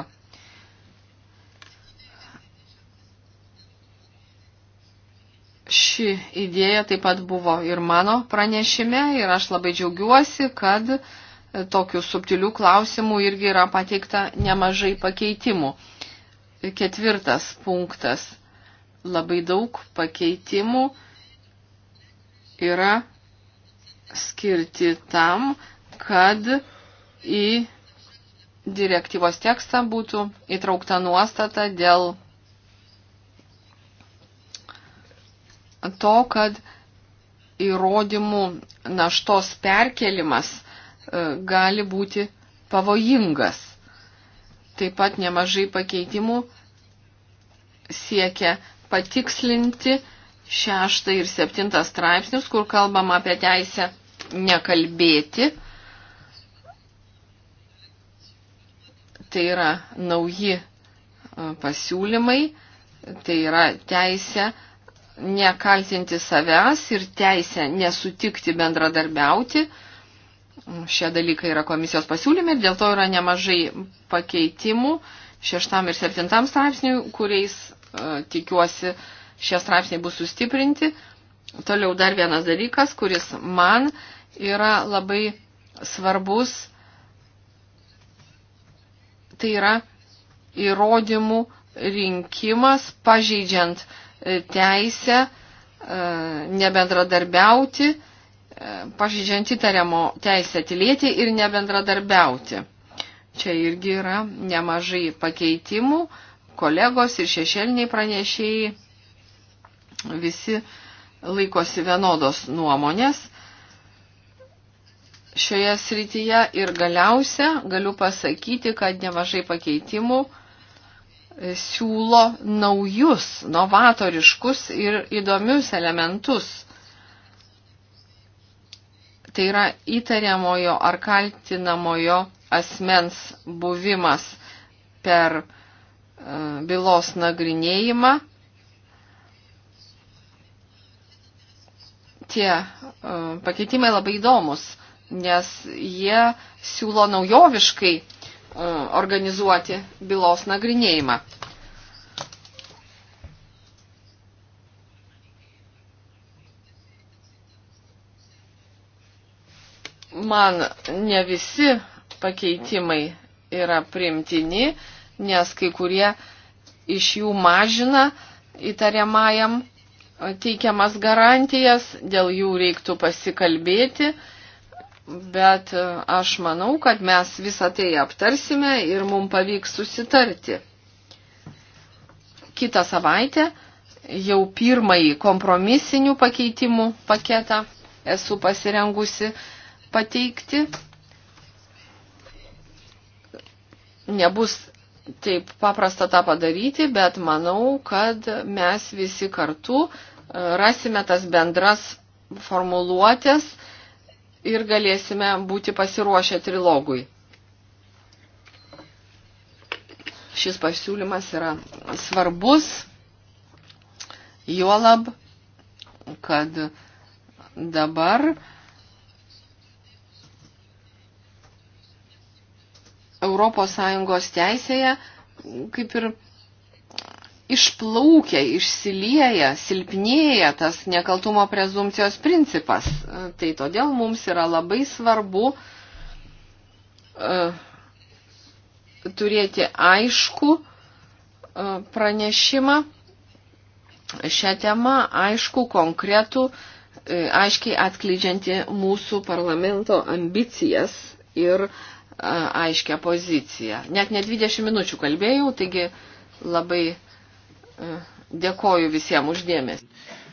Ši idėja taip pat buvo ir mano pranešime ir aš labai džiaugiuosi, kad tokių subtilių klausimų irgi yra pateikta nemažai pakeitimų. Ketvirtas punktas. Labai daug pakeitimų yra skirti tam, kad į direktyvos tekstą būtų įtraukta nuostata dėl to, kad įrodymų naštos perkelimas e, gali būti pavojingas. Taip pat nemažai pakeitimų siekia patikslinti šeštą ir septintą straipsnius, kur kalbama apie teisę nekalbėti. Tai yra nauji e, pasiūlymai, tai yra teisė nekaltinti savęs ir teisė nesutikti bendradarbiauti. Šie dalykai yra komisijos pasiūlymai ir dėl to yra nemažai pakeitimų šeštam ir septintam straipsniui, kuriais e, tikiuosi šie straipsniai bus sustiprinti. Toliau dar vienas dalykas, kuris man yra labai svarbus. Tai yra įrodymų rinkimas, pažeidžiant e, teisę e, nebendradarbiauti, e, pažeidžiant įtariamo teisę tylėti ir nebendradarbiauti. Čia irgi yra nemažai pakeitimų, kolegos ir šešelniai pranešėjai visi laikosi vienodos nuomonės šioje srityje ir galiausia galiu pasakyti, kad nemažai pakeitimų e, siūlo naujus, novatoriškus ir įdomius elementus. Tai yra įtariamojo ar kaltinamojo asmens buvimas per e, bylos nagrinėjimą. Tie e, pakeitimai labai įdomus nes jie siūlo naujoviškai e, organizuoti bylos nagrinėjimą. Man ne visi pakeitimai yra primtini, nes kai kurie iš jų mažina įtariamajam teikiamas garantijas, dėl jų reiktų pasikalbėti bet e, aš manau, kad mes visą tai aptarsime ir mums pavyks susitarti. Kitą savaitę jau pirmąjį kompromisinių pakeitimų paketą esu pasirengusi pateikti. Nebus taip paprasta tą padaryti, bet manau, kad mes visi kartu e, rasime tas bendras formuluotės, ir galėsime būti pasiruošę trilogui. Šis pasiūlymas yra svarbus, juolab, kad dabar Europos Sąjungos teisėje kaip ir išplaukia, išsilieja, silpnėja tas nekaltumo prezumcijos principas. E, tai todėl mums yra labai svarbu uh, turėti aišku uh, pranešimą šią temą, aišku, konkretų, uh, aiškiai atskleidžianti mūsų parlamento ambicijas ir aiškę poziciją. Net ne 20 minučių kalbėjau, taigi labai Dėkoju visiems uždėmesi.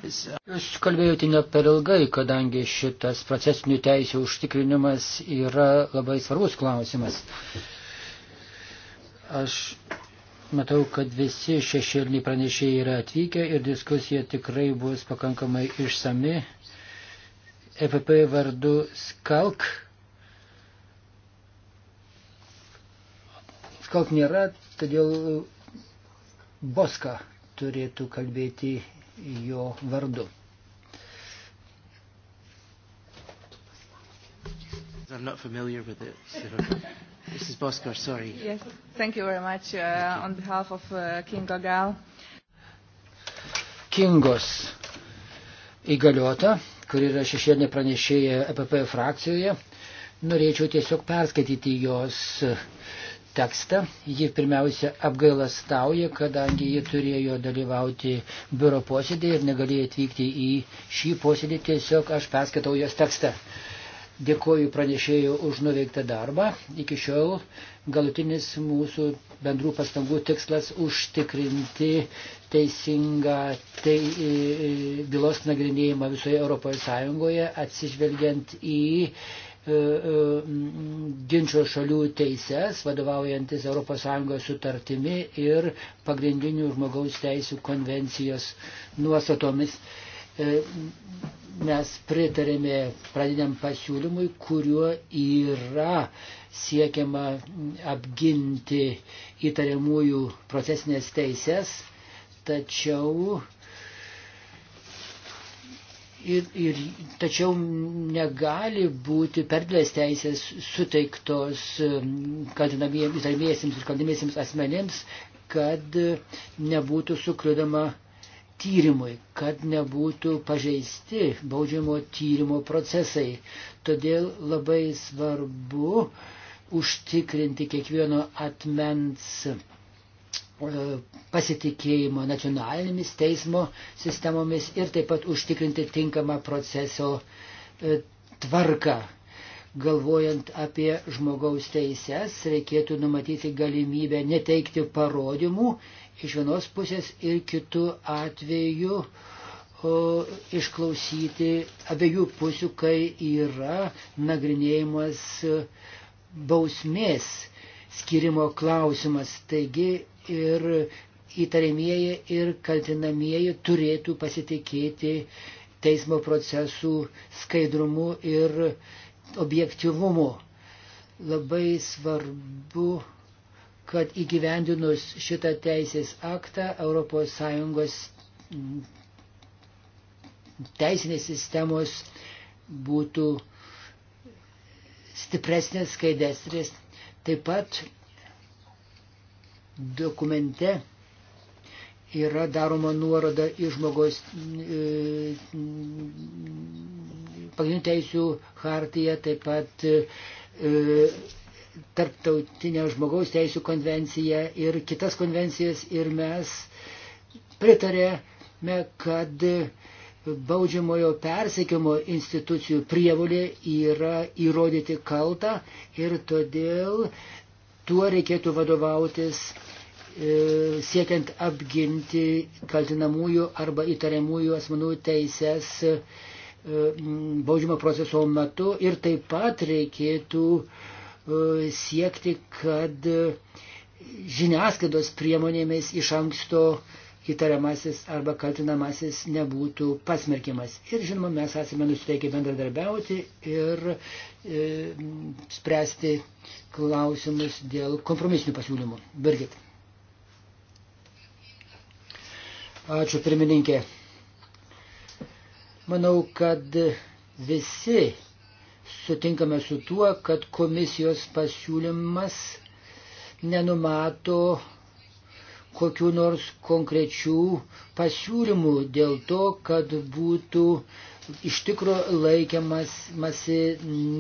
Jūs kalbėjote ne per ilgai, kadangi šitas procesinių teisų užtikrinimas yra labai svarbus klausimas. Aš matau, kad visi šešėliniai pranešėjai yra atvykę ir diskusija tikrai bus pakankamai išsami. EPP vardu Skalk. Skalk nėra, todėl Boska turėtų kalbėti jo vardu. I'm not familiar with it. So. Mrs. Boskar, sorry. Yes, thank you very much uh, on behalf of uh, Kinga Gal. Kingos įgaliota, kuri yra šešėlinė pranešėja EPP frakcijoje, norėčiau tiesiog perskaityti jos uh, tekstą. Ji pirmiausia apgailastauja, kadangi ji turėjo dalyvauti biuro posėdėje ir negalėjo atvykti į šį posėdį, tiesiog aš perskaitau jos tekstą. Dėkoju pranešėjų už nuveiktą darbą. Iki šiol galutinis mūsų bendrų pastangų tikslas užtikrinti teisingą tai, bylos nagrinėjimą visoje Europoje Sąjungoje, atsižvelgiant į E, e, ginčio šalių teises, vadovaujantis ES sutartimi ir pagrindinių žmogaus teisų konvencijos nuostatomis. E, mes pritarėme pradiniam pasiūlymui, kuriuo yra siekiama apginti įtariamųjų procesinės teises, tačiau Ir, ir, tačiau negali būti per didelės teisės suteiktos um, kaltinamiesiems ir kaltinamiesiems asmenėms, kad nebūtų sukliudama tyrimui, kad nebūtų pažeisti baudžiamo tyrimo procesai. Todėl labai svarbu užtikrinti kiekvieno atmens E, pasitikėjimo nacionalinėmis teismo sistemomis ir taip pat užtikrinti tinkamą proceso e, tvarką. Galvojant apie žmogaus teises, reikėtų numatyti galimybę neteikti parodymų iš vienos pusės ir kitų atveju o, išklausyti abiejų pusių, kai yra nagrinėjimas bausmės skirimo klausimas. Taigi ir įtariamieji, ir kaltinamieji turėtų pasitikėti teismo procesų skaidrumu ir objektivumu. Labai svarbu kad įgyvendinus šitą teisės aktą ES teisinės sistemos būtų stipresnės, skaidesnės Taip pat dokumente yra daroma nuoroda į žmogaus e, pagrindinių teisių hartiją, taip pat e, tarptautinę žmogaus teisų konvenciją ir kitas konvencijas ir mes pritarėme, kad e, baudžiamojo persekiojimo institucijų prievolė yra įrodyti kaltą ir todėl tuo reikėtų vadovautis e, siekiant apginti kaltinamųjų arba įtariamųjų asmenų teises e, baudžiamo proceso metu ir taip pat reikėtų e, siekti, kad žiniasklaidos priemonėmis iš anksto uh, įtariamasis arba kaltinamasis nebūtų pasmerkimas. Ir žinoma, mes esame nusiteikę bendradarbiauti ir e, spręsti klausimus dėl kompromisinių pasiūlymų. Birgit. Ačiū pirmininkė. Manau, kad visi sutinkame su tuo, kad komisijos pasiūlymas nenumato kokiu nors konkrečių pasiūlymų dėl to, kad būtų iš tikro laikiamasi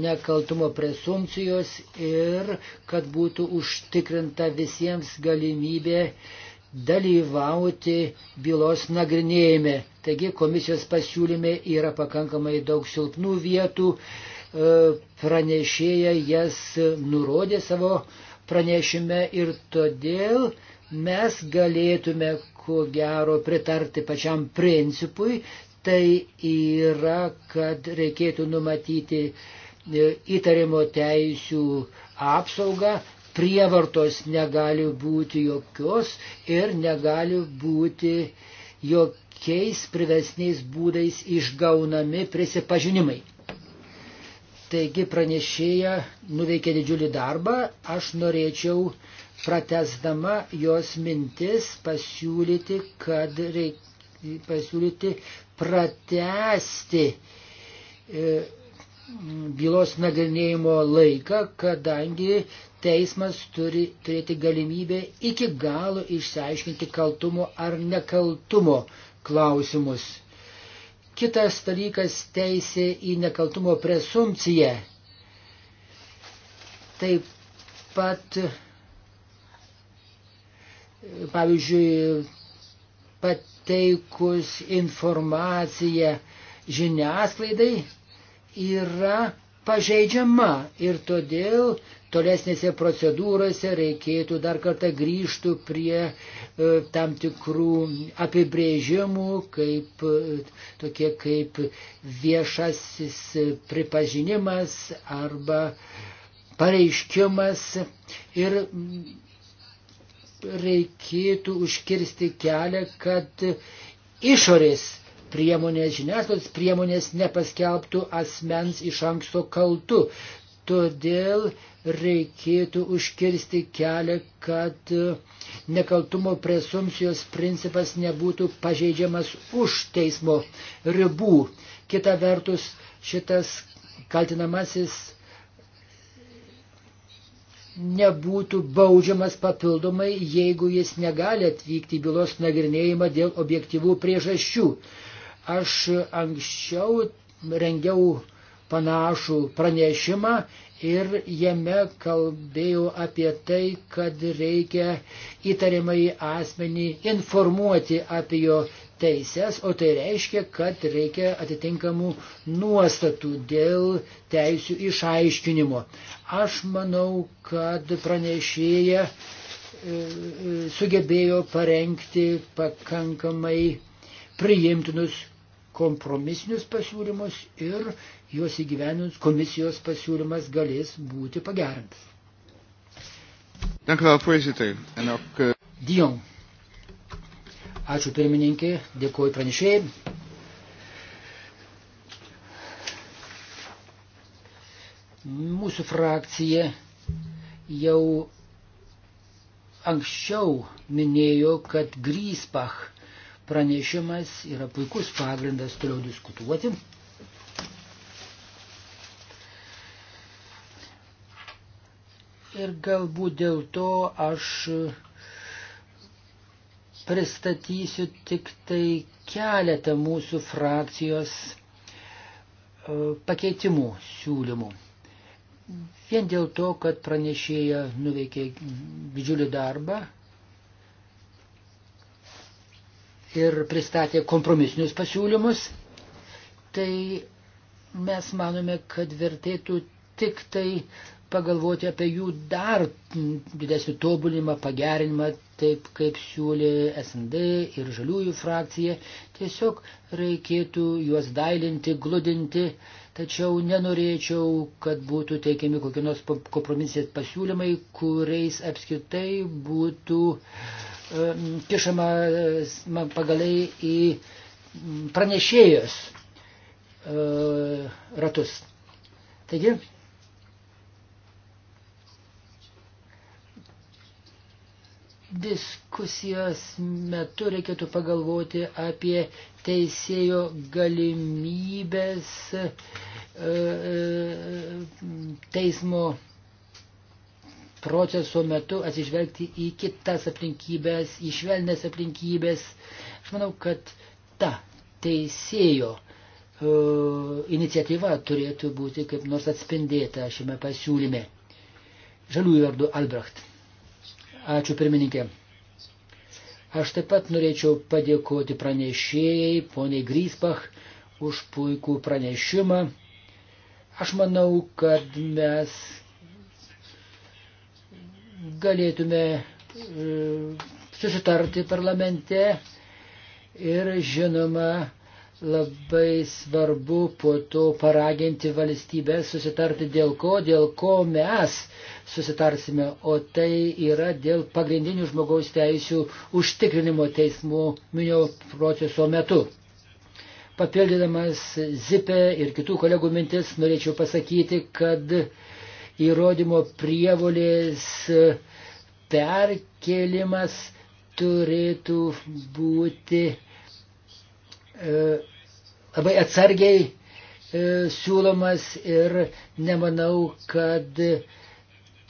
nekaltumo presumpcijos ir kad būtų užtikrinta visiems galimybė dalyvauti bylos nagrinėjime. Taigi komisijos pasiūlyme yra pakankamai daug silpnų vietų, e, pranešėja jas nurodė savo pranešime ir todėl mes galėtume ko gero pritarti pačiam principui, tai yra, kad reikėtų numatyti e, įtarimo teisių apsaugą, prievartos negali būti jokios ir negali būti jokiais privesniais būdais išgaunami prisipažinimai. Taigi pranešėja nuveikė didžiulį darbą, aš norėčiau uh, pratesdama jos mintis pasiūlyti, kad reikia pasiūlyti pratesti e, bylos nagrinėjimo laiką, kadangi teismas turi turėti galimybę iki galo išsiaiškinti kaltumo ar nekaltumo klausimus. Kitas dalykas - teisė į nekaltumo presumpciją. Taip pat pavyzdžiui, pateikus informaciją žiniasklaidai yra pažeidžiama ir todėl tolesnėse procedūrose reikėtų dar kartą grįžtų prie e, tam tikrų apibrėžimų, kaip e, tokie kaip viešasis pripažinimas arba pareiškimas ir reikėtų užkirsti kelią, kad išorės priemonės, žiniasklaidos priemonės nepaskelbtų asmens iš anksto kaltu. Todėl reikėtų užkirsti kelią, kad nekaltumo presumpcijos principas nebūtų pažeidžiamas už teismo ribų. Kita vertus, šitas kaltinamasis nebūtų baudžiamas papildomai, jeigu jis negali atvykti į bylos nagrinėjimą dėl objektyvų priežasčių. Aš anksčiau rengiau panašų pranešimą ir jame kalbėjau apie tai, kad reikia įtariamai asmenį informuoti apie jo teises, o tai reiškia, kad reikia atitinkamų nuostatų dėl teisių išaiškinimo. Aš manau, kad pranešėja e, e, sugebėjo parengti pakankamai priimtinus kompromisinius pasiūlymus ir juos įgyvenus komisijos pasiūlymas galės būti pagerintas. Dank u wel, voorzitter. En ook... Uh... Dion. Ačiū pirmininkė, dėkuoju pranešėjai. Mūsų frakcija jau anksčiau minėjo, kad Grysbach pranešimas yra puikus pagrindas toliau diskutuoti. Ir galbūt dėl to aš pristatysiu tik tai keletą mūsų frakcijos e, pakeitimų siūlymų. Vien dėl to, kad pranešėja nuveikė didžiulį darbą ir pristatė kompromisinius pasiūlymus, tai mes manome, kad vertėtų tik tai pagalvoti apie jų dar didesnį tobulimą, pagerinimą, taip kaip siūlė SND ir žaliųjų frakcija. Tiesiog reikėtų juos dailinti, gludinti, tačiau nenorėčiau, kad būtų teikiami kokie nors kompromisės pasiūlymai, kuriais apskritai būtų um, kišama um, pagaliai į pranešėjos uh, ratus. Taigi, diskusijos metu reikėtų pagalvoti apie teisėjo galimybės e, e, teismo proceso metu atsižvelgti į kitas aplinkybės, į švelnes aplinkybės. Aš manau, kad ta teisėjo e, iniciatyva turėtų būti kaip nors atspindėta šiame pasiūlyme. Žaliųjų vardu Albrecht. Ačiū pirmininkė. Aš taip pat norėčiau padėkoti pranešėjai, poniai Grysbach, už puikų pranešimą. Aš manau, kad mes galėtume e, susitarti parlamente ir žinoma, labai svarbu po to paraginti valstybę susitarti dėl ko, dėl ko mes susitarsime, o tai yra dėl pagrindinių žmogaus teisių užtikrinimo teismų minio proceso metu. Papildydamas Zipę ir kitų kolegų mintis, norėčiau pasakyti, kad įrodymo prievolės perkelimas turėtų būti e, labai atsargiai e, siūlomas ir nemanau, kad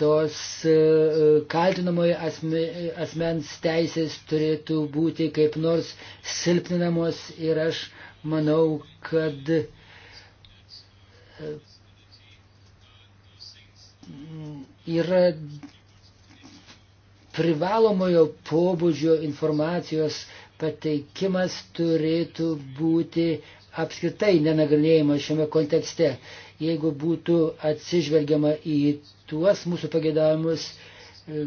tos e, e, kaltinamoji asme, asmens teisės turėtų būti kaip nors silpninamos ir aš manau, kad e, yra privalomojo pobūdžio informacijos pateikimas turėtų būti apskritai nenagrinėjimas šiame kontekste. Jeigu būtų atsižvelgiama į tuos mūsų pagėdavimus, e,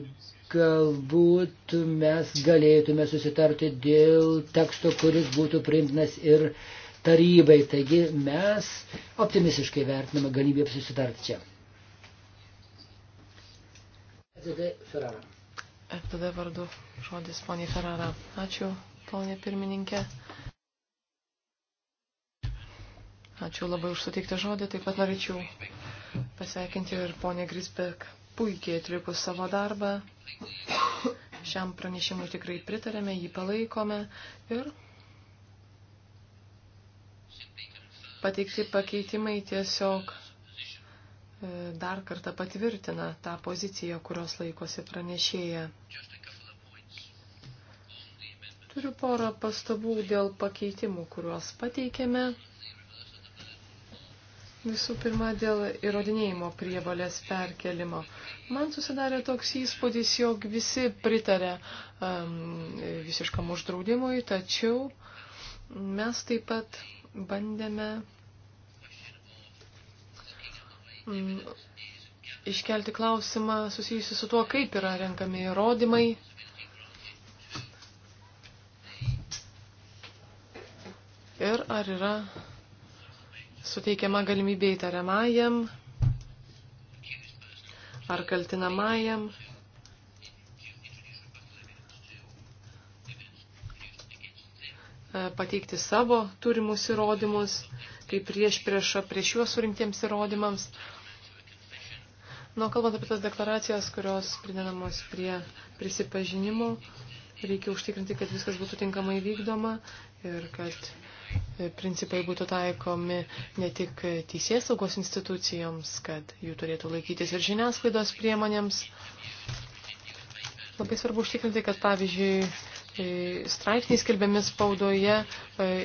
galbūt mes galėtume susitarti dėl teksto, kuris būtų priimtinas ir tarybai. Taigi mes optimistiškai vertiname galimybę susitarti čia. FTD vardu žodis poniai Ferrara. Ačiū, ponė pirmininkė. Ačiū labai už suteiktą žodį. Taip pat norėčiau pasveikinti ir ponę Grisbek puikiai atlikus savo darbą. Šiam pranešimui tikrai pritarėme, jį palaikome ir pateikti pakeitimai tiesiog e, dar kartą patvirtina tą poziciją, kurios laikosi pranešėja. Turiu porą pastabų dėl pakeitimų, kuriuos pateikėme. Visų pirma, dėl įrodinėjimo prievalės perkelimo. Man susidarė toks įspūdis, jog visi pritarė um, visiškam uždraudimui, tačiau mes taip pat bandėme um, iškelti klausimą susijusiu su tuo, kaip yra renkami įrodymai. Ir ar yra suteikiama galimybė įtariamajam ar kaltinamajam e, pateikti savo turimus įrodymus, kaip prieš priešą prieš juos surinktiems įrodymams. Nu, kalbant apie tas deklaracijas, kurios pridedamos prie prisipažinimų, reikia užtikrinti, kad viskas būtų tinkamai vykdoma ir kad principai būtų taikomi ne tik teisės saugos institucijoms, kad jų turėtų laikytis ir žiniasklaidos priemonėms. Labai svarbu užtikrinti, kad pavyzdžiui, e, straipsniai skelbiami spaudoje e,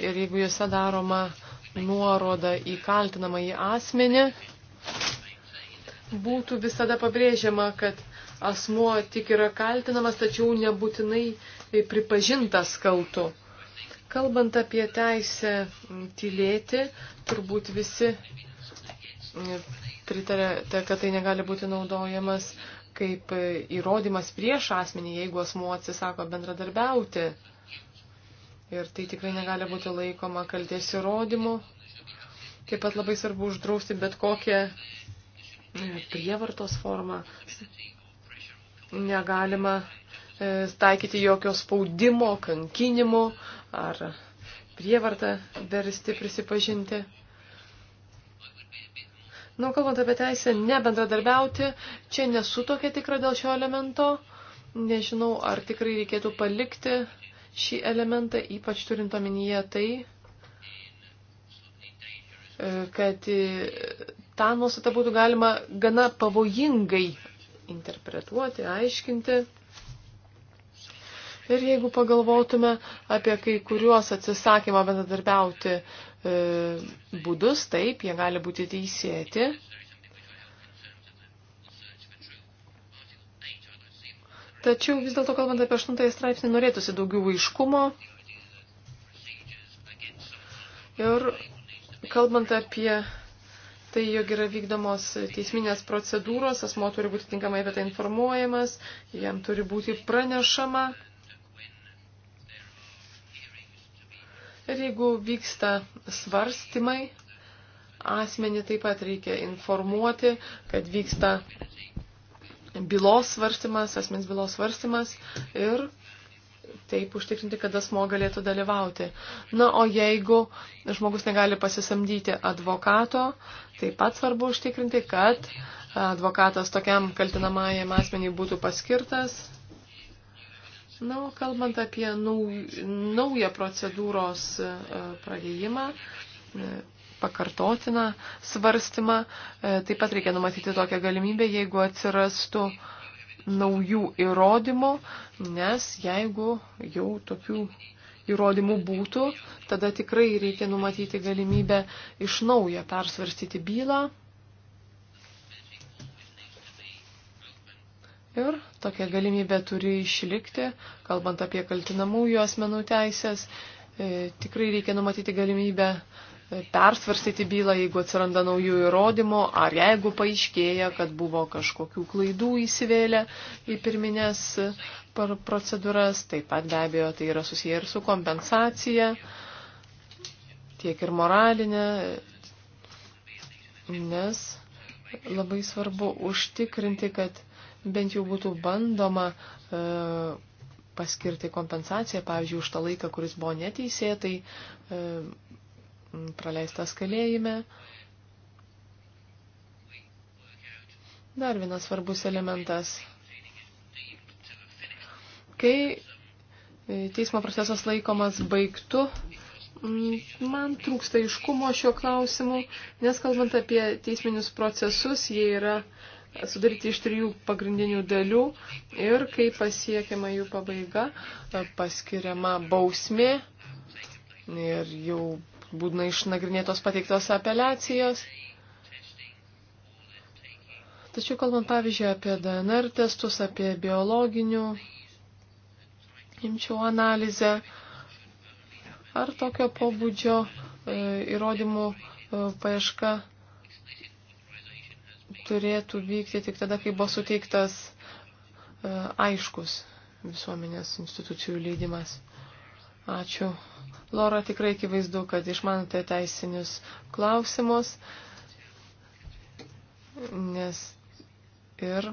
ir jeigu juose daroma nuoroda į kaltinamą į asmenį, būtų visada pabrėžiama, kad asmuo tik yra kaltinamas, tačiau nebūtinai e, pripažintas kaltu. Kalbant apie teisę tylėti, turbūt visi mm, pritarėte, kad tai negali būti naudojamas kaip įrodymas prieš asmenį, jeigu asmuo atsisako bendradarbiauti. Ir tai tikrai negali būti laikoma kalties įrodymu. Taip pat labai svarbu uždrausti bet kokią mm, prievartos formą. Negalima E, taikyti jokio spaudimo, kankinimo ar prievartą versti prisipažinti. Nu, kalbant apie teisę nebendradarbiauti, čia nesu tokia tikra dėl šio elemento. Nežinau, ar tikrai reikėtų palikti šį elementą, ypač turint omenyje tai, e, kad e, tą nuostatą būtų galima gana pavojingai interpretuoti, aiškinti. Ir jeigu pagalvotume apie kai kuriuos atsisakymą bendradarbiauti e, būdus, taip, jie gali būti teisėti. Tačiau vis dėlto, kalbant apie 8 straipsnį, norėtųsi daugiau vaiškumo. Ir kalbant apie tai, jog yra vykdomos teisminės procedūros, asmo turi būti tinkamai apie tai informuojamas, jam turi būti pranešama. Ir jeigu vyksta svarstymai, asmenį taip pat reikia informuoti, kad vyksta bylos svarstymas, asmens bylos svarstymas ir taip užtikrinti, kad asmo galėtų dalyvauti. Na, o jeigu žmogus negali pasisamdyti advokato, taip pat svarbu užtikrinti, kad advokatas tokiam kaltinamajam asmeniui būtų paskirtas Na, o kalbant apie naują procedūros e, pradėjimą, e, pakartotiną svarstymą, e, taip pat reikia numatyti tokią galimybę, jeigu atsirastų naujų įrodymų, nes jeigu jau tokių įrodymų būtų, tada tikrai reikia numatyti galimybę iš naujo persvarstyti bylą Ir tokia galimybė turi išlikti, kalbant apie kaltinamųjų asmenų teisės. E, tikrai reikia numatyti galimybę persvarstyti bylą, jeigu atsiranda naujų įrodymų, ar jeigu paaiškėja, kad buvo kažkokių klaidų įsivėlę į pirminės procedūras. Taip pat be abejo tai yra susiję ir su kompensacija, tiek ir moralinė, nes labai svarbu užtikrinti, kad bent jau būtų bandoma e, paskirti kompensaciją, pavyzdžiui, už tą laiką, kuris buvo neteisėtai e, praleistas kalėjime. Dar vienas svarbus elementas. Kai e, teismo procesas laikomas baigtu, Man trūksta iškumo šio klausimu, nes kalbant apie teisminius procesus, jie yra sudaryti iš trijų pagrindinių dalių ir kai pasiekiama jų pabaiga, e, paskiriama bausmė ir jau būdna išnagrinėtos pateiktos apeliacijos. Tačiau kalbant pavyzdžiui apie DNR testus, apie biologinių imčių analizę ar tokio pobūdžio e, įrodymų e, paieška turėtų vykti tik tada, kai buvo suteiktas e, aiškus visuomenės institucijų leidimas. Ačiū. Lora, tikrai akivaizdu, kad išmanote teisinius klausimus, nes ir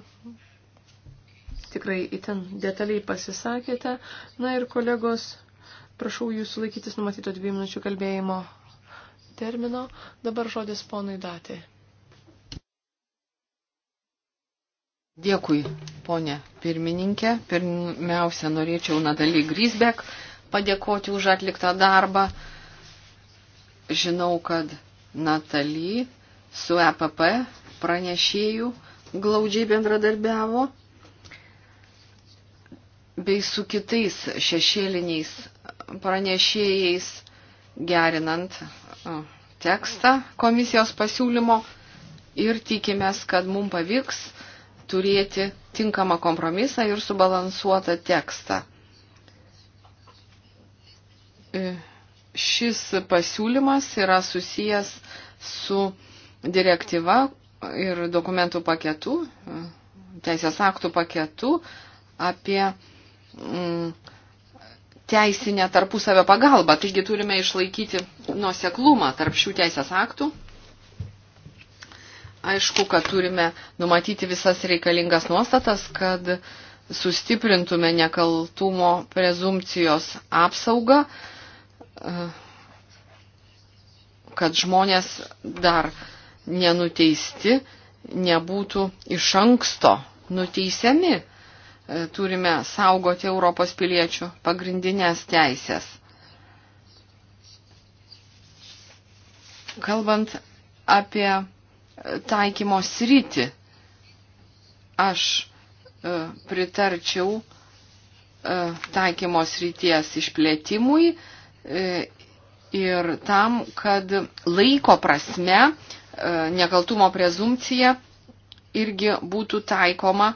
tikrai itin detaliai pasisakėte. Na ir kolegos, prašau jūsų laikytis numatyto dviejų minučių kalbėjimo termino. Dabar žodis ponui datė. Dėkui, ponė pirmininkė. Pirmiausia, norėčiau Nadalį Grisbek padėkoti už atliktą darbą. Žinau, kad Natalį su EPP pranešėjų glaudžiai bendradarbiavo bei su kitais šešėliniais pranešėjais gerinant tekstą komisijos pasiūlymo ir tikimės, kad mums pavyks turėti tinkamą kompromisą ir subalansuotą tekstą. E, šis pasiūlymas yra susijęs su direktyva ir dokumentų paketu, e, teisės aktų paketu apie mm, teisinę tarpusavio pagalbą. Taigi turime išlaikyti nuoseklumą tarp šių teisės aktų aišku, kad turime numatyti visas reikalingas nuostatas, kad sustiprintume nekaltumo prezumcijos apsaugą, kad žmonės dar nenuteisti nebūtų iš anksto nuteisiami. Turime saugoti Europos piliečių pagrindinės teisės. Kalbant apie taikymo sritį. Aš e, pritarčiau e, taikymo srities išplėtimui e, ir tam, kad laiko prasme nekaltumo prezumcija irgi būtų taikoma,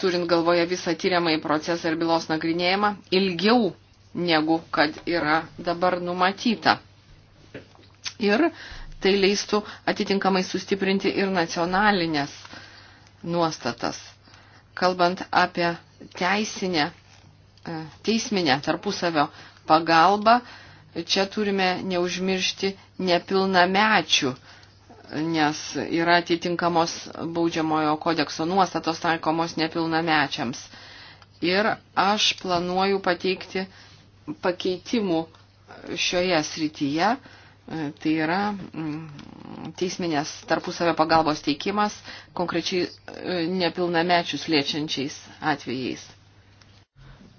turint galvoje visą tyriamąjį procesą ir bylos nagrinėjimą, ilgiau negu kad yra dabar numatyta. Ir uh, tai leistų atitinkamai sustiprinti ir nacionalinės nuostatas. Kalbant apie teisinę, e, teisminę tarpusavio pagalbą, čia turime neužmiršti nepilnamečių, nes yra atitinkamos baudžiamojo kodekso nuostatos taikomos nepilnamečiams. Ir aš planuoju pateikti pakeitimų šioje srityje, E, tai yra mm, teisminės tarpusavio pagalbos teikimas konkrečiai e, nepilnamečius liečiančiais atvejais.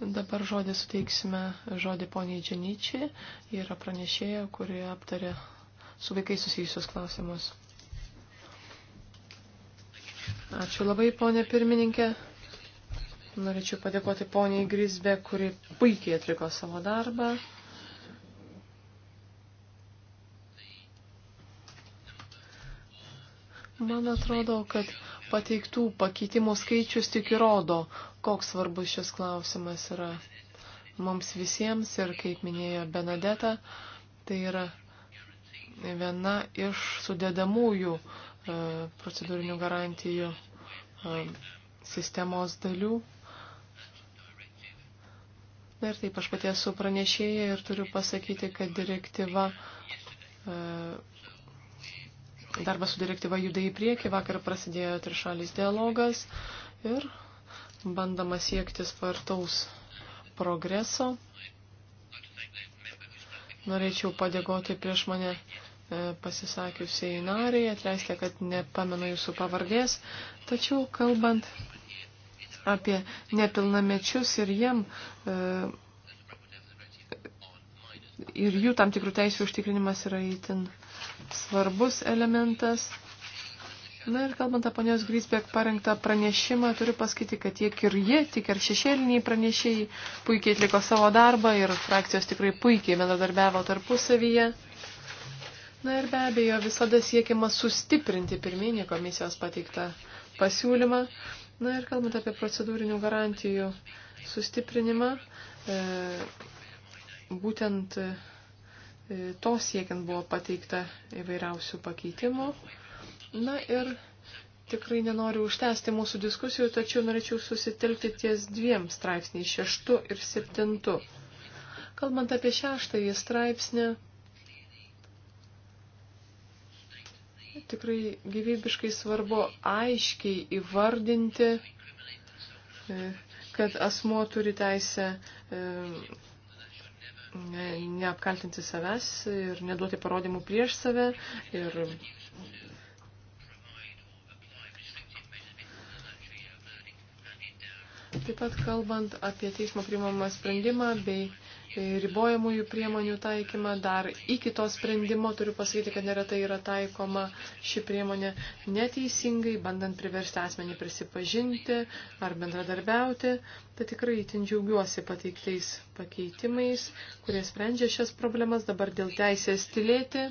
Dabar žodį suteiksime žodį poniai Džanyčiai. Ji yra pranešėja, kuri aptarė su vaikais susijusius klausimus. Ačiū labai, ponė pirmininkė. Norėčiau padėkoti poniai Grisbe, kuri puikiai atliko savo darbą. Man atrodo, kad pateiktų pakeitimų skaičius tik įrodo, koks svarbus šis klausimas yra mums visiems ir, kaip minėjo Benadeta, tai yra viena iš sudėdamųjų e, procedūrinių garantijų e, sistemos dalių. Na ir taip, aš pati esu pranešėja ir turiu pasakyti, kad direktyva e, Darbas su direktyva juda į priekį, vakar prasidėjo trišalis dialogas ir bandama siekti spartaus progreso. Norėčiau padėkoti prieš mane e, pasisakiusiai nariai, atleiskite, kad nepamenu jūsų pavardės, tačiau kalbant apie nepilnamečius ir jiem e, ir jų tam tikrų teisų užtikrinimas yra įtin svarbus elementas. Na ir kalbant apie ponios Grisbek parengtą pranešimą, turiu pasakyti, kad tiek ir jie, tiek ir šešėliniai pranešėjai puikiai atliko savo darbą ir frakcijos tikrai puikiai bendradarbiavo tarpusavyje. Na ir be abejo, visada siekiama sustiprinti pirminį komisijos pateiktą pasiūlymą. Na ir kalbant apie procedūrinių garantijų sustiprinimą, e, būtent. E, E, to siekiant buvo pateikta įvairiausių pakeitimų. Na ir tikrai nenoriu užtęsti mūsų diskusijų, tačiau norėčiau susitelkti ties dviem straipsniais - šeštu ir septintu. Kalbant apie šeštąjį straipsnį, tikrai gyvybiškai svarbu aiškiai įvardinti, e, kad asmuo turi teisę e, neapkaltinti savęs ir neduoti parodymų prieš save ir Taip pat kalbant apie teismo priimamą sprendimą bei ribojamųjų priemonių taikymą. Dar iki to sprendimo turiu pasakyti, kad neretai yra taikoma ši priemonė neteisingai, bandant priversti asmenį prisipažinti ar bendradarbiauti. Tai tikrai itin džiaugiuosi pateiktais pakeitimais, kurie sprendžia šias problemas dabar dėl teisės tylėti.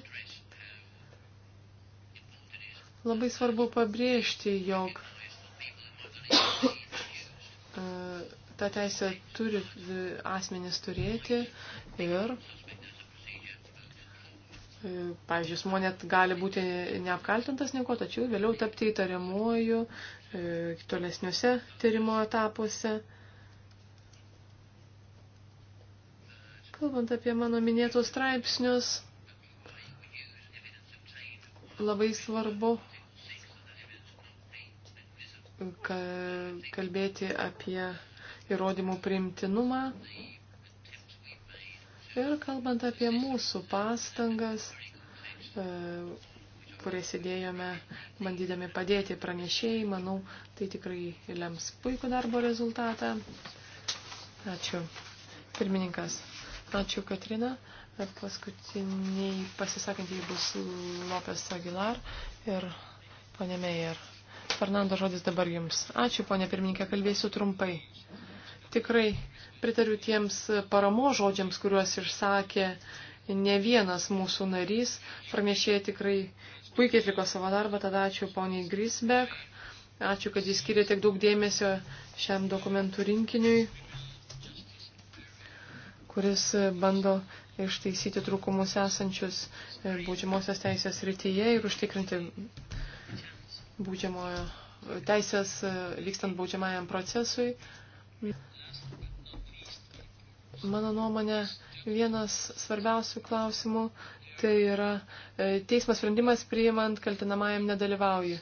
Labai svarbu pabrėžti, jog tą teisę turi asmenys turėti ir, pavyzdžiui, asmuo net gali būti neapkaltintas nieko, tačiau vėliau tapti įtariamuoju e, tolesniuose tyrimo etapuose. Kalbant apie mano minėtus straipsnius, labai svarbu kalbėti apie įrodymų primtinumą. Ir kalbant apie mūsų pastangas, e, kurias įdėjome, bandydami padėti pranešėjai, manau, tai tikrai lems puikų darbo rezultatą. Ačiū. Pirmininkas. Ačiū, Katrina. Paskutiniai pasisakantieji bus Lopes Aguilar ir ponė Meijer. Fernando žodis dabar jums. Ačiū, ponė pirmininkė, kalbėsiu trumpai. Tikrai pritariu tiems paramo žodžiams, kuriuos išsakė ne vienas mūsų narys. Pranešėjai tikrai puikiai atliko savo darbą, tada ačiū poniai Grisbek. Ačiū, kad jis skiria tiek daug dėmesio šiam dokumentų rinkiniui, kuris bando ištaisyti trūkumus esančius būdžiamosios teisės rytyje ir užtikrinti būdžiamojo teisės vykstant būdžiamajam procesui. Mano nuomonė, vienas svarbiausių klausimų tai yra e, teismo sprendimas priimant kaltinamajam nedalyvauji.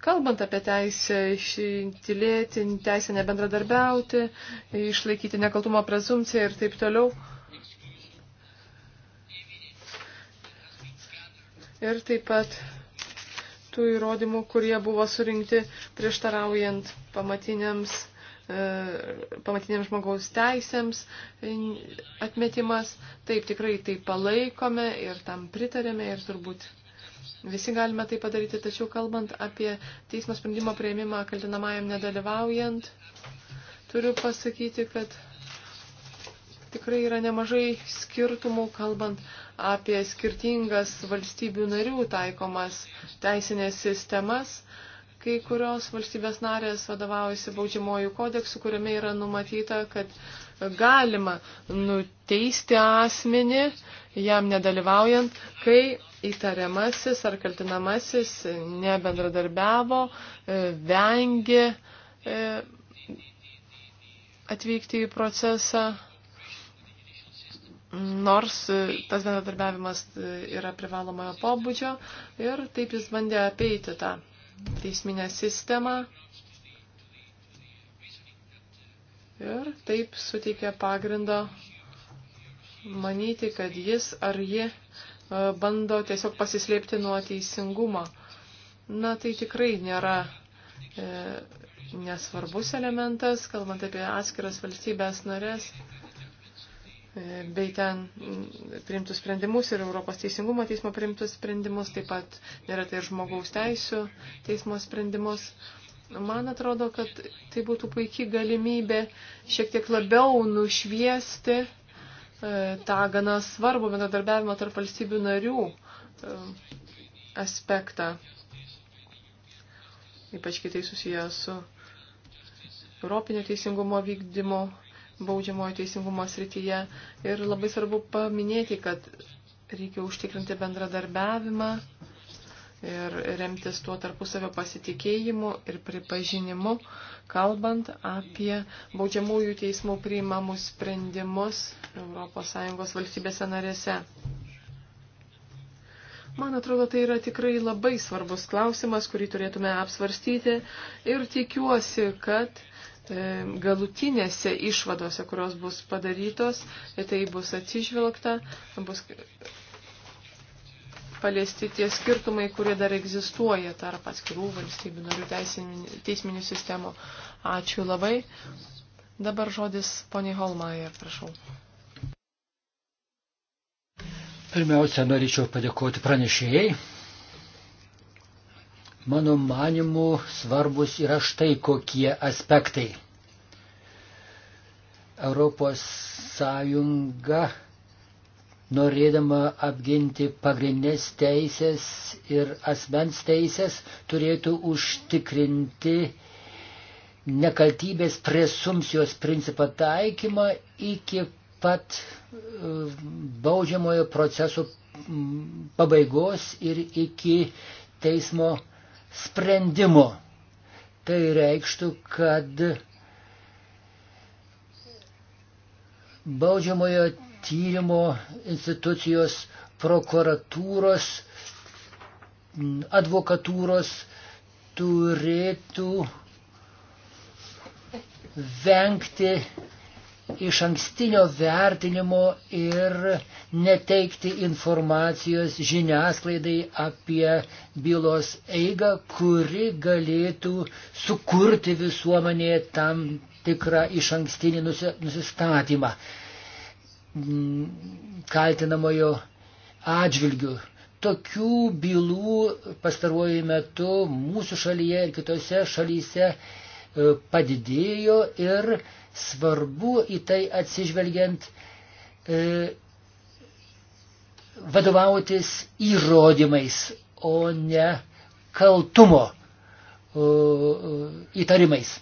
Kalbant apie teisę išintilėti, teisę nebendradarbiauti, išlaikyti nekaltumo prezumciją ir taip toliau. Ir taip pat tų įrodymų, kurie buvo surinkti prieštaraujant pamatiniams E, pamatiniams žmogaus teisėms atmetimas. Taip, tikrai tai palaikome ir tam pritarėme ir turbūt visi galime tai padaryti, tačiau kalbant apie teismo sprendimo prieimimą kaltinamajam nedalyvaujant, turiu pasakyti, kad tikrai yra nemažai skirtumų, kalbant apie skirtingas valstybių narių taikomas teisinės sistemas. Uh, Kai kurios valstybės narės vadovaujasi baudžiamojų kodeksu, kuriame yra numatyta, kad galima nuteisti asmenį, jam nedalyvaujant, kai įtariamasis ar kaltinamasis nebendradarbiavo, e, vengė e, atvykti į procesą, nors tas bendradarbiavimas e, yra privalomojo pobūdžio ir taip jis bandė apeiti tą teisminę sistemą ir taip suteikia pagrindą manyti, kad jis ar ji e, bando tiesiog pasislėpti nuo teisingumo. Na, tai tikrai nėra e, nesvarbus elementas, kalbant apie atskiras valstybės narės. E, bei ten mm, priimtus sprendimus ir Europos teisingumo teismo priimtus sprendimus, taip pat neretai ir žmogaus teisų teismo sprendimus. Man atrodo, kad tai būtų puikiai galimybė šiek tiek labiau nušviesti e, tą gana svarbų bendradarbiavimo tarp valstybių narių e, aspektą, ypač kitai susijęs su Europinio teisingumo vykdymo baudžiamojo teisingumo srityje. Ir labai svarbu paminėti, kad reikia užtikrinti bendradarbiavimą ir remtis tuo tarpusavio pasitikėjimu ir pripažinimu, kalbant apie baudžiamųjų teismų priimamus sprendimus ES valstybėse narėse. Man atrodo, tai yra tikrai labai svarbus klausimas, kurį turėtume apsvarstyti ir tikiuosi, kad E, galutinėse išvadose, kurios bus padarytos, į tai bus atsižvelgta, bus paliesti tie skirtumai, kurie dar egzistuoja tarp atskirų valstybių narių teisminių sistemų. Ačiū labai. Dabar žodis poniai Holmajer, prašau. Pirmiausia, norėčiau padėkoti pranešėjai Mano manimu svarbus yra štai kokie aspektai. Europos Sąjunga, norėdama apginti pagrindinės teisės ir asmens teisės, turėtų užtikrinti nekaltybės presumpcijos principą taikymą iki pat e, baudžiamojo proceso pabaigos ir iki teismo sprendimo. Tai reikštų, kad baudžiamojo tyrimo institucijos, prokuratūros, advokatūros turėtų vengti iš ankstinio vertinimo ir neteikti informacijos žiniasklaidai apie bylos eigą, kuri galėtų sukurti visuomenėje tam tikrą iš ankstinį nusistatymą mm, kaltinamojo atžvilgių. Tokių bylų pastaruoju metu mūsų šalyje ir kitose šalyse E, padidėjo ir svarbu į tai atsižvelgiant e, vadovautis įrodymais, o ne kaltumo e, įtarimais.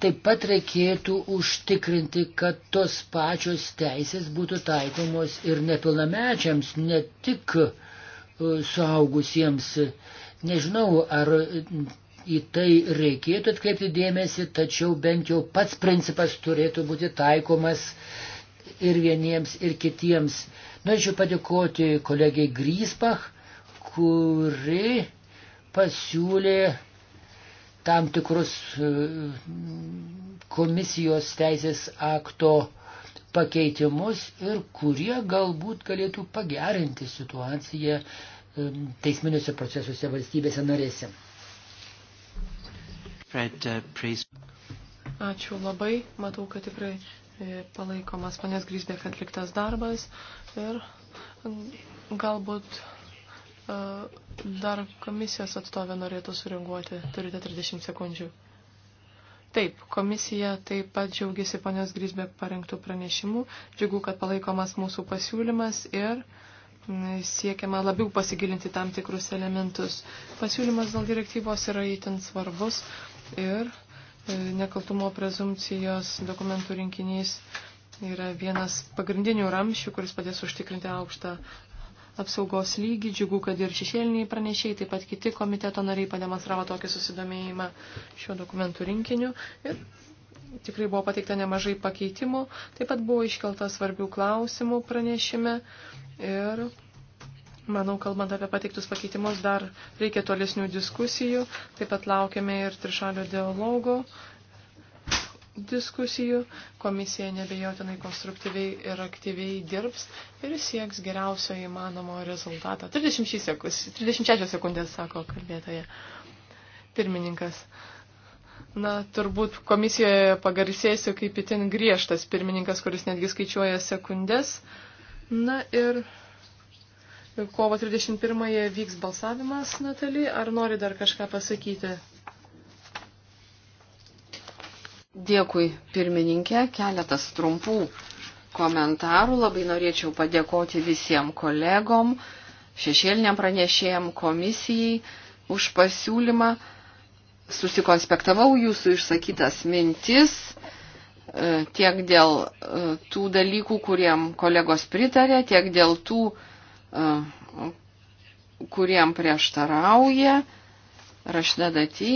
Taip pat reikėtų užtikrinti, kad tos pačios teisės būtų taikomos ir nepilnamečiams, ne tik suaugusiems. Nežinau, ar į tai reikėtų atkreipti dėmesį, tačiau bent jau pats principas turėtų būti taikomas ir vieniems, ir kitiems. Norėčiau padėkoti kolegiai Gryspach, kuri pasiūlė tam tikrus e, komisijos teisės akto pakeitimus ir kurie galbūt galėtų pagerinti situaciją Um, teisminiuose procesuose valstybėse narėse. Fred, uh, Ačiū labai, matau, kad tikrai e, palaikomas panės grįžbėk atliktas darbas ir um, galbūt e, dar komisijos atstovė norėtų suringuoti. Turite 30 sekundžių. Taip, komisija taip pat džiaugiasi ponios Grisbek parengtų pranešimų. Džiugu, kad palaikomas mūsų pasiūlymas ir uh, siekiama labiau pasigilinti tam tikrus elementus. Pasiūlymas dėl direktyvos yra įtin svarbus ir e, nekaltumo prezumcijos dokumentų rinkinys yra vienas pagrindinių ramšių, kuris padės užtikrinti aukštą apsaugos lygį. Džiugu, kad ir šešėliniai pranešiai, taip pat kiti komiteto nariai pademonstravo tokį susidomėjimą šiuo dokumentų rinkiniu. Ir tikrai buvo pateikta nemažai pakeitimų, taip pat buvo iškelta svarbių klausimų pranešime ir Manau, kalbant apie pateiktus pakeitimus, dar reikia tolesnių diskusijų, taip pat laukiame ir trišalio dialogo diskusijų. Komisija nebejotinai konstruktyviai ir aktyviai dirbs ir sieks geriausio įmanomo rezultato. 36 sekundės, 36 sekundės sako kalbėtoje pirmininkas. Na, turbūt komisijoje pagarsėsiu kaip itin griežtas pirmininkas, kuris netgi skaičiuoja sekundės. Na ir kovo 31-ąją vyks balsavimas, Natali, ar nori dar kažką pasakyti? Dėkui, pirmininkė, keletas trumpų komentarų. Labai norėčiau padėkoti visiems kolegom, šešėliniam pranešėjam komisijai už pasiūlymą susikonspektavau jūsų išsakytas mintis e, tiek dėl e, tų dalykų, kuriem kolegos pritarė, tiek dėl tų, e, kuriem prieštarauja Rašnedatį,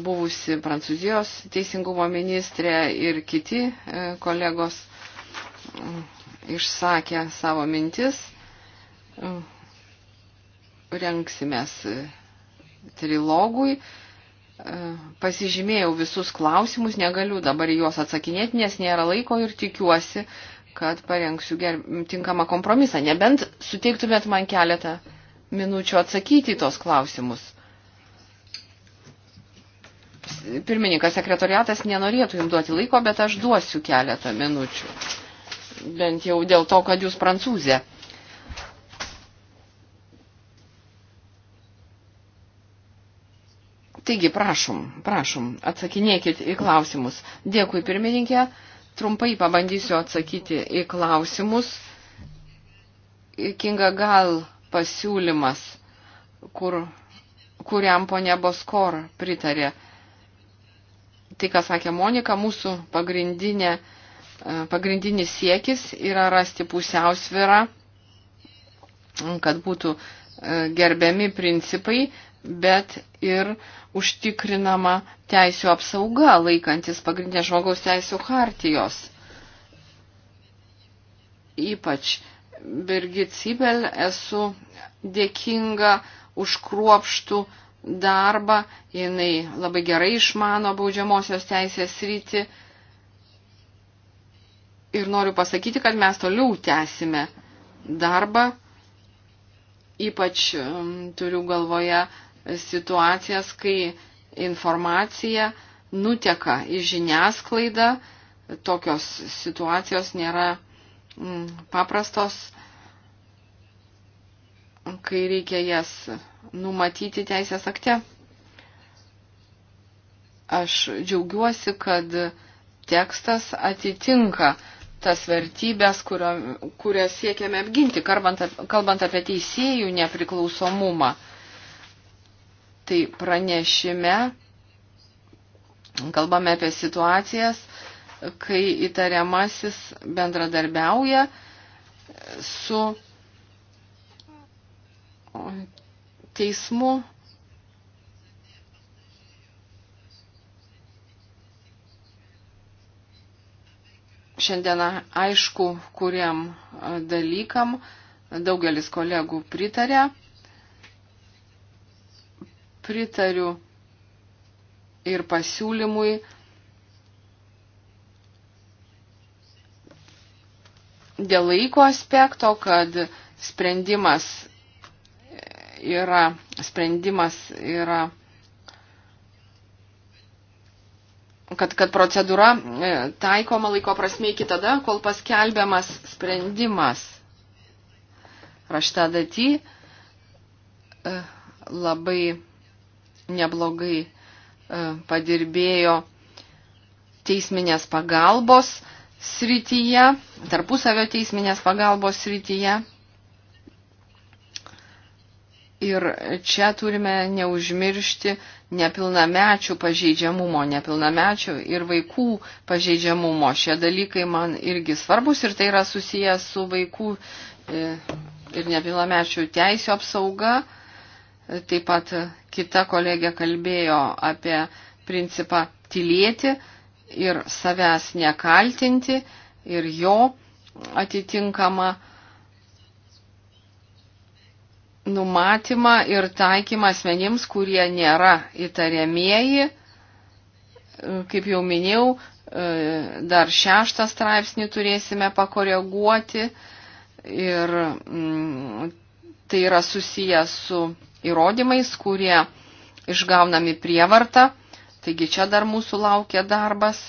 buvusi Prancūzijos teisingumo ministrė ir kiti kolegos išsakė savo mintis. Renksimės trilogui pasižymėjau visus klausimus, negaliu dabar juos atsakinėti, nes nėra laiko ir tikiuosi, kad parengsiu ger... tinkamą kompromisą. Nebent suteiktumėt man keletą minučių atsakyti į tos klausimus. Pirmininkas sekretoriatas nenorėtų jums duoti laiko, bet aš duosiu keletą minučių. Bent jau dėl to, kad jūs prancūzė. Taigi, prašom, prašom, atsakinėkit į klausimus. Dėkui, pirmininkė. Trumpai pabandysiu atsakyti į klausimus. Kinga gal pasiūlymas, kur, kuriam ponė Boskor pritarė. Tai, ką sakė Monika, mūsų pagrindinė, pagrindinis siekis yra rasti pusiausvirą, kad būtų e, gerbiami principai, bet ir užtikrinama teisų apsauga, laikantis pagrindinės žmogaus teisų hartijos. Ypač Birgit Sibel esu dėkinga už kruopštų darbą, jinai labai gerai išmano baudžiamosios teisės rytį. Ir noriu pasakyti, kad mes toliau tęsime darbą, ypač um, turiu galvoje situacijas, kai informacija nuteka į žiniasklaidą, tokios situacijos nėra mm, paprastos, kai reikia jas numatyti teisės akte. Aš džiaugiuosi, kad tekstas atitinka tas vertybės, kurio, kurias siekiame apginti, kalbant, kalbant apie teisėjų nepriklausomumą. Tai pranešime kalbame apie situacijas, kai įtariamasis bendradarbiauja su teismu. Šiandieną aišku, kuriam dalykam daugelis kolegų pritarė pritariu ir pasiūlymui dėl laiko aspekto, kad sprendimas yra, sprendimas yra kad, kad procedūra e, taikoma laiko prasme iki tada, kol paskelbiamas sprendimas. Rašta daty e, labai neblogai e, padirbėjo teisminės pagalbos srityje, tarpusavio teisminės pagalbos srityje. Ir čia turime neužmiršti nepilnamečių pažeidžiamumo, nepilnamečių ir vaikų pažeidžiamumo. Šie dalykai man irgi svarbus ir tai yra susijęs su vaikų e, ir nepilnamečių teisų apsauga. Taip pat kita kolegė kalbėjo apie principą tylėti ir savęs nekaltinti ir jo atitinkamą numatymą ir taikymą asmenims, kurie nėra įtariamieji. Kaip jau minėjau, dar šeštą straipsnį turėsime pakoreguoti ir mm, tai yra susijęs su įrodymais, kurie išgaunami prievartą. Taigi čia dar mūsų laukia darbas.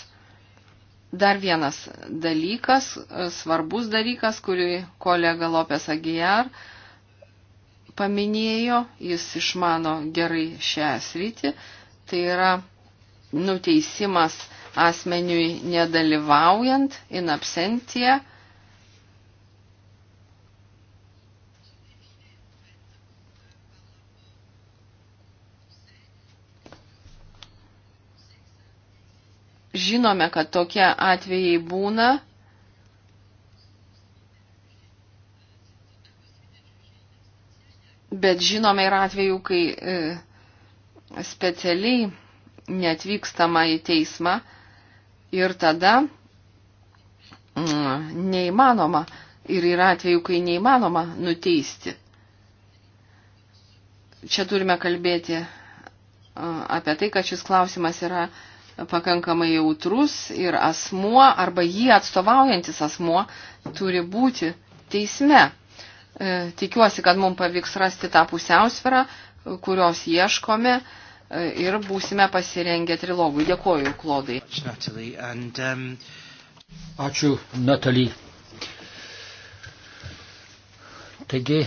Dar vienas dalykas, svarbus dalykas, kurį kolega Lopės Agijar paminėjo, jis išmano gerai šią sritį, tai yra nuteisimas asmeniui nedalyvaujant in absentie žinome, kad tokie atvejai būna. Bet žinome ir atvejų, kai e, specialiai neatvykstama į teismą ir tada mm, neįmanoma ir yra atvejų, kai neįmanoma nuteisti. Čia turime kalbėti e, apie tai, kad šis klausimas yra pakankamai jautrus ir asmuo arba jį atstovaujantis asmuo turi būti teisme. E, tikiuosi, kad mums pavyks rasti tą pusiausvyrą, kurios ieškome e, ir būsime pasirengę trilogui. Dėkoju, Klodai. Um, Ačiū, Natalie. Taigi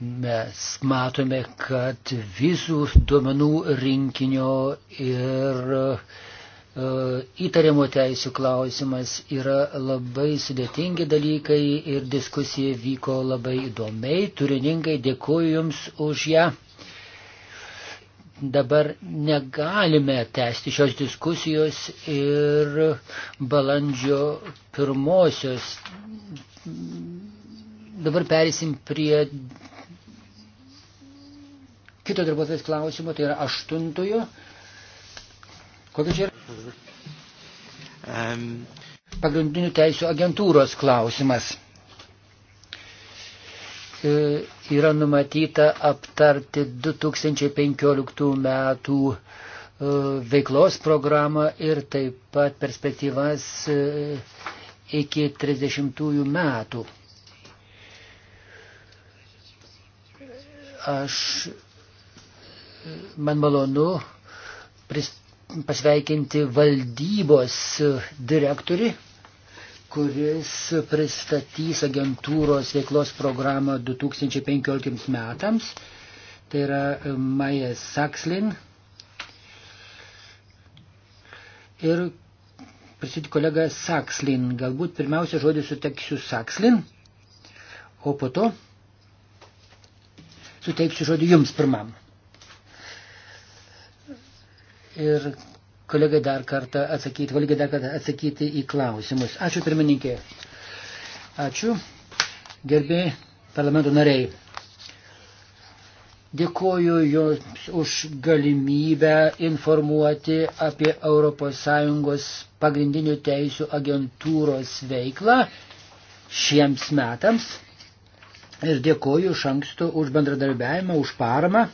mes matome, kad vizų duomenų rinkinio ir uh, E, įtariamo teisų klausimas yra labai sudėtingi dalykai ir diskusija vyko labai įdomiai, turiningai dėkuoju Jums už ją. Dabar negalime tęsti šios diskusijos ir balandžio pirmosios. Dabar perėsim prie kito darbuotojas klausimo, tai yra aštuntojo. Kokia čia yra Um. Pagrindinių teisų agentūros klausimas. E, yra numatyta aptarti 2015 metų e, veiklos programą ir taip pat perspektyvas e, iki 30 metų. Aš man malonu pristatyti pasveikinti valdybos direktorių, kuris pristatys agentūros veiklos programą 2015 metams. Tai yra e, Maja Sakslin. Ir pristatyti kolega Sakslin. Galbūt pirmiausia žodį suteiksiu Sakslin, o po to suteiksiu žodį jums pirmam ir kolegai dar kartą atsakyti, kolegai dar kartą atsakyti į klausimus. Ačiū pirmininkė. Ačiū. Gerbė parlamento nariai. Dėkoju jums už galimybę informuoti apie ES pagrindinių teisų agentūros veiklą šiems metams. Ir dėkoju iš anksto už bendradarbiavimą, už paramą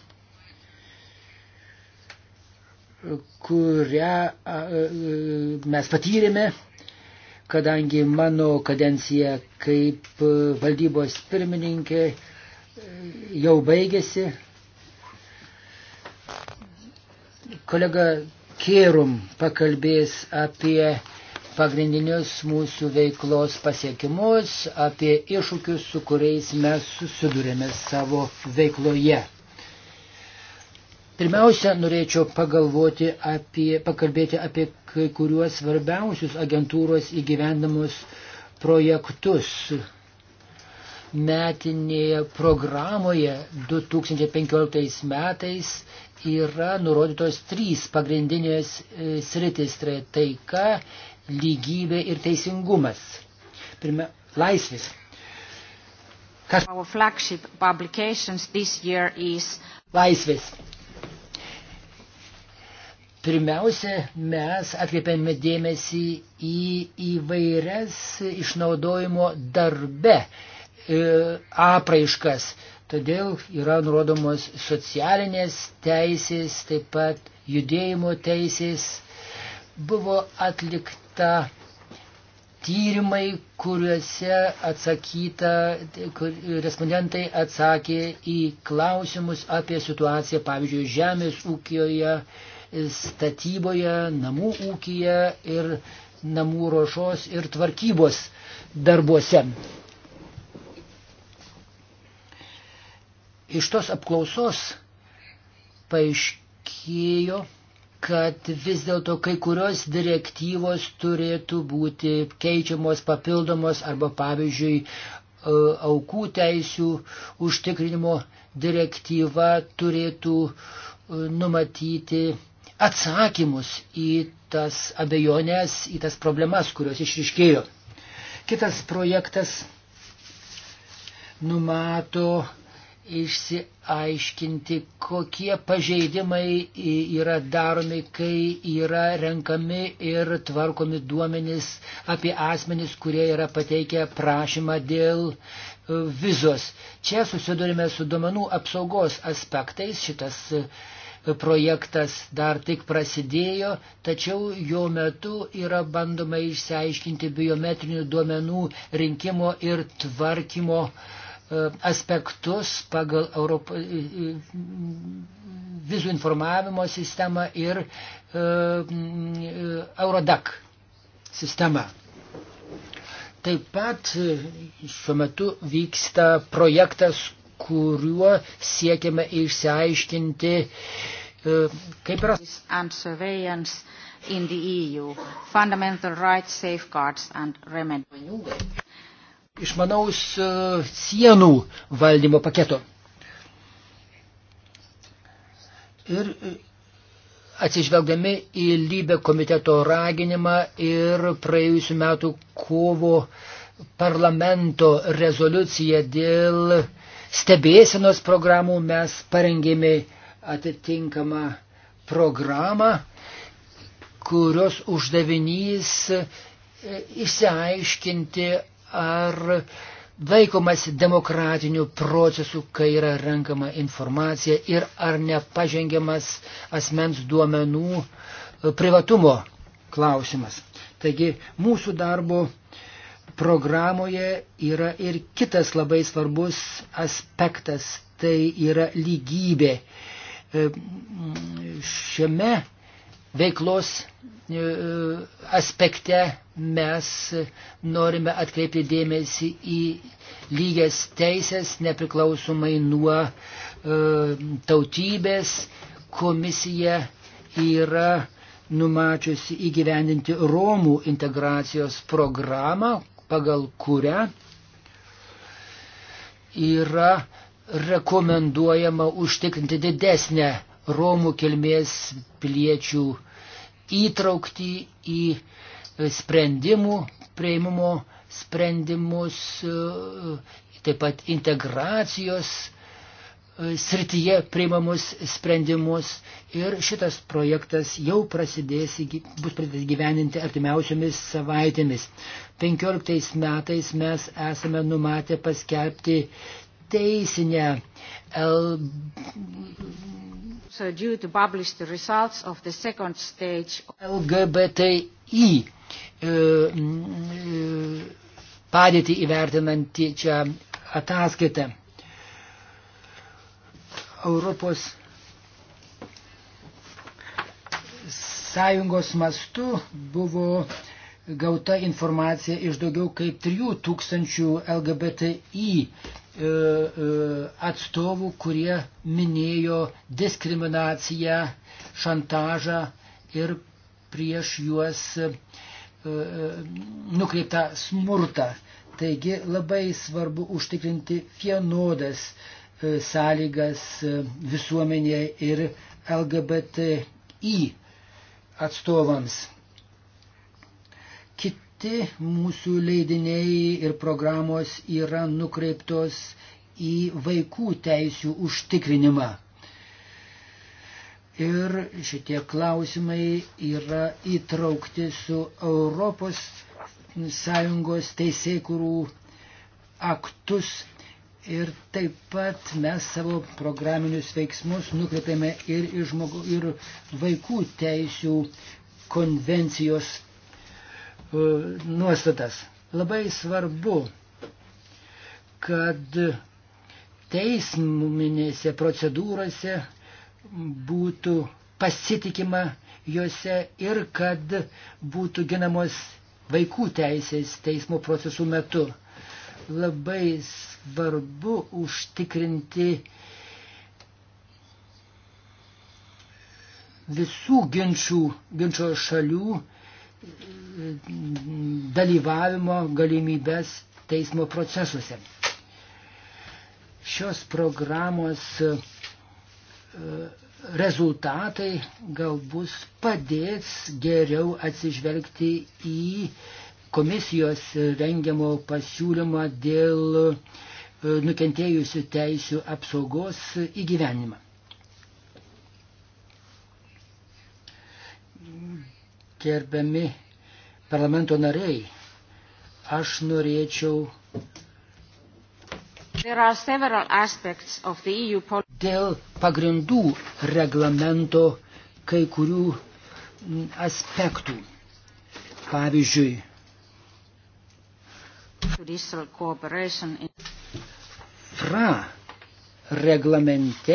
kurią e, mes patyrėme, kadangi mano kadencija kaip e, valdybos pirmininkė e, jau baigėsi. Kolega Kierum pakalbės apie pagrindinius mūsų veiklos pasiekimus, apie iššūkius, su kuriais mes susidurėme savo veikloje. Pirmiausia, norėčiau pagalvoti apie, pakalbėti apie kai kuriuos svarbiausius agentūros įgyvendamus projektus. Metinėje programoje 2015 metais yra nurodytos trys pagrindinės e, sritis tai - taika, lygybė ir teisingumas. Pirmia, laisvės. Kas... Laisvės Pirmiausia, mes atkreipiame dėmesį į įvairias išnaudojimo darbe e, apraiškas. Todėl yra nurodomos socialinės teisės, taip pat judėjimo teisės. Buvo atlikta tyrimai, kuriuose atsakyta, kur respondentai atsakė į klausimus apie situaciją, pavyzdžiui, žemės ūkijoje, statyboje, namų ūkija ir namų ruošos ir tvarkybos darbuose. Iš tos apklausos paaiškėjo, kad vis dėlto kai kurios direktyvos turėtų būti keičiamos, papildomos arba pavyzdžiui e, aukų teisių užtikrinimo direktyva turėtų e, numatyti atsakymus į tas abejonės, į tas problemas, kurios išriškėjo. Kitas projektas numato išsiaiškinti, kokie pažeidimai yra daromi, kai yra renkami ir tvarkomi duomenys apie asmenis, kurie yra pateikę prašymą dėl e, vizos. Čia susidurime su duomenų apsaugos aspektais. Šitas uh, projektas dar tik prasidėjo, tačiau jo metu yra bandoma išsiaiškinti biometrinių duomenų rinkimo ir tvarkymo e, aspektus pagal Europo, e, e, vizų informavimo sistemą ir Eurodac sistemą. Taip pat šiuo metu vyksta projektas, kuriuo siekiame išsiaiškinti, e, kaip yra. In the EU, fundamental rights safeguards and remedies. Išmanaus e, sienų valdymo paketo. Ir e, atsižvelgdami į lybę komiteto raginimą ir praėjusiu metu kovo parlamento rezoliuciją dėl stebėsenos programų mes parengėme atitinkamą programą, kurios uždavinys e, išsiaiškinti, ar laikomasi demokratinių procesų, kai yra renkama informacija ir ar nepažengiamas asmens duomenų e, privatumo klausimas. Taigi mūsų darbo programoje yra ir kitas labai svarbus aspektas, tai yra lygybė. E, šiame veiklos e, aspekte mes norime atkreipti dėmesį į lygias teisės nepriklausomai nuo e, tautybės. Komisija yra numačiusi įgyvendinti Romų integracijos programą, pagal kurią yra rekomenduojama užtikrinti didesnę Romų kilmės piliečių įtraukti į sprendimų prieimimo sprendimus, taip pat integracijos E, srityje priimamus sprendimus ir šitas projektas jau prasidės, bus pradėtas gyveninti artimiausiomis savaitėmis. 15 metais mes esame numatę paskelbti teisinę L... So due to publish the results of the second stage LGBTI e, e, padėtį įvertinantį čia ataskaitą. Europos Sąjungos mastu buvo gauta informacija iš daugiau kaip 3000 LGBTI e, e, atstovų, kurie minėjo diskriminaciją, šantažą ir prieš juos e, nukreiptą smurtą. Taigi labai svarbu užtikrinti vienodas sąlygas visuomenėje ir LGBTI atstovams. Kiti mūsų leidiniai ir programos yra nukreiptos į vaikų teisių užtikrinimą. Ir šitie klausimai yra įtraukti su Europos Sąjungos teisėkurų aktus Ir taip pat mes savo programinius veiksmus nukreipėme ir, ir, žmogu, ir vaikų teisių konvencijos uh, nuostatas. Labai svarbu, kad teisminėse procedūrose būtų pasitikima juose ir kad būtų ginamos vaikų teisės teismo procesų metu labai svarbu užtikrinti visų ginčių, ginčio šalių mm, dalyvavimo galimybės teismo procesuose. Šios programos e, rezultatai galbūt padės geriau atsižvelgti į komisijos rengiamo pasiūlymo dėl e, nukentėjusių teisių apsaugos įgyvenimą. Gerbiami parlamento nariai, aš norėčiau e dėl pagrindų reglamento kai kurių aspektų. Pavyzdžiui, FRA reglamente,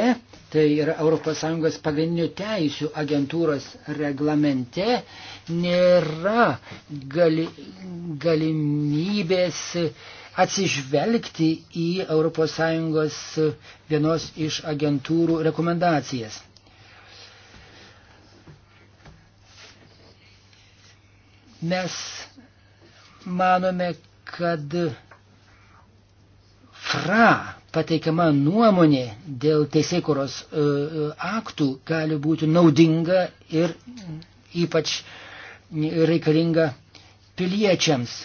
tai yra ES pagrindinių teisių agentūros reglamente, nėra gali, galimybės atsižvelgti į ES vienos iš agentūrų rekomendacijas. Mes manome, kad fra pateikiama nuomonė dėl teisėkuros e, e, aktų gali būti naudinga ir ypač reikalinga piliečiams.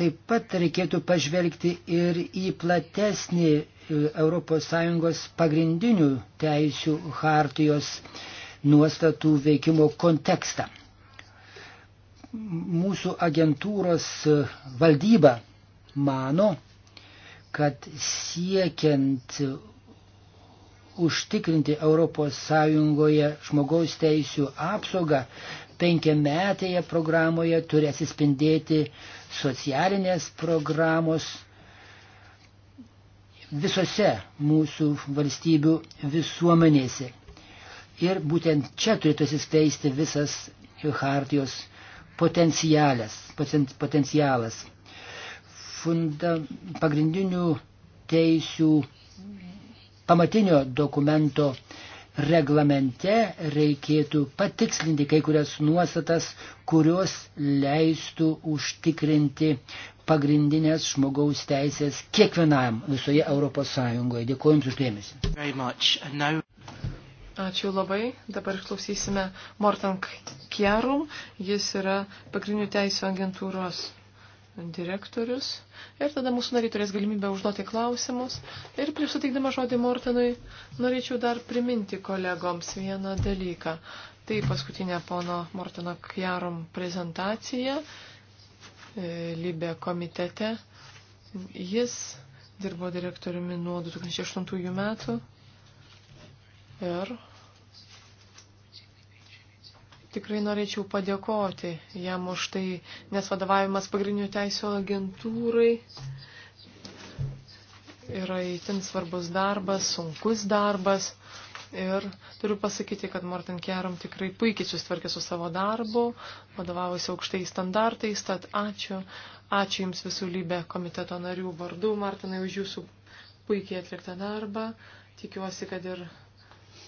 Taip pat reikėtų pažvelgti ir į platesnį ES pagrindinių teisių hartijos nuostatų veikimo kontekstą. Mūsų agentūros valdyba mano, kad siekiant užtikrinti ES žmogaus teisų apsaugą, penkiametėje programoje turi atsispindėti socialinės programos visose mūsų valstybių visuomenėse. Ir būtent čia turėtų atsiskleisti visas Hartijos potencialas. potencialas. Funda, pagrindinių teisių pamatinio dokumento reglamente reikėtų patikslinti kai kurias nuostatas, kurios leistų užtikrinti pagrindinės žmogaus teisės kiekvienam visoje Europos Sąjungoje. Dėkuoju Jums uždėmesi. Now... Ačiū labai. Dabar išklausysime Mortan Kjerum. Jis yra pagrindinių teisų agentūros direktorius. Ir tada mūsų nariai turės galimybę užduoti klausimus. Ir prieš suteikdama žodį Mortenui, norėčiau dar priminti kolegoms vieną dalyką. Tai paskutinė pono Morteno Kjarum prezentacija e, Libė komitete. Jis dirbo direktoriumi nuo 2008 metų ir tikrai norėčiau padėkoti jam už tai, nes vadovavimas pagrindinių teisų agentūrai yra įtin svarbus darbas, sunkus darbas. Ir turiu pasakyti, kad Morten Keram tikrai puikiai sustvarkė su savo darbu, vadovavosi aukštai standartais, tad ačiū. Ačiū Jums visų lybę komiteto narių vardu, Martinai, už Jūsų puikiai atliktą darbą. Tikiuosi, kad ir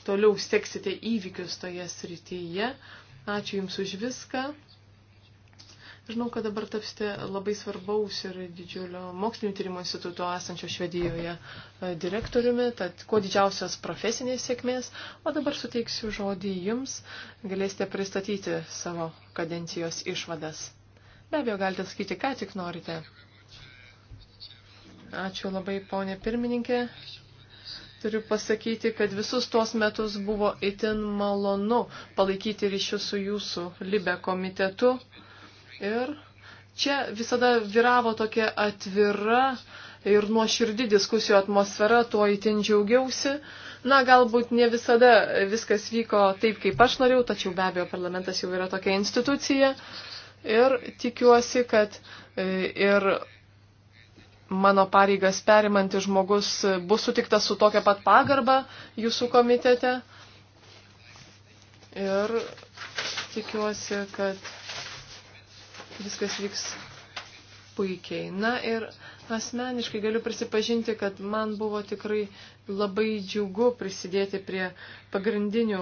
toliau seksite įvykius toje srityje. Ačiū Jums už viską. Žinau, kad dabar tapsite labai svarbaus ir didžiulio mokslinio tyrimo instituto esančio Švedijoje e, direktoriumi, tad kuo didžiausios profesinės sėkmės, o dabar suteiksiu žodį jums, galėsite pristatyti savo kadencijos išvadas. Be abejo, galite sakyti, ką tik norite. Ačiū labai, ponė pirmininkė. Turiu pasakyti, kad visus tuos metus buvo itin malonu palaikyti ryšius su jūsų Libe komitetu. Ir čia visada viravo tokia atvira ir nuoširdi diskusijų atmosfera, tuo itin džiaugiausi. Na, galbūt ne visada viskas vyko taip, kaip aš norėjau, tačiau be abejo parlamentas jau yra tokia institucija. Ir tikiuosi, kad e, ir mano pareigas perimantis žmogus bus sutiktas su tokia pat pagarba jūsų komitete. Ir tikiuosi, kad viskas vyks puikiai. Na ir asmeniškai galiu prisipažinti, kad man buvo tikrai labai džiugu prisidėti prie pagrindinių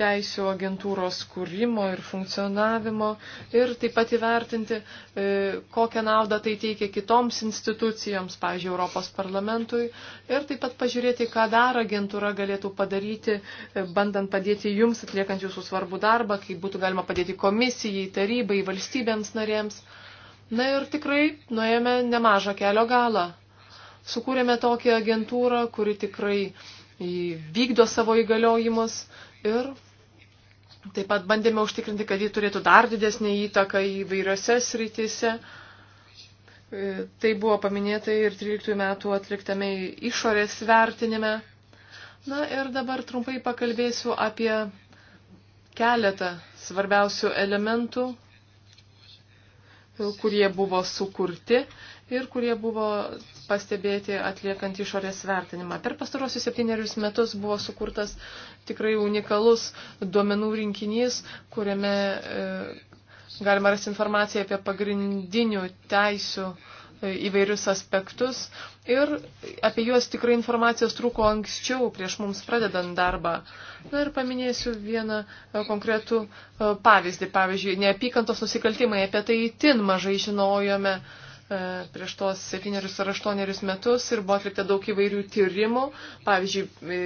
teisų agentūros kūrimo ir funkcionavimo ir taip pat įvertinti, e, kokią naudą tai teikia kitoms institucijoms, pavyzdžiui, Europos parlamentui ir taip pat pažiūrėti, ką dar agentūra galėtų padaryti, e, bandant padėti jums atliekant jūsų svarbų darbą, kaip būtų galima padėti komisijai, tarybai, valstybėms narėms. Na ir tikrai nuėjome nemažą kelio galą sukūrėme tokią agentūrą, kuri tikrai vykdo savo įgaliojimus ir taip pat bandėme užtikrinti, kad ji turėtų dar didesnį įtaką įvairiose srityse. E, tai buvo paminėta ir 13 metų atliktame išorės vertinime. Na ir dabar trumpai pakalbėsiu apie keletą svarbiausių elementų, kurie buvo sukurti ir kurie buvo pastebėti atliekant išorės vertinimą. Per pastarosius septynerius metus buvo sukurtas tikrai unikalus duomenų rinkinys, kuriame e, galima rasti informaciją apie pagrindinių teisių e, įvairius aspektus ir apie juos tikrai informacijos trūko anksčiau, prieš mums pradedant darbą. Na ir paminėsiu vieną e, konkretų e, pavyzdį. Pavyzdžiui, neapykantos nusikaltimai, apie tai itin mažai žinojome uh, E, prieš tos septynerius ar aštuonerius metus ir buvo atlikta daug įvairių tyrimų. Pavyzdžiui, e,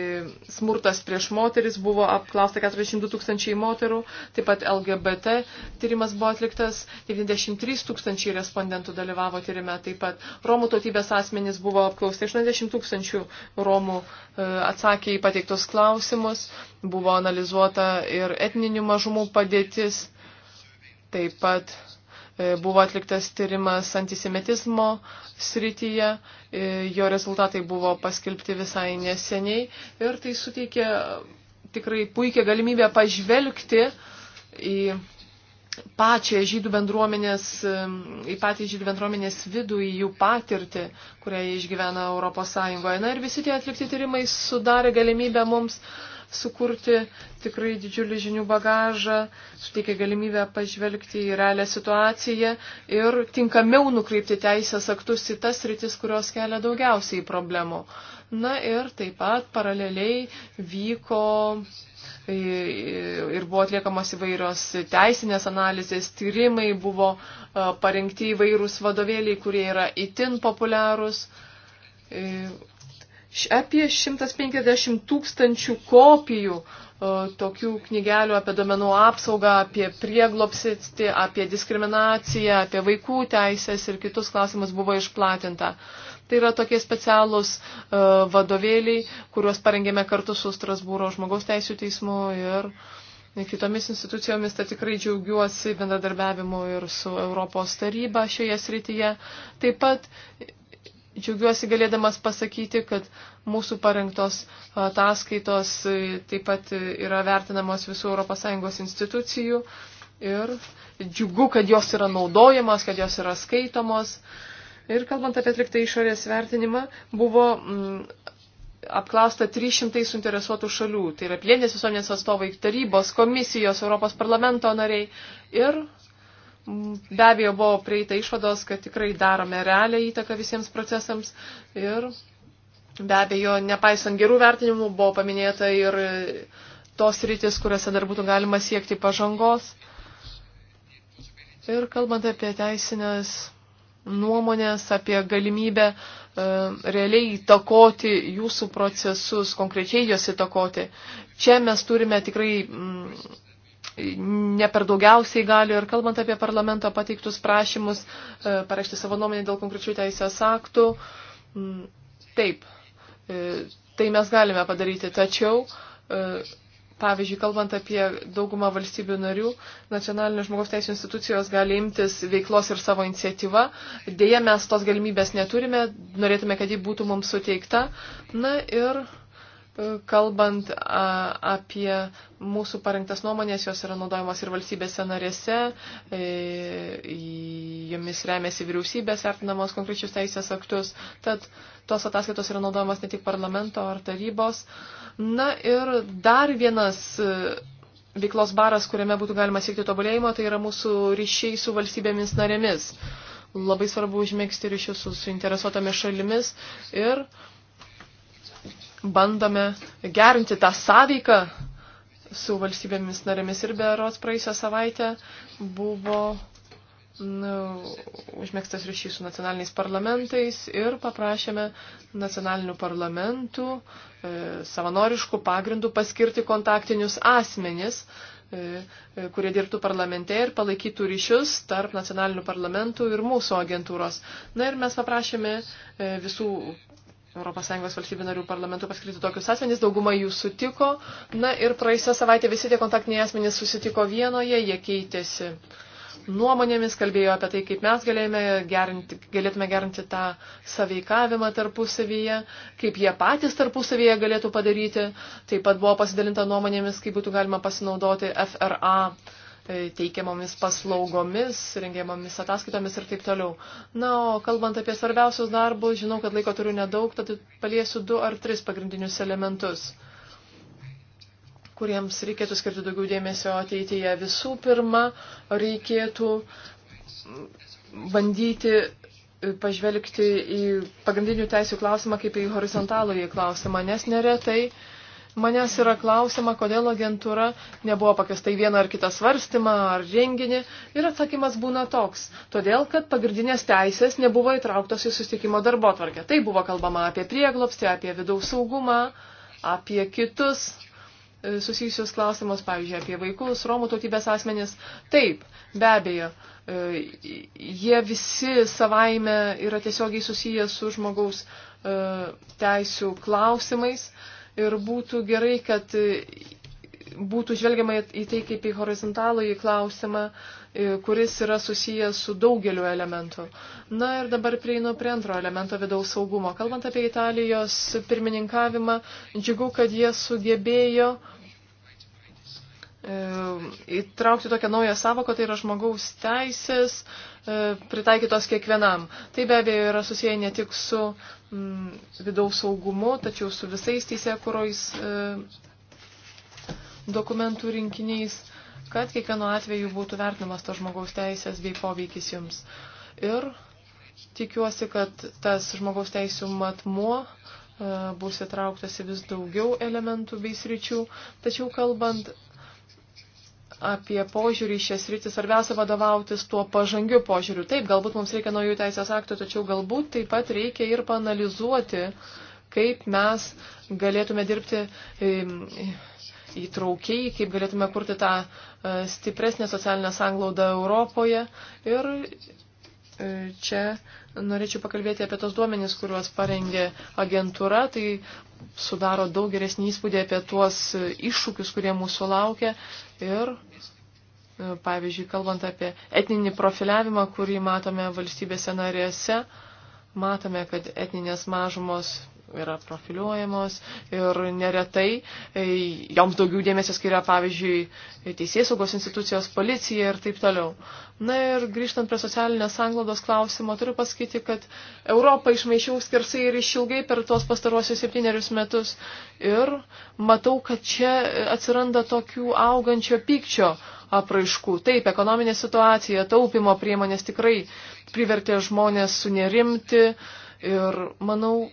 smurtas prieš moteris buvo apklausta 42 tūkstančiai moterų, taip pat LGBT tyrimas buvo atliktas, 93 tūkstančiai respondentų dalyvavo tyrime, taip pat Romų tautybės asmenys buvo apklausti, 80 tūkstančių Romų e, atsakė į pateiktus klausimus, buvo analizuota ir etninių mažumų padėtis, taip pat E, buvo atliktas tyrimas antisemitizmo srityje, e, jo rezultatai buvo paskelbti visai neseniai ir tai suteikė tikrai puikia galimybė pažvelgti į pačią žydų bendruomenės, e, į patį žydų bendruomenės vidų, į jų patirtį, kurią jie išgyvena Europos Sąjungoje. Na ir visi tie atlikti tyrimai sudarė galimybę mums sukurti tikrai didžiulį žinių bagažą, suteikia galimybę pažvelgti į realią situaciją ir tinkamiau nukreipti teisės aktus į tas rytis, kurios kelia daugiausiai problemų. Na ir taip pat paraleliai vyko ir buvo atliekamos įvairios teisinės analizės, tyrimai, buvo e, parengti įvairūs vadovėliai, kurie yra itin populiarūs. E, apie 150 tūkstančių kopijų e, tokių knygelių apie domenų apsaugą, apie prieglopsitį, apie diskriminaciją, apie vaikų teisės ir kitus klausimus buvo išplatinta. Tai yra tokie specialūs e, vadovėliai, kuriuos parengėme kartu su Strasbūro žmogaus teisų teismu ir kitomis institucijomis. Tai tikrai džiaugiuosi bendradarbiavimu ir su Europos taryba šioje srityje. Taip pat Džiaugiuosi galėdamas pasakyti, kad mūsų parengtos ataskaitos taip pat yra vertinamos visų ES institucijų ir džiugu, kad jos yra naudojamos, kad jos yra skaitomos. Ir kalbant apie atliktą išorės vertinimą, buvo mm, apklausta 300 suinteresuotų šalių. Tai yra plėnės visuomenės atstovai, tarybos, komisijos, Europos parlamento nariai. Ir Be abejo, buvo prieita išvados, kad tikrai darome realią įtaką visiems procesams ir be abejo, nepaisant gerų vertinimų, buvo paminėta ir tos rytis, kuriuose dar būtų galima siekti pažangos. Ir kalbant apie teisinės nuomonės, apie galimybę e, realiai įtakoti jūsų procesus, konkrečiai juos įtakoti. Čia mes turime tikrai mm, ne per daugiausiai galių ir kalbant apie parlamento pateiktus prašymus, e, pareikšti savo nuomonę dėl konkrečių teisės aktų. Taip, e, tai mes galime padaryti, tačiau, e, pavyzdžiui, kalbant apie daugumą valstybių narių, nacionalinės žmogaus teisų institucijos gali imtis veiklos ir savo iniciatyvą. Deja, mes tos galimybės neturime, norėtume, kad ji būtų mums suteikta. Na ir kalbant apie mūsų parengtas nuomonės, jos yra naudojamos ir valstybėse narėse, e, jomis remiasi vyriausybės, vertinamos konkrečius teisės aktus, tad tos ataskaitos yra naudojamos ne tik parlamento ar tarybos. Na ir dar vienas e, veiklos baras, kuriame būtų galima siekti tobulėjimo, tai yra mūsų ryšiai su valstybėmis narėmis. Labai svarbu užmėgsti ryšius su suinteresuotomis šalimis ir uh, bandome gerinti tą sąveiką su valstybėmis narėmis ir berots praėjusią savaitę buvo nu, užmėgstas ryšys su nacionaliniais parlamentais ir paprašėme nacionalinių parlamentų e, savanoriškų pagrindų paskirti kontaktinius asmenis, e, e, kurie dirbtų parlamente ir palaikytų ryšius tarp nacionalinių parlamentų ir mūsų agentūros. Na ir mes paprašėme e, visų ES valstybių narių parlamentų paskirti tokius asmenys, dauguma jų sutiko. Na ir praeisą savaitę visi tie kontaktiniai asmenys susitiko vienoje, jie keitėsi nuomonėmis, kalbėjo apie tai, kaip mes galėjome gerinti, galėtume gerinti tą saveikavimą tarpusavyje, kaip jie patys tarpusavyje galėtų padaryti. Taip pat buvo pasidalinta nuomonėmis, kaip būtų galima pasinaudoti FRA E, teikiamomis paslaugomis, rengiamomis ataskaitomis ir taip toliau. Na, o kalbant apie svarbiausius darbus, žinau, kad laiko turiu nedaug, tad paliesiu du ar tris pagrindinius elementus kuriems reikėtų skirti daugiau dėmesio ateityje. Visų pirma, reikėtų bandyti pažvelgti į pagrindinių teisų klausimą kaip į horizontalų į klausimą, nes neretai uh, Manęs yra klausima, kodėl agentūra nebuvo pakviesta į vieną ar kitą svarstymą ar renginį. Ir atsakymas būna toks. Todėl, kad pagrindinės teisės nebuvo įtrauktos į susitikimo darbo tvarkę. Tai buvo kalbama apie prieglopstį, apie vidaus saugumą, apie kitus e, susijusius klausimus, pavyzdžiui, apie vaikus, romų tautybės asmenis. Taip, be abejo, e, jie visi savaime yra tiesiogiai susiję su žmogaus e, teisų klausimais ir būtų gerai, kad būtų žvelgiama į tai kaip į horizontalų į klausimą, e, kuris yra susijęs su daugeliu elementų. Na ir dabar prieinu prie antro elemento vidaus saugumo. Kalbant apie Italijos pirmininkavimą, džiugu, kad jie sugebėjo e, įtraukti tokią naują savoką, tai yra žmogaus teisės e, pritaikytos kiekvienam. Tai be abejo yra susiję ne tik su m, mm, vidaus saugumu, tačiau su visais teisėkurojais e, dokumentų rinkiniais, kad kiekvienu atveju būtų vertinamas tas žmogaus teisės bei poveikis jums. Ir tikiuosi, kad tas žmogaus teisų matmuo e, bus įtrauktas į vis daugiau elementų bei sričių, tačiau kalbant apie požiūrį į šias rytis, svarbiausia vadovautis tuo pažangiu požiūriu. Taip, galbūt mums reikia naujų teisės aktų, tačiau galbūt taip pat reikia ir panalizuoti, kaip mes galėtume dirbti įtraukiai, kaip galėtume kurti tą e, stipresnę socialinę sanglaudą Europoje ir čia norėčiau pakalbėti apie tos duomenys, kuriuos parengė agentūra. Tai sudaro daug geresnį įspūdį apie tuos iššūkius, kurie mūsų laukia. Ir, e, pavyzdžiui, kalbant apie etninį profiliavimą, kurį matome valstybėse narėse, matome, kad etninės mažumos yra profiliuojamos ir neretai e, joms daugiau dėmesio skiria, pavyzdžiui, teisėsaugos institucijos, policija ir taip toliau. Na ir grįžtant prie socialinės anglodos klausimo, turiu pasakyti, kad Europą išmaišiau skersai ir išilgai per tuos pastaruosius septynerius metus ir matau, kad čia atsiranda tokių augančio pykčio apraiškų. Taip, ekonominė situacija, taupimo priemonės tikrai privertė žmonės sunerimti ir manau,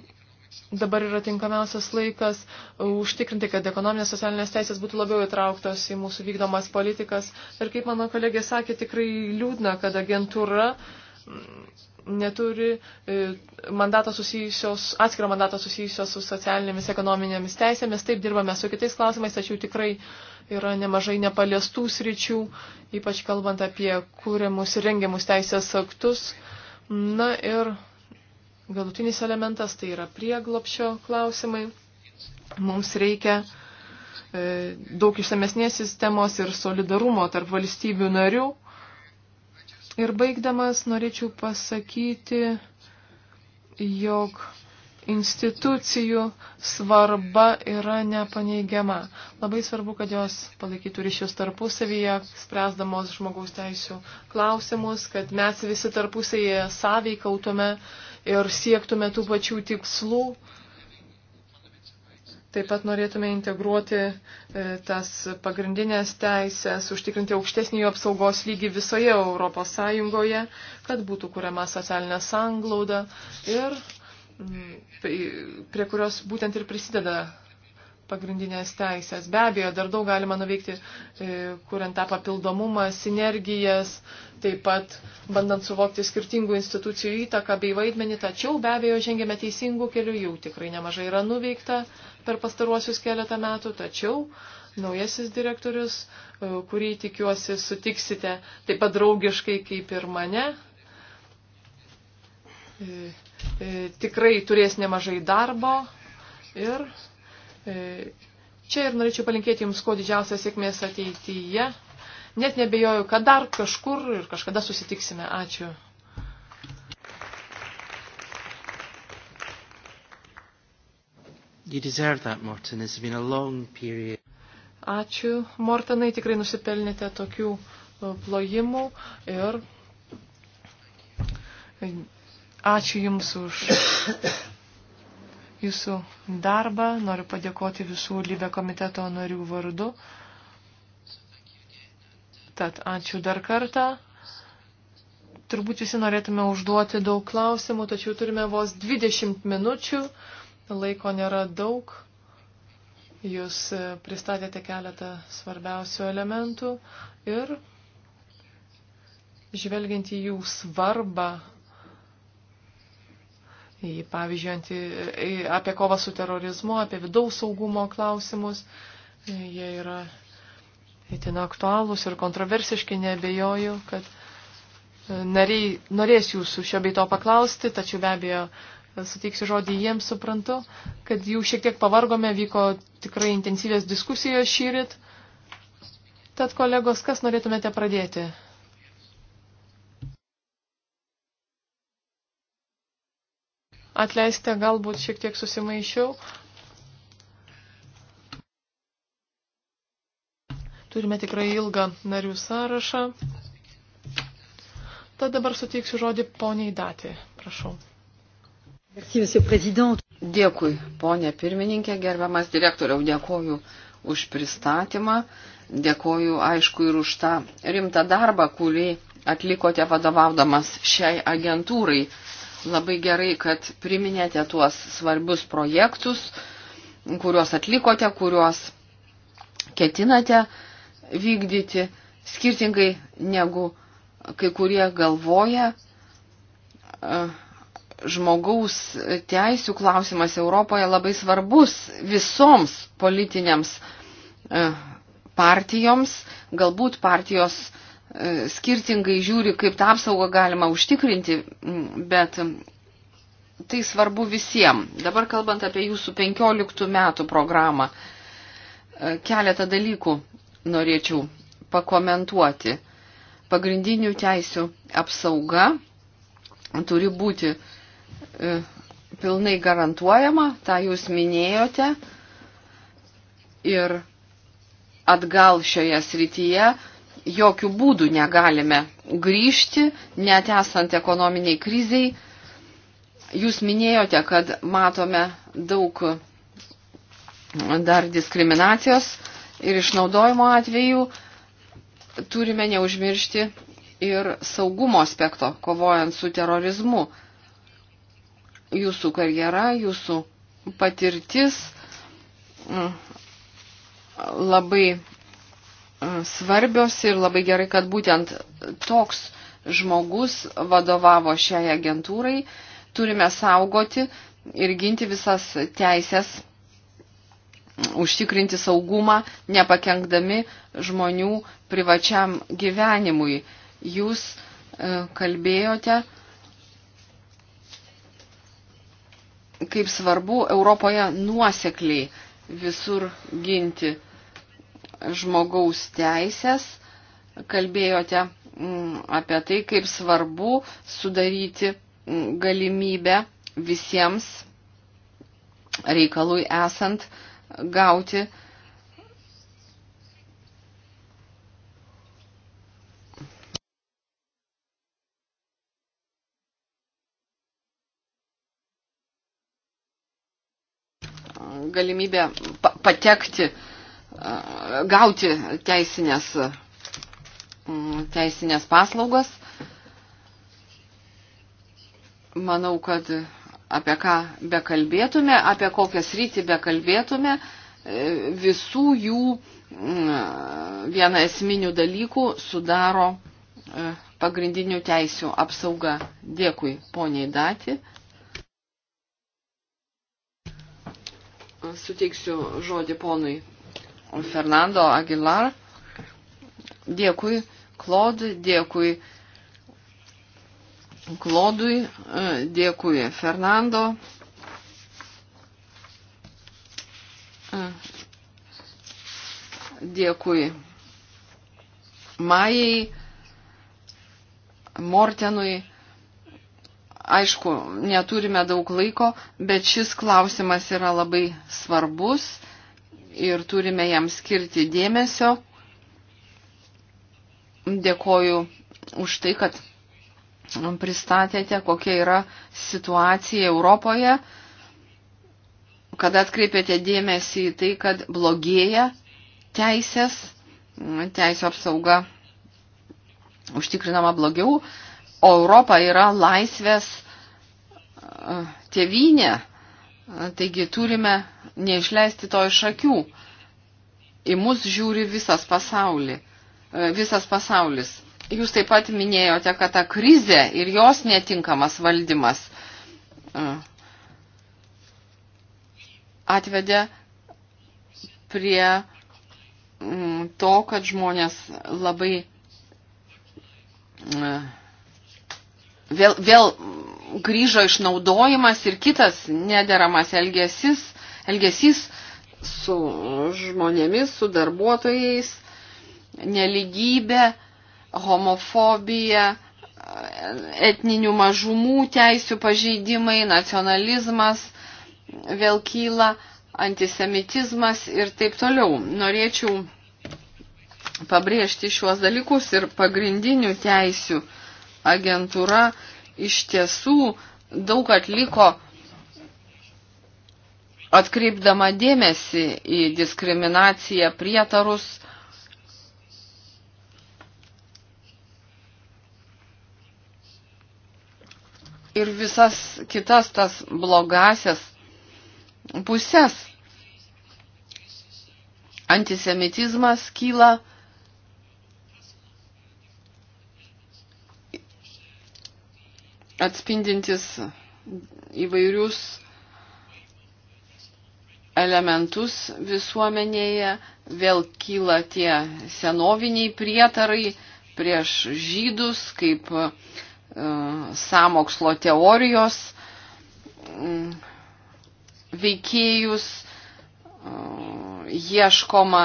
dabar yra tinkamiausias laikas uh, užtikrinti, kad ekonominės socialinės teisės būtų labiau įtrauktos į mūsų vykdomas politikas. Ir kaip mano kolegė sakė, tikrai liūdna, kad agentūra mm, neturi uh, mandato susijusios, atskiro mandato susijusios su socialinėmis ekonominėmis teisėmis. Taip dirbame su kitais klausimais, tačiau tikrai yra nemažai nepaliestų sričių, ypač kalbant apie kūriamus ir rengiamus teisės aktus. Na ir galutinis elementas, tai yra prieglopšio klausimai. Mums reikia e, daug išsamesnės sistemos ir solidarumo tarp valstybių narių. Ir baigdamas norėčiau pasakyti, jog institucijų svarba yra nepaneigiama. Labai svarbu, kad jos palaikytų ryšius tarpusavyje, spręsdamos žmogaus teisų klausimus, kad mes visi tarpusavyje sąveikautume, uh, ir siektume tų pačių tikslų. Taip pat norėtume integruoti e, tas pagrindinės teisės, užtikrinti aukštesnį jų apsaugos lygį visoje Europos Sąjungoje, kad būtų kuriama socialinė sanglauda ir tai prie kurios būtent ir prisideda pagrindinės teisės. Be abejo, dar daug galima nuveikti, e, kuriant tą papildomumą, sinergijas, taip pat bandant suvokti skirtingų institucijų įtaką bei vaidmenį, tačiau be abejo žengėme teisingų kelių, jau tikrai nemažai yra nuveikta per pastaruosius keletą metų, tačiau naujasis direktorius, e, kurį tikiuosi sutiksite taip pat draugiškai kaip ir mane, e, tikrai turės nemažai darbo ir E, čia ir norėčiau palinkėti Jums kuo didžiausios sėkmės ateityje. Net nebejoju, kad dar kažkur ir kažkada susitiksime. Ačiū. You deserve that, Morton. It's been a long period. Ačiū, Mortonai, tikrai nusipelnėte tokių e, plojimų ir e, ačiū Jums už jūsų darbą, noriu padėkoti visų lybę komiteto narių vardu. Tad ačiū dar kartą. Turbūt visi norėtume užduoti daug klausimų, tačiau turime vos 20 minučių, laiko nėra daug. Jūs pristatėte keletą svarbiausių elementų ir žvelgiant į jų svarbą pavyzdžiui, apie kovą su terorizmu, apie vidaus saugumo klausimus. Jie yra itin aktualūs ir kontroversiški, nebejoju, kad e, nariai norės jūsų šio beito paklausti, tačiau be abejo e, suteiksiu žodį jiems, suprantu, kad jų šiek tiek pavargome, vyko tikrai intensyvės diskusijos šyrit. Tad kolegos, kas norėtumėte pradėti? Atleiste, galbūt šiek tiek susimaišiau. Turime tikrai ilgą narių sąrašą. Tad dabar suteiksiu žodį poniai Datė. Prašau. Dėkui, ponė pirmininkė, gerbiamas direktoriau, dėkoju už pristatymą, dėkoju aišku ir už tą rimtą darbą, kurį atlikote vadovaudamas šiai agentūrai. Labai gerai, kad priminėte tuos svarbius projektus, kuriuos atlikote, kuriuos ketinate vykdyti, skirtingai negu kai kurie galvoja. Eh, žmogaus teisų klausimas Europoje labai svarbus visoms politinėms eh, partijoms, galbūt partijos uh, E, skirtingai žiūri, kaip tą apsaugą galima užtikrinti, bet tai svarbu visiems. Dabar kalbant apie jūsų 15 metų programą, e, keletą dalykų norėčiau pakomentuoti. Pagrindinių teisių apsauga turi būti e, pilnai garantuojama, tą jūs minėjote. Ir atgal šioje srityje uh, jokių būdų negalime grįžti, net esant ekonominiai kriziai. Jūs minėjote, kad matome daug dar diskriminacijos ir išnaudojimo atvejų. Turime neužmiršti ir saugumo aspekto, kovojant su terorizmu. Jūsų karjera, jūsų patirtis mm, labai svarbios ir labai gerai, kad būtent toks žmogus vadovavo šiai agentūrai. Turime saugoti ir ginti visas teisės, užtikrinti saugumą, nepakenkdami žmonių privačiam gyvenimui. Jūs e, kalbėjote, kaip svarbu Europoje nuosekliai visur ginti žmogaus teisės, kalbėjote mm, apie tai, kaip svarbu sudaryti mm, galimybę visiems reikalui esant gauti galimybę patekti gauti teisinės, mm, teisinės paslaugas. Manau, kad apie ką bekalbėtume, apie kokią sritį bekalbėtume, e, visų jų mm, vieną esminių dalykų sudaro e, pagrindinių teisių apsauga. Dėkui, poniai Dati. Suteiksiu žodį ponui Fernando Aguilar. Dėkui, Klod, dėkui Klodui, e, dėkui Fernando. E, dėkui Majai, Mortenui. Aišku, neturime daug laiko, bet šis klausimas yra labai svarbus ir turime jam skirti dėmesio. Dėkoju už tai, kad pristatėte, kokia yra situacija Europoje, kad atkreipėte dėmesį į tai, kad blogėja teisės, teisų apsauga užtikrinama blogiau, o Europa yra laisvės tėvynė, Taigi turime neišleisti to iš akių. Į mus žiūri visas, pasaulį, e, visas pasaulis. Jūs taip pat minėjote, kad ta krizė ir jos netinkamas valdymas e, atvedė prie mm, to, kad žmonės labai e, vėl, vėl grįžo išnaudojimas ir kitas nederamas elgesys, elgesys su žmonėmis, su darbuotojais, neligybė, homofobija, etninių mažumų teisių pažeidimai, nacionalizmas vėl kyla, antisemitizmas ir taip toliau. Norėčiau pabrėžti šiuos dalykus ir pagrindinių teisių agentūra iš tiesų daug atliko atkreipdama dėmesį į diskriminaciją prietarus. Ir visas kitas tas blogasias pusės. Antisemitizmas kyla atspindintis įvairius elementus visuomenėje, vėl kyla tie senoviniai prietarai prieš žydus, kaip e, samokslo teorijos m, mm, veikėjus e, ieškoma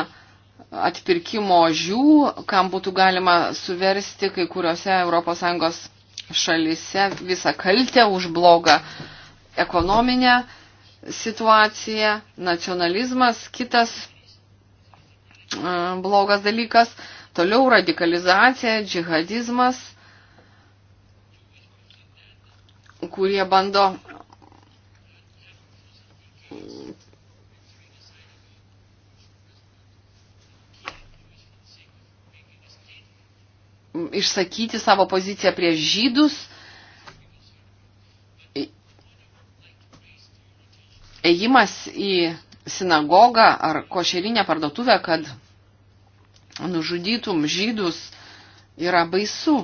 atpirkimo žių, kam būtų galima suversti kai kuriuose ES šalise visą kaltę už blogą ekonominę situaciją, nacionalizmas, kitas e, blogas dalykas, toliau radikalizacija, džihadizmas, kurie bando išsakyti savo poziciją prieš žydus. Ėjimas į sinagogą ar košerinę parduotuvę, kad nužudytum žydus, yra baisu.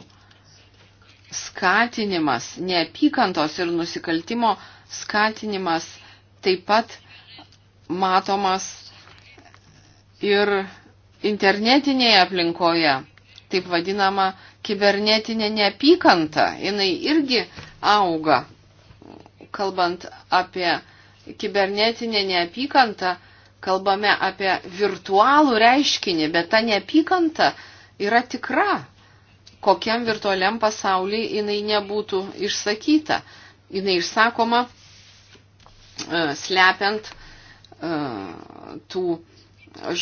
Skatinimas, neapykantos ir nusikaltimo skatinimas taip pat matomas ir internetinėje aplinkoje taip vadinama kibernetinė neapykanta. Jinai irgi auga. Kalbant apie kibernetinę neapykantą, kalbame apie virtualų reiškinį, bet ta neapykanta yra tikra, kokiam virtualiam pasauliai jinai nebūtų išsakyta. Jinai išsakoma e, slepiant e, tų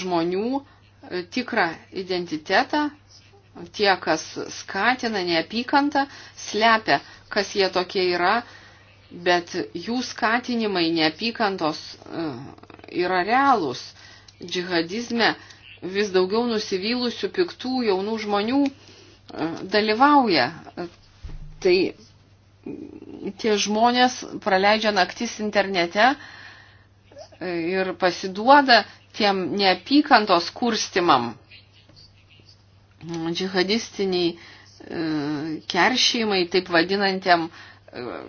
žmonių e, tikrą identitetą, tie, kas skatina neapykantą, slepia, kas jie tokie yra, bet jų skatinimai neapykantos e, yra realūs. Džihadizme vis daugiau nusivylusių, piktų jaunų žmonių e, dalyvauja. Tai tie žmonės praleidžia naktis internete e, ir pasiduoda tiem neapykantos kurstimam džihadistiniai e, keršymai, taip vadinantiem, e,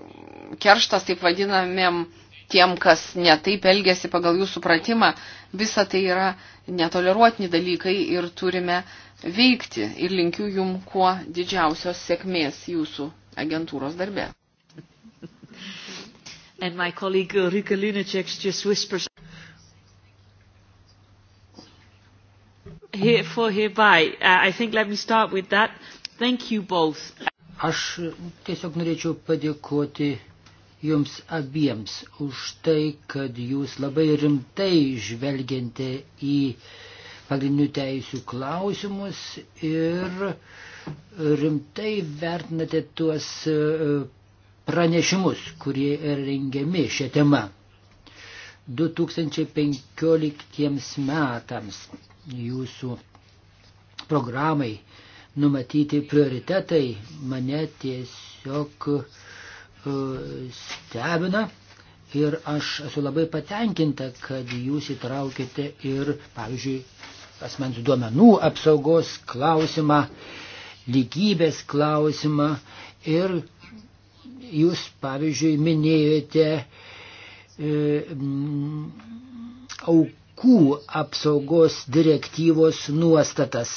kerštas taip vadinamiem tiem, kas netaip elgesi pagal jų supratimą, visa tai yra netoleruotini dalykai ir turime veikti. Ir linkiu jum kuo didžiausios sėkmės jūsų agentūros darbe. And my colleague Ulrike Lunacek just whispers. here for hereby. Uh, I think let me start with that. Thank you both. Aš tiesiog norėčiau padėkoti jums abiems už tai, kad jūs labai rimtai žvelgiate į pagrindinių teisių klausimus ir rimtai vertinate tuos uh, pranešimus, kurie rengiami šią temą. 2015 metams jūsų programai numatyti prioritetai mane tiesiog e, stebina ir aš esu labai patenkinta, kad jūs įtraukite ir, pavyzdžiui, asmens duomenų apsaugos klausimą, lygybės klausimą ir jūs, pavyzdžiui, minėjote e, m, auk aukų apsaugos direktyvos nuostatas,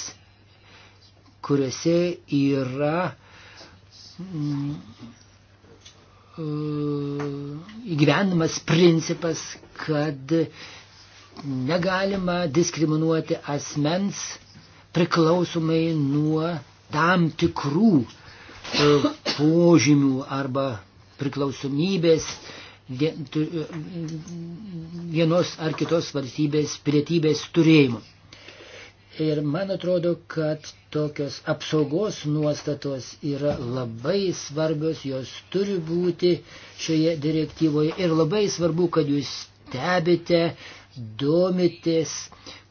kuriuose yra mm, e, įgyvendamas principas, kad negalima diskriminuoti asmens priklausomai nuo tam tikrų e, požymių arba priklausomybės uh, E, vienos ar kitos valstybės pilietybės turėjimo. Ir man atrodo, kad tokios apsaugos nuostatos yra labai svarbios, jos turi būti šioje direktyvoje ir labai svarbu, kad jūs stebite, domitės,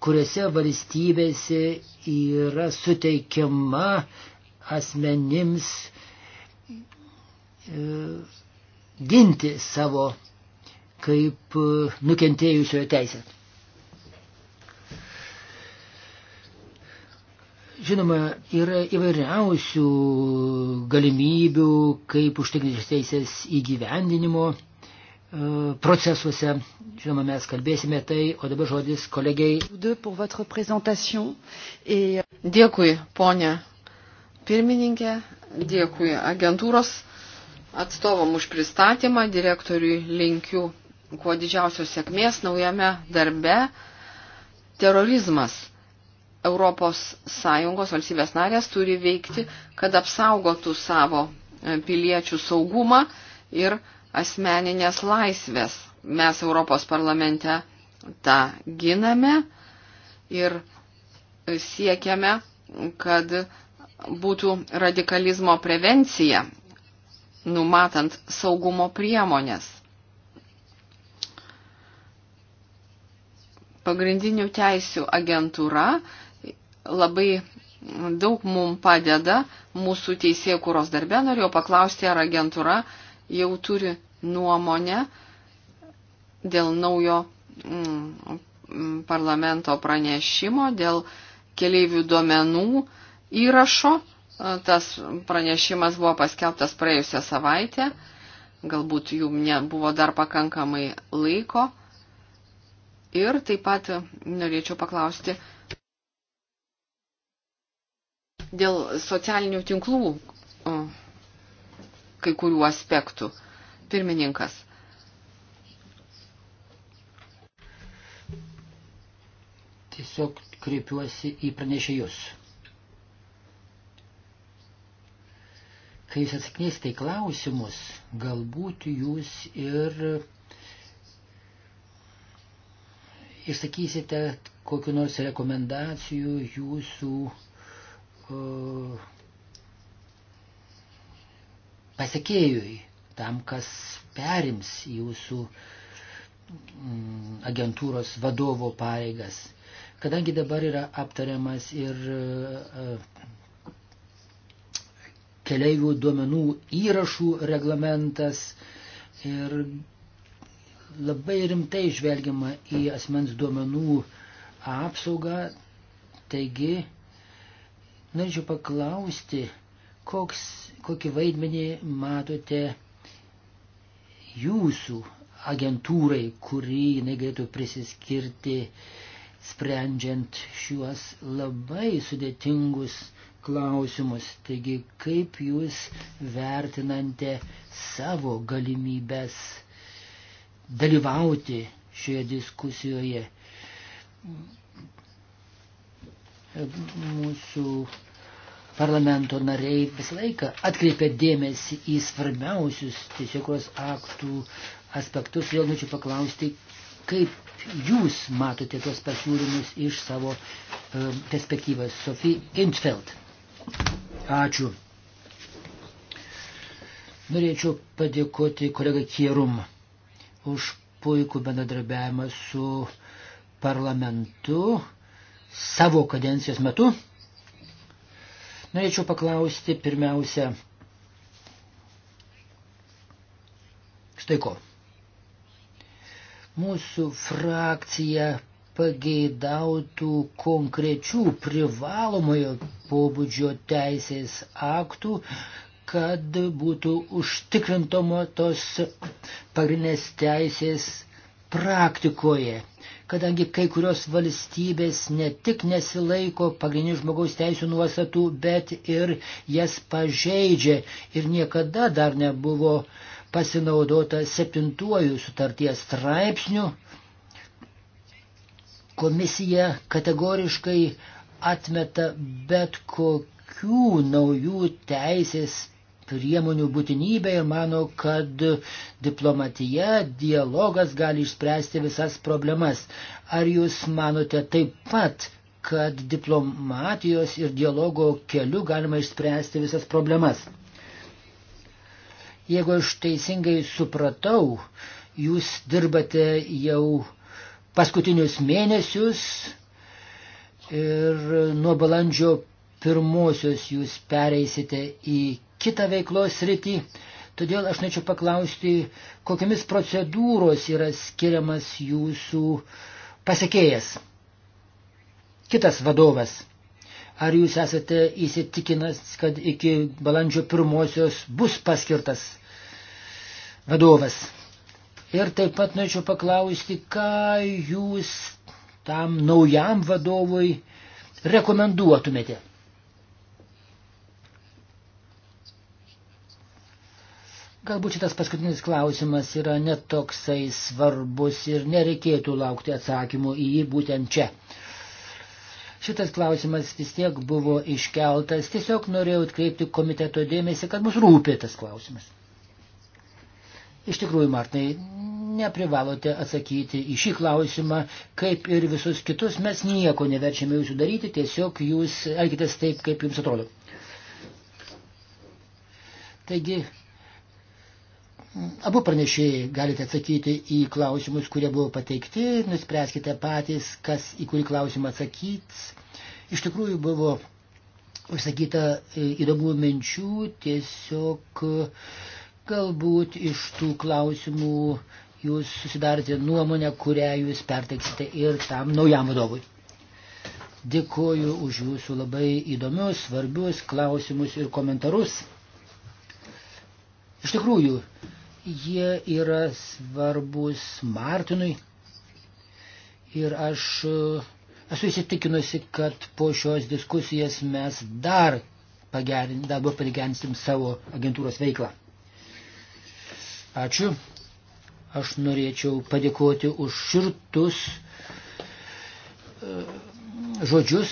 kuriuose valstybėse yra suteikiama asmenims e, ginti savo kaip e, nukentėjusiojo teisę. Žinoma, yra įvairiausių galimybių, kaip užtikrinti teisės įgyvendinimo e, procesuose. Žinoma, mes kalbėsime tai, o dabar žodis kolegiai. Dėkui, ponė pirmininkė, dėkui agentūros atstovom už pristatymą, direktoriui linkiu kuo didžiausios sėkmės naujame darbe. Terorizmas Europos Sąjungos valstybės narės turi veikti, kad apsaugotų savo e, piliečių saugumą ir asmeninės laisvės. Mes Europos parlamente tą giname ir e, siekiame, kad būtų radikalizmo prevencija numatant saugumo priemonės. Pagrindinių teisių agentūra labai daug mum padeda mūsų teisėjų kūros darbę. Norėjau paklausti, ar agentūra jau turi nuomonę dėl naujo mm, parlamento pranešimo, dėl keleivių duomenų įrašo. Tas pranešimas buvo paskelbtas praėjusią savaitę, galbūt jų nebuvo dar pakankamai laiko. Ir taip pat norėčiau paklausti dėl socialinių tinklų kai kurių aspektų. Pirmininkas. Tiesiog kreipiuosi į pranešėjus. Kai jūs atsakinėsite į klausimus, galbūt jūs ir išsakysite kokiu nors rekomendacijų jūsų uh, pasiekėjui, tam, kas perims jūsų um, agentūros vadovo pareigas. Kadangi dabar yra aptariamas ir uh, keliaivių duomenų įrašų reglamentas ir labai rimtai žvelgiama į asmens duomenų apsaugą. Taigi, norėčiau paklausti, koks, kokį vaidmenį matote jūsų agentūrai, kurį jinai galėtų prisiskirti, sprendžiant šiuos labai sudėtingus klausimus. Taigi, kaip jūs vertinate savo galimybės dalyvauti šioje diskusijoje? Mūsų parlamento nariai visą laiką atkreipia dėmesį į svarbiausius tiesiogos aktų aspektus. Vėl norėčiau paklausti, kaip jūs matote tuos pasiūlymus iš savo e, perspektyvos. Sofija Intfeld. Ačiū. Norėčiau padėkoti kolegai Kierum už puikų bendradarbiavimą su parlamentu savo kadencijos metu. Norėčiau paklausti pirmiausia štai ko. Mūsų frakcija pageidautų konkrečių privalomojo pobūdžio teisės aktų, kad būtų užtikrintoma tos pagrindinės teisės praktikoje. Kadangi kai kurios valstybės ne tik nesilaiko pagrindinių žmogaus teisų nuostatų, bet ir jas pažeidžia ir niekada dar nebuvo pasinaudota septintuoju sutarties straipsniu, Komisija kategoriškai atmeta bet kokių naujų teisės priemonių būtinybę ir mano, kad diplomatija, dialogas gali išspręsti visas problemas. Ar jūs manote taip pat, kad diplomatijos ir dialogo keliu galima išspręsti visas problemas? Jeigu aš teisingai supratau, jūs dirbate jau paskutinius mėnesius ir nuo balandžio pirmosios jūs pereisite į kitą veiklos rytį. Todėl aš norėčiau paklausti, kokiamis procedūros yra skiriamas jūsų pasiekėjas, kitas vadovas. Ar jūs esate įsitikinęs, kad iki balandžio pirmosios bus paskirtas vadovas? Ir taip pat norėčiau paklausti, ką jūs tam naujam vadovui rekomenduotumėte. Galbūt šitas paskutinis klausimas yra netoksai svarbus ir nereikėtų laukti atsakymų į jį būtent čia. Šitas klausimas vis tiek buvo iškeltas, tiesiog norėjau atkreipti komiteto dėmesį, kad mus rūpė tas klausimas. Iš tikrųjų, Martinai, neprivalote atsakyti į šį klausimą, kaip ir visus kitus, mes nieko neverčiame jūsų daryti, tiesiog jūs elgitės taip, kaip jums atrodo. Taigi, abu pranešėjai galite atsakyti į klausimus, kurie buvo pateikti, nuspręskite patys, kas į kurį klausimą atsakyt. Iš tikrųjų buvo užsakyta e, įdomių minčių, tiesiog uh, Galbūt iš tų klausimų jūs susidarėte nuomonę, kurią jūs perteiksite ir tam naujam vadovui. Dėkuoju už jūsų labai įdomius, svarbius klausimus ir komentarus. Iš tikrųjų, jie yra svarbus Martinui ir aš uh, esu įsitikinusi, kad po šios diskusijas mes dar pagerinsim, dar pagerinsim savo agentūros veiklą. Ačiū. Aš norėčiau padėkoti už širtus e, žodžius,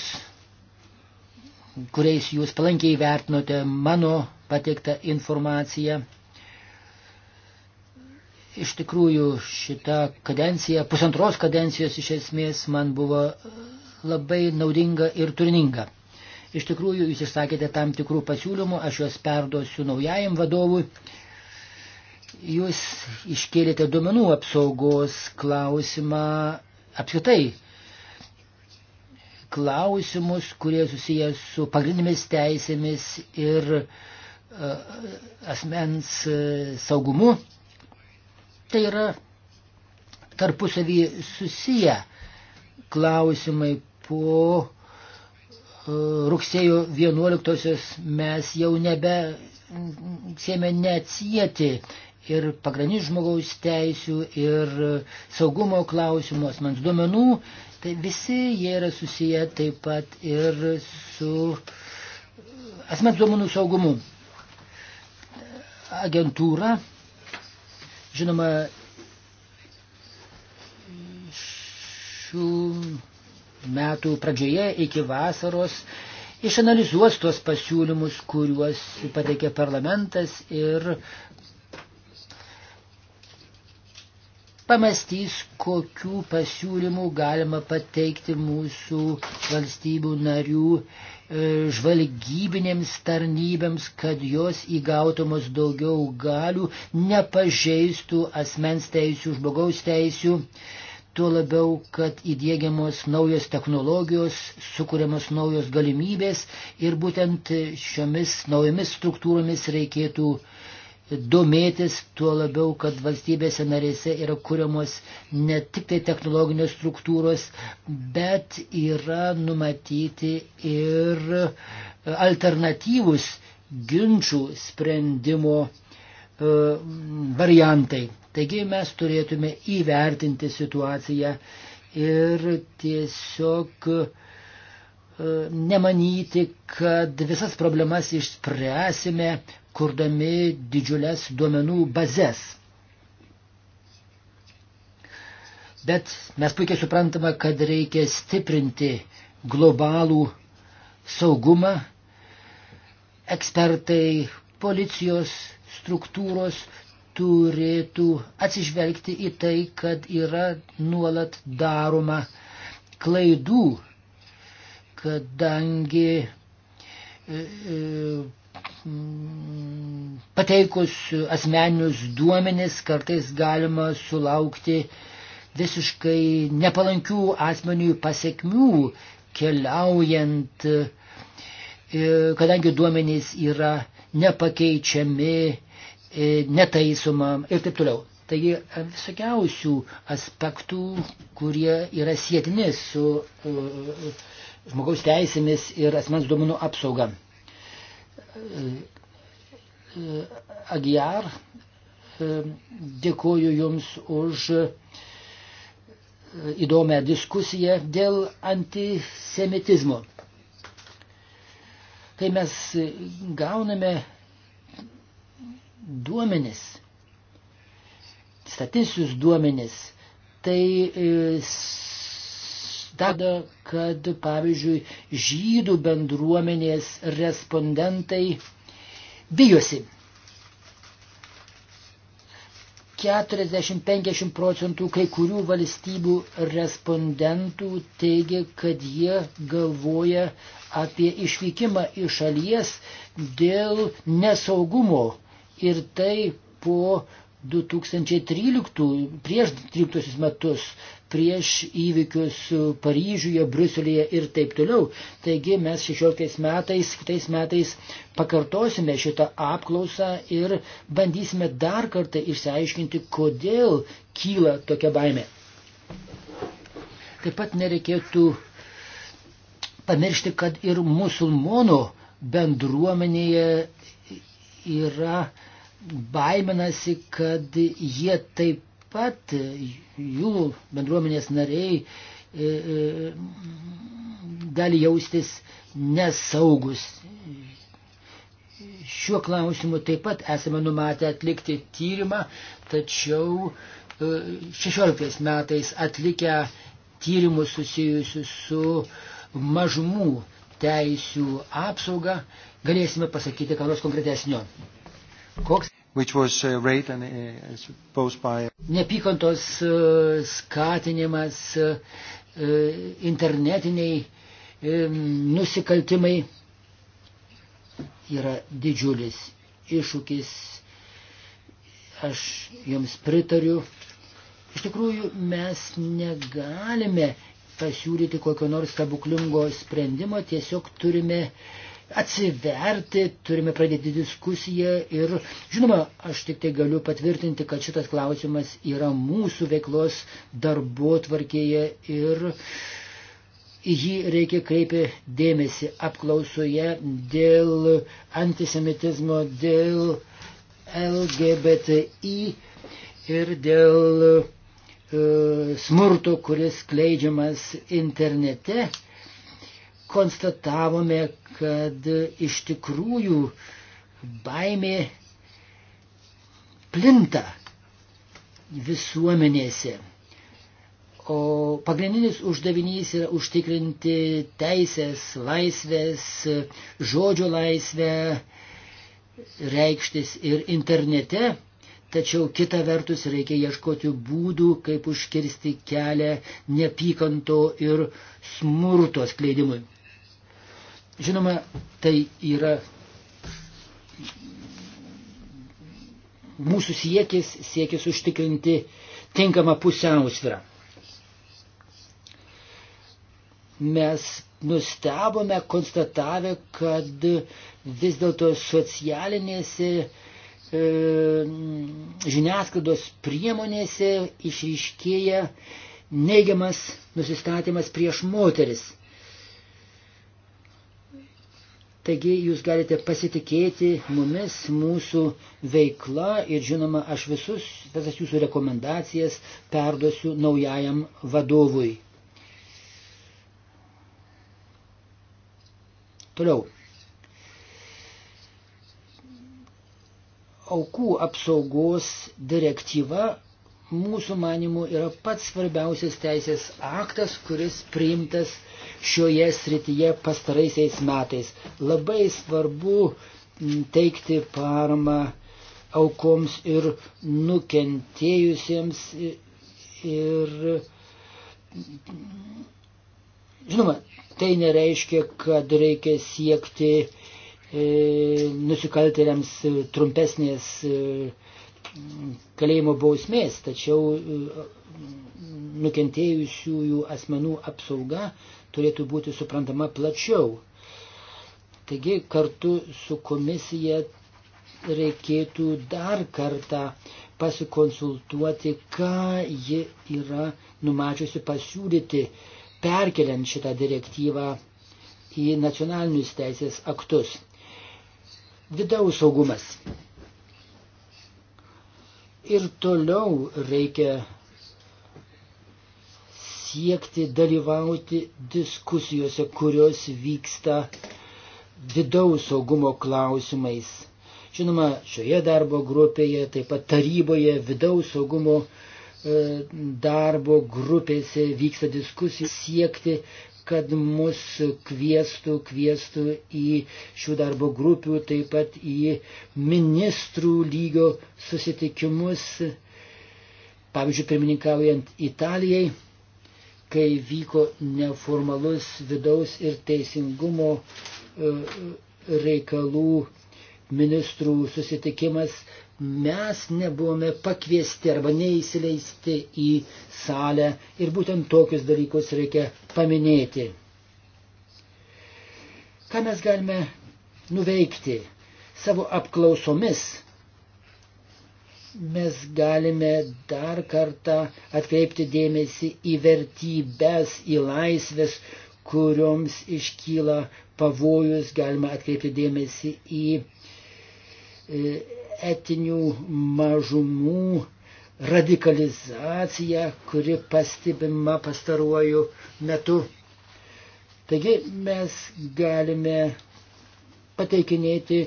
kuriais jūs palankiai vertinote mano pateiktą informaciją. Iš tikrųjų, šita kadencija, pusantros kadencijos iš esmės man buvo labai naudinga ir turininga. Iš tikrųjų, jūs išsakėte tam tikrų pasiūlymų, aš juos perduosiu naujajam vadovui. Jūs iškėlėte duomenų apsaugos klausimą apskritai. Klausimus, kurie susijęs su pagrindinėmis teisėmis ir uh, asmens uh, saugumu. Tai yra tarpusavį susiję klausimai po uh, rugsėjo 11 mes jau nebe sieme neatsijėti ir pagrindinių žmogaus teisių, ir e, saugumo klausimų, asmens duomenų, tai visi jie yra susiję taip pat ir su e, asmens duomenų saugumu. Agentūra, žinoma, šių metų pradžioje iki vasaros išanalizuos tuos pasiūlymus, kuriuos pateikė parlamentas ir pamastys, kokių pasiūlymų galima pateikti mūsų valstybių narių e, žvalgybinėms tarnybėms, kad jos įgautomos daugiau galių nepažeistų asmens teisių, žmogaus teisių, tuo labiau, kad įdėgiamos naujos technologijos, sukūriamos naujos galimybės ir būtent šiomis naujomis struktūromis reikėtų uh, domėtis, tuo labiau, kad valstybėse narėse yra kuriamos ne tik tai technologinės struktūros, bet yra numatyti ir alternatyvus ginčių sprendimo e, variantai. Taigi mes turėtume įvertinti situaciją ir tiesiog uh, nemanyti, kad visas problemas išspręsime, kurdami didžiulės duomenų bazės. Bet mes puikiai suprantame, kad reikia stiprinti globalų saugumą. Ekspertai, policijos struktūros turėtų atsižvelgti į tai, kad yra nuolat daroma klaidų kadangi e, e, pateikus asmeninius duomenis kartais galima sulaukti visiškai nepalankių asmenių pasiekmių keliaujant, e, kadangi duomenys yra nepakeičiami, netaisoma ir taip toliau. Taigi visokiausių aspektų, kurie yra sėtini su uh, žmogaus teisėmis ir asmens duomenų apsauga. Agijar, dėkoju Jums už įdomią diskusiją dėl antisemitizmo. Kai mes gauname duomenis, statistinius duomenis, tai e, tada, kad pavyzdžiui žydų bendruomenės respondentai bijosi. 40-50 procentų kai kurių valstybių respondentų teigia, kad jie galvoja apie išvykimą iš šalies dėl nesaugumo ir tai po 2013, prieš 13 metus, prieš įvykius Paryžiuje, Bruselėje ir taip toliau. Taigi mes 16 metais, kitais metais pakartosime šitą apklausą ir bandysime dar kartą išsiaiškinti, kodėl kyla tokia baimė. Taip pat nereikėtų pamiršti, kad ir musulmonų bendruomenėje yra uh, baiminasi, kad jie taip pat, jų bendruomenės nariai, e, e, gali jaustis nesaugus. Šiuo klausimu taip pat esame numatę atlikti tyrimą, tačiau 16 e, metais atlikę tyrimus susijusius su mažumų teisių apsauga galėsime pasakyti ką nors konkretesnio. Koks? Uh, uh, by... Nepykantos uh, skatinimas, internetiniai um, nusikaltimai yra didžiulis iššūkis. Aš jums pritariu. Iš tikrųjų, mes negalime pasiūlyti kokio nors stebuklingo sprendimo, tiesiog turime uh, atsiverti, turime pradėti diskusiją ir, žinoma, aš tik tai galiu patvirtinti, kad šitas klausimas yra mūsų veiklos darbo tvarkėje ir į jį reikia kreipti dėmesį apklausoje dėl antisemitizmo, dėl LGBTI ir dėl e, smurto, kuris kleidžiamas internete konstatavome, kad iš tikrųjų baimė plinta visuomenėse. O pagrindinis uždavinys yra užtikrinti teisės, laisvės, žodžio laisvę, reikštis ir internete. Tačiau kita vertus reikia ieškoti būdų, kaip užkirsti kelią neapykanto ir smurto skleidimui. Žinoma, tai yra mūsų siekis, siekis užtikrinti tinkamą pusiausvyrą. Mes nustebome konstatavę, kad vis dėlto socialinėse e, žiniasklaidos priemonėse išryškėja neigiamas nusistatymas prieš moteris. Taigi jūs galite pasitikėti mumis, mūsų veikla ir žinoma, aš visus, visas jūsų rekomendacijas perduosiu naujajam vadovui. Toliau. Aukų apsaugos direktyva mūsų manimų yra pats svarbiausias teisės aktas, kuris priimtas šioje srityje pastaraisiais metais. Labai svarbu teikti paramą aukoms ir nukentėjusiems ir žinoma, tai nereiškia, kad reikia siekti e, nusikaltėliams trumpesnės e, kalėjimo bausmės, tačiau e, nukentėjusiųjų asmenų apsauga turėtų būti suprantama plačiau. Taigi kartu su komisija reikėtų dar kartą pasikonsultuoti, ką ji yra numačiusi pasiūlyti, perkeliant šitą direktyvą į nacionalinius teisės aktus. Vidaus saugumas ir toliau reikia siekti dalyvauti diskusijose, kurios vyksta vidaus saugumo klausimais. Žinoma, šioje darbo grupėje, taip pat taryboje, vidaus saugumo e, darbo grupėse vyksta diskusija siekti kad mus kvieštų, kvieštų į šių darbo grupių, taip pat į ministrų lygio susitikimus, pavyzdžiui, pirmininkaujant Italijai, kai vyko neformalus vidaus ir teisingumo e, reikalų ministrų susitikimas, mes nebuvome pakviesti arba neįsileisti į salę ir būtent tokius dalykus reikia paminėti. Ką mes galime nuveikti savo apklausomis? Mes galime dar kartą atkreipti dėmesį į vertybės, į laisvės, kurioms iškyla pavojus, galima atkreipti dėmesį į e, etinių mažumų radikalizacija, kuri pastebima pastaruoju metu. Taigi mes galime pateikinėti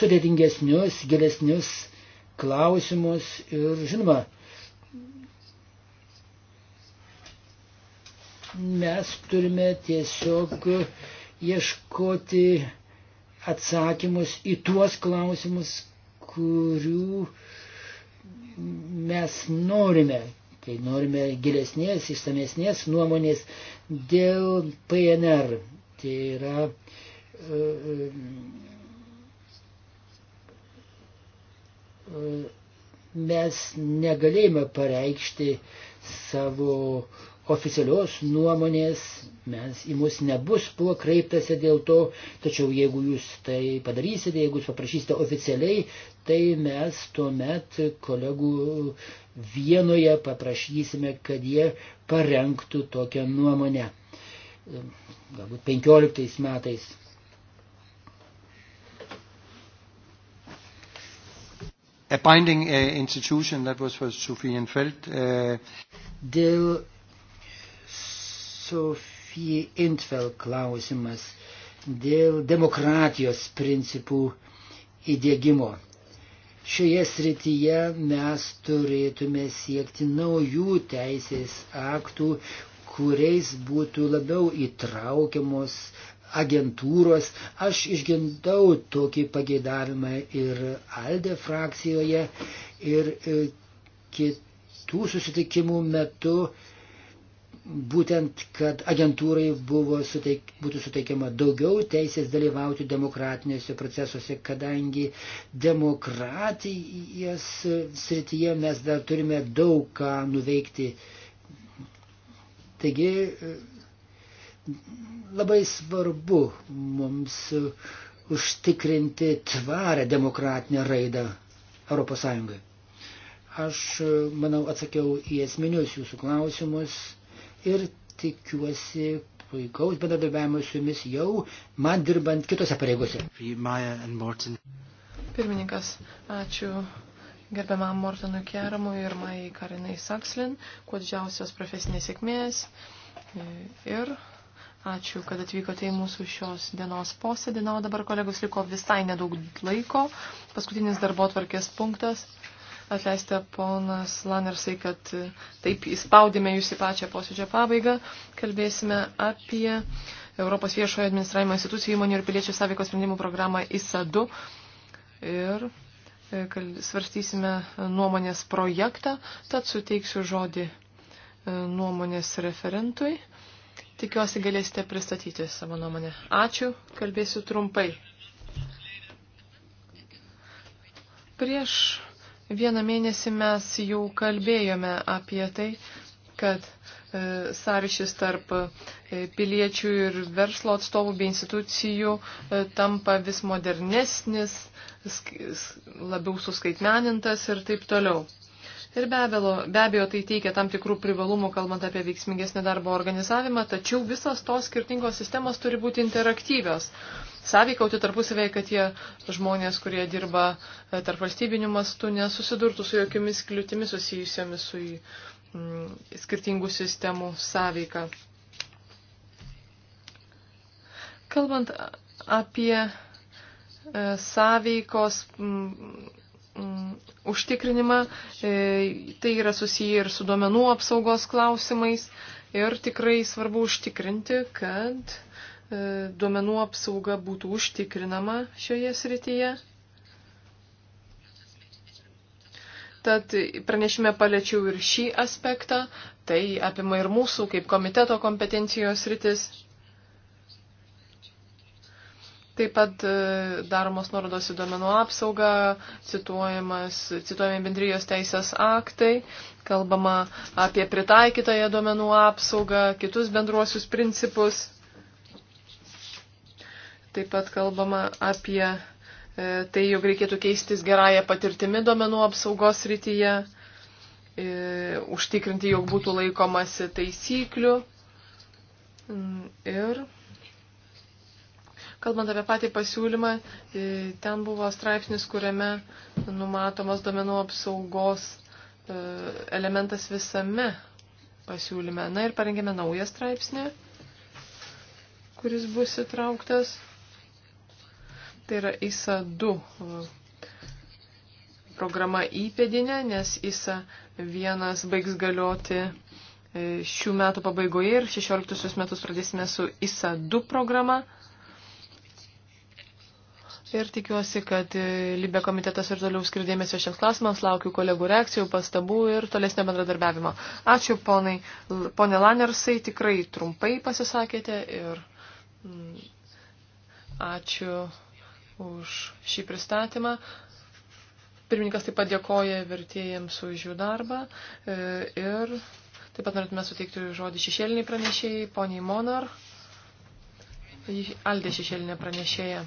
sudėtingesnius, gilesnius klausimus ir žinoma, mes turime tiesiog ieškoti atsakymus į tuos klausimus, kurių mes norime, kai norime gilesnės, išsamesnės nuomonės dėl PNR. Tai yra e, e, mes negalėjome pareikšti savo e, oficialios nuomonės mes į mus nebus buvo kreiptasi dėl to, tačiau jeigu jūs tai padarysite, jeigu jūs paprašysite oficialiai, tai mes tuomet kolegų vienoje paprašysime, kad jie parengtų tokią nuomonę. Galbūt 15 metais. A binding uh, institution that was for Sophie Infeld. Uh... Dėl Sofie Intvel klausimas dėl demokratijos principų įdėgymo. Šioje srityje mes turėtume siekti naujų teisės aktų, kuriais būtų labiau įtraukiamos agentūros. Aš išgindau tokį pageidavimą ir Alde frakcijoje ir e, kitų susitikimų metu būtent, kad agentūrai buvo suteik, būtų suteikiama daugiau teisės dalyvauti demokratinėse procesuose, kadangi demokratijos srityje mes dar turime daug ką nuveikti. Taigi labai svarbu mums užtikrinti tvarę demokratinę raidą Europos Sąjungoje. Aš, manau, atsakiau į esminius jūsų klausimus ir tikiuosi puikaus bendradarbiavimo su jumis jau man dirbant kitose pareigose. Pirmininkas, ačiū gerbiamam Mortonui Keramui ir Majai Karinai Sakslin, kuo didžiausios profesinės sėkmės ir ačiū, kad atvykote į mūsų šios dienos posėdį. Na, o dabar kolegos liko visai nedaug laiko. Paskutinis darbo tvarkės punktas Atleiskite, ponas Lanersai, kad e, taip įspaudėme jūs į pačią posėdžio pabaigą. Kalbėsime apie Europos viešojo administravimo institucijų įmonių ir piliečių sąveikos sprendimų programą ISA2. Ir e, svarstysime nuomonės projektą, tad suteiksiu žodį e, nuomonės referentui. Tikiuosi galėsite pristatyti savo nuomonę. Ačiū, kalbėsiu trumpai. Prieš Vieną mėnesį mes jau kalbėjome apie tai, kad e, sąryšis tarp e, piliečių ir verslo atstovų bei institucijų e, tampa vis modernesnis, labiau suskaitmenintas ir taip toliau. Ir be abejo, be abejo, tai teikia tam tikrų privalumų, kalbant apie veiksmingesnį darbo organizavimą, tačiau visas tos skirtingos sistemos turi būti interaktyvios. Sąveikauti tarpusavėje, kad tie žmonės, kurie dirba e, tarp valstybinių mastų, nesusidurtų su jokiomis kliūtimis susijusiamis su mm, skirtingų sistemų sąveika. Kalbant apie e, sąveikos. Mm, Mm, užtikrinimą. E, tai yra susiję ir su duomenų apsaugos klausimais. Ir tikrai svarbu užtikrinti, kad e, duomenų apsauga būtų užtikrinama šioje srityje. Tad pranešime paliečiau ir šį aspektą, tai apima ir mūsų kaip komiteto kompetencijos rytis. Taip pat e, daromos nuorodos į duomenų apsaugą, cituojami bendrijos teisės aktai, kalbama apie pritaikytąją duomenų apsaugą, kitus bendruosius principus. Taip pat kalbama apie e, tai, jog reikėtų keistis gerąją patirtimi duomenų apsaugos rytyje, e, užtikrinti, jog būtų laikomasi taisyklių. Mm, ir Kalbant apie patį pasiūlymą, e, ten buvo straipsnis, kuriame numatomas domenų apsaugos e, elementas visame pasiūlyme. Na ir parengėme naują straipsnį, kuris bus įtrauktas. Tai yra ISA 2 e, programa įpėdinė, nes ISA 1 baigs galioti šių metų pabaigoje ir 16 metus pradėsime su ISA 2 programa. Ir tikiuosi, kad e, Libė komitetas ir toliau skirdėmėsio šiems klausimams, laukiu kolegų reakcijų, pastabų ir tolesnio bendradarbiavimo. Ačiū, ponai, ponė Lanersai, tikrai trumpai pasisakėte ir mm, ačiū už šį pristatymą. Pirmininkas taip pat dėkoja vertėjams už jų darbą e, ir taip pat norėtume suteikti žodį šešėliniai pranešėjai, poniai Monar, Aldė šešėlinė pranešėja.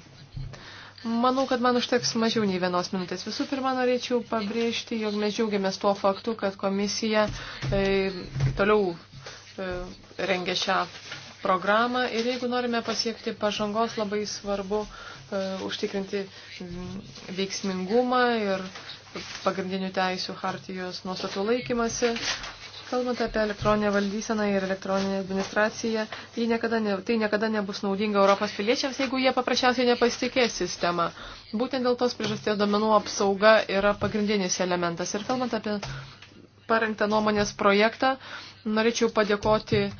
Manau, kad man užteks mažiau nei vienos minutės. Visų pirma, norėčiau pabrėžti, jog mes džiaugiamės tuo faktu, kad komisija e, toliau e, rengia šią programą ir jeigu norime pasiekti pažangos, labai svarbu e, užtikrinti veiksmingumą ir pagrindinių teisių hartijos nuostatų laikymasi. Kalbant apie elektroninę valdyseną ir elektroninę administraciją, tai niekada ne, tai niekada nebus naudinga Europos piliečiams, jeigu jie paprasčiausiai nepasitikės sistema. Būtent dėl tos priežasties domenų apsauga yra pagrindinis elementas. Ir kalbant apie parengtą nuomonės projektą, norėčiau padėkoti e,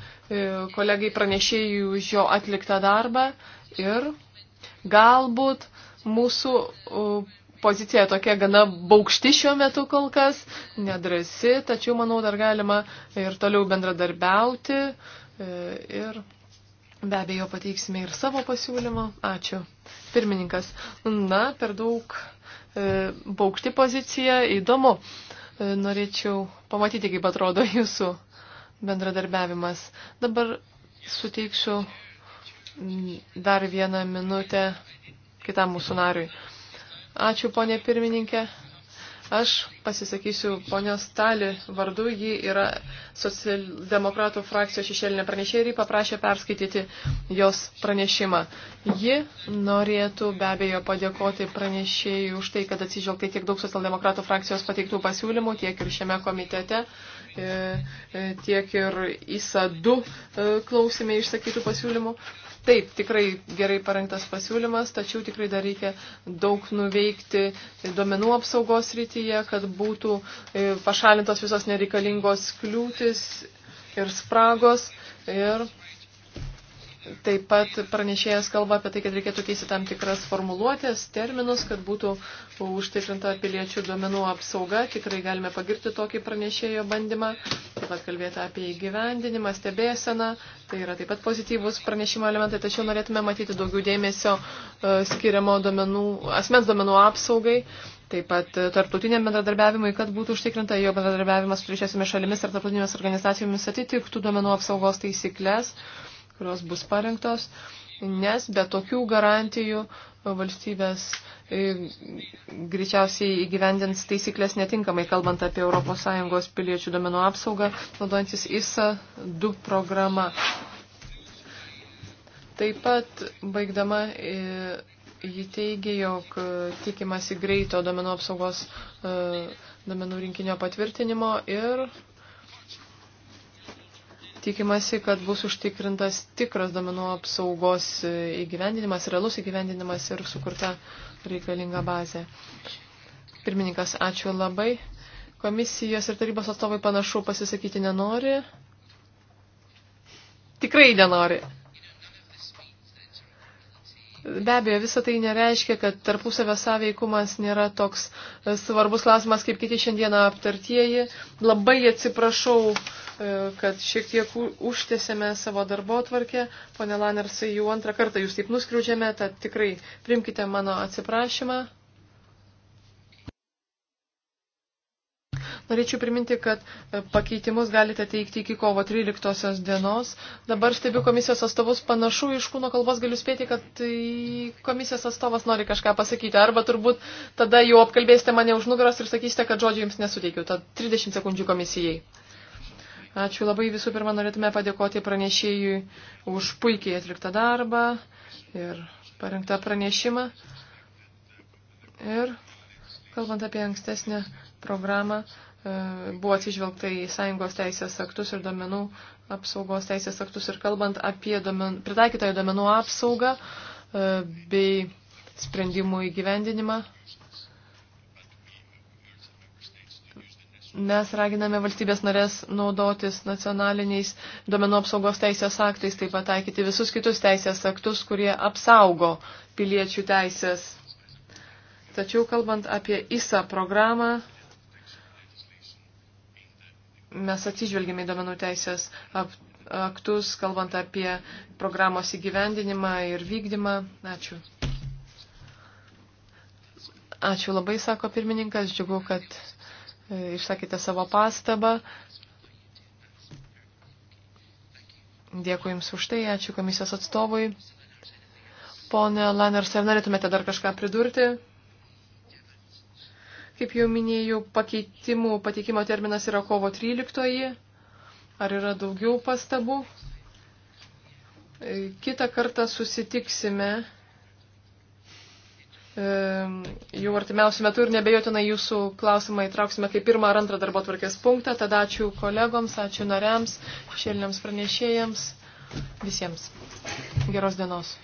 kolegai pranešėjui už jo atliktą darbą ir galbūt mūsų pozicija tokia gana baukšti šiuo metu kol kas, nedrasi, tačiau manau dar galima ir toliau bendradarbiauti e, ir be abejo pateiksime ir savo pasiūlymą. Ačiū. Pirmininkas, na, per daug e, baukšti pozicija, įdomu. E, norėčiau pamatyti, kaip atrodo jūsų bendradarbiavimas. Dabar suteiksiu dar vieną minutę kitam mūsų nariui. Ačiū, ponė pirmininkė. Aš pasisakysiu ponios Tali vardu, ji yra socialdemokratų frakcijos šešėlinė pranešė ir jį paprašė perskaityti jos pranešimą. Ji norėtų be abejo padėkoti pranešėjui už tai, kad atsižvelgtai tiek daug socialdemokratų frakcijos pateiktų pasiūlymų, tiek ir šiame komitete, e, e, tiek ir įsadų e, klausime išsakytų pasiūlymų. Taip, tikrai gerai parengtas pasiūlymas, tačiau tikrai dar reikia daug nuveikti duomenų apsaugos rytyje, kad būtų e, pašalintos visos nereikalingos kliūtis ir spragos. Ir Taip pat pranešėjas kalba apie tai, kad reikėtų keisti tam tikras formuluotės, terminus, kad būtų užtikrinta piliečių duomenų apsauga. Tikrai galime pagirti tokį pranešėjo bandymą. Taip pat kalbėti apie įgyvendinimą, stebėseną. Tai yra taip pat pozityvus pranešimo elementai, tačiau norėtume matyti daugiau dėmesio e, skiriamo duomenų, asmens duomenų apsaugai. Taip pat e, tarptautiniam bendradarbiavimui, kad būtų užtikrinta jo bendradarbiavimas su trečiosiamis šalimis ir tarptautinėmis organizacijomis atitiktų duomenų apsaugos taisyklės kurios bus parengtos, nes be tokių garantijų valstybės e, greičiausiai įgyvendins taisyklės netinkamai, kalbant apie ES piliečių domenų apsaugą, naudojantis ISA 2 programą. Taip pat, baigdama, e, ji teigia, jog tikimasi greito domenų apsaugos e, domenų rinkinio patvirtinimo ir Tikimasi, kad bus užtikrintas tikras domenų apsaugos įgyvendinimas, realus įgyvendinimas ir sukurta reikalinga bazė. Pirmininkas, ačiū labai. Komisijos ir tarybos atstovai panašu pasisakyti nenori. Tikrai nenori. Be abejo, visą tai nereiškia, kad tarpusavio sąveikumas nėra toks e, svarbus klausimas, kaip kiti šiandieną aptartieji. Labai atsiprašau, e, kad šiek tiek užtėsėme savo darbo tvarkę. Pone Lanersai, jau antrą kartą jūs taip nuskriūdžiame, tad tikrai primkite mano atsiprašymą. Norėčiau priminti, kad e, pakeitimus galite teikti iki kovo 13 dienos. Dabar stebiu komisijos atstovus panašu iš kūno kalbos, galiu spėti, kad tai komisijos atstovas nori kažką pasakyti. Arba turbūt tada jau apkalbėsite mane už nugaros ir sakysite, kad žodžių jums nesuteikiu. Tad 30 sekundžių komisijai. Ačiū labai visų pirma, norėtume padėkoti pranešėjui už puikiai atliktą darbą ir parengtą pranešimą. Ir kalbant apie ankstesnę programą, E, buvo atsižvelgta į sąjungos teisės aktus ir domenų apsaugos teisės aktus ir kalbant apie domen, pritaikytąją domenų apsaugą e, bei sprendimų įgyvendinimą. Mes raginame valstybės narės naudotis nacionaliniais domenų apsaugos teisės aktais, taip pat taikyti visus kitus teisės aktus, kurie apsaugo piliečių teisės. Tačiau kalbant apie ISA programą, mes atsižvelgėme į domenų teisės aktus, kalbant apie programos įgyvendinimą ir vykdymą. Ačiū. Ačiū labai, sako pirmininkas. Džiugu, kad e, išsakėte savo pastabą. Dėkui Jums už tai. Ačiū komisijos atstovui. Pone Laners, ar norėtumėte dar kažką pridurti? Kaip jau minėjau, pakeitimų pateikimo terminas yra kovo 13. Ar yra daugiau pastabų? Kita kartą susitiksime jau artimiausių metų ir nebejotinai jūsų klausimą įtrauksime kaip pirmą ar antrą darbo tvarkės punktą. Tada ačiū kolegoms, ačiū nariams, šėliniams pranešėjams, visiems. Geros dienos.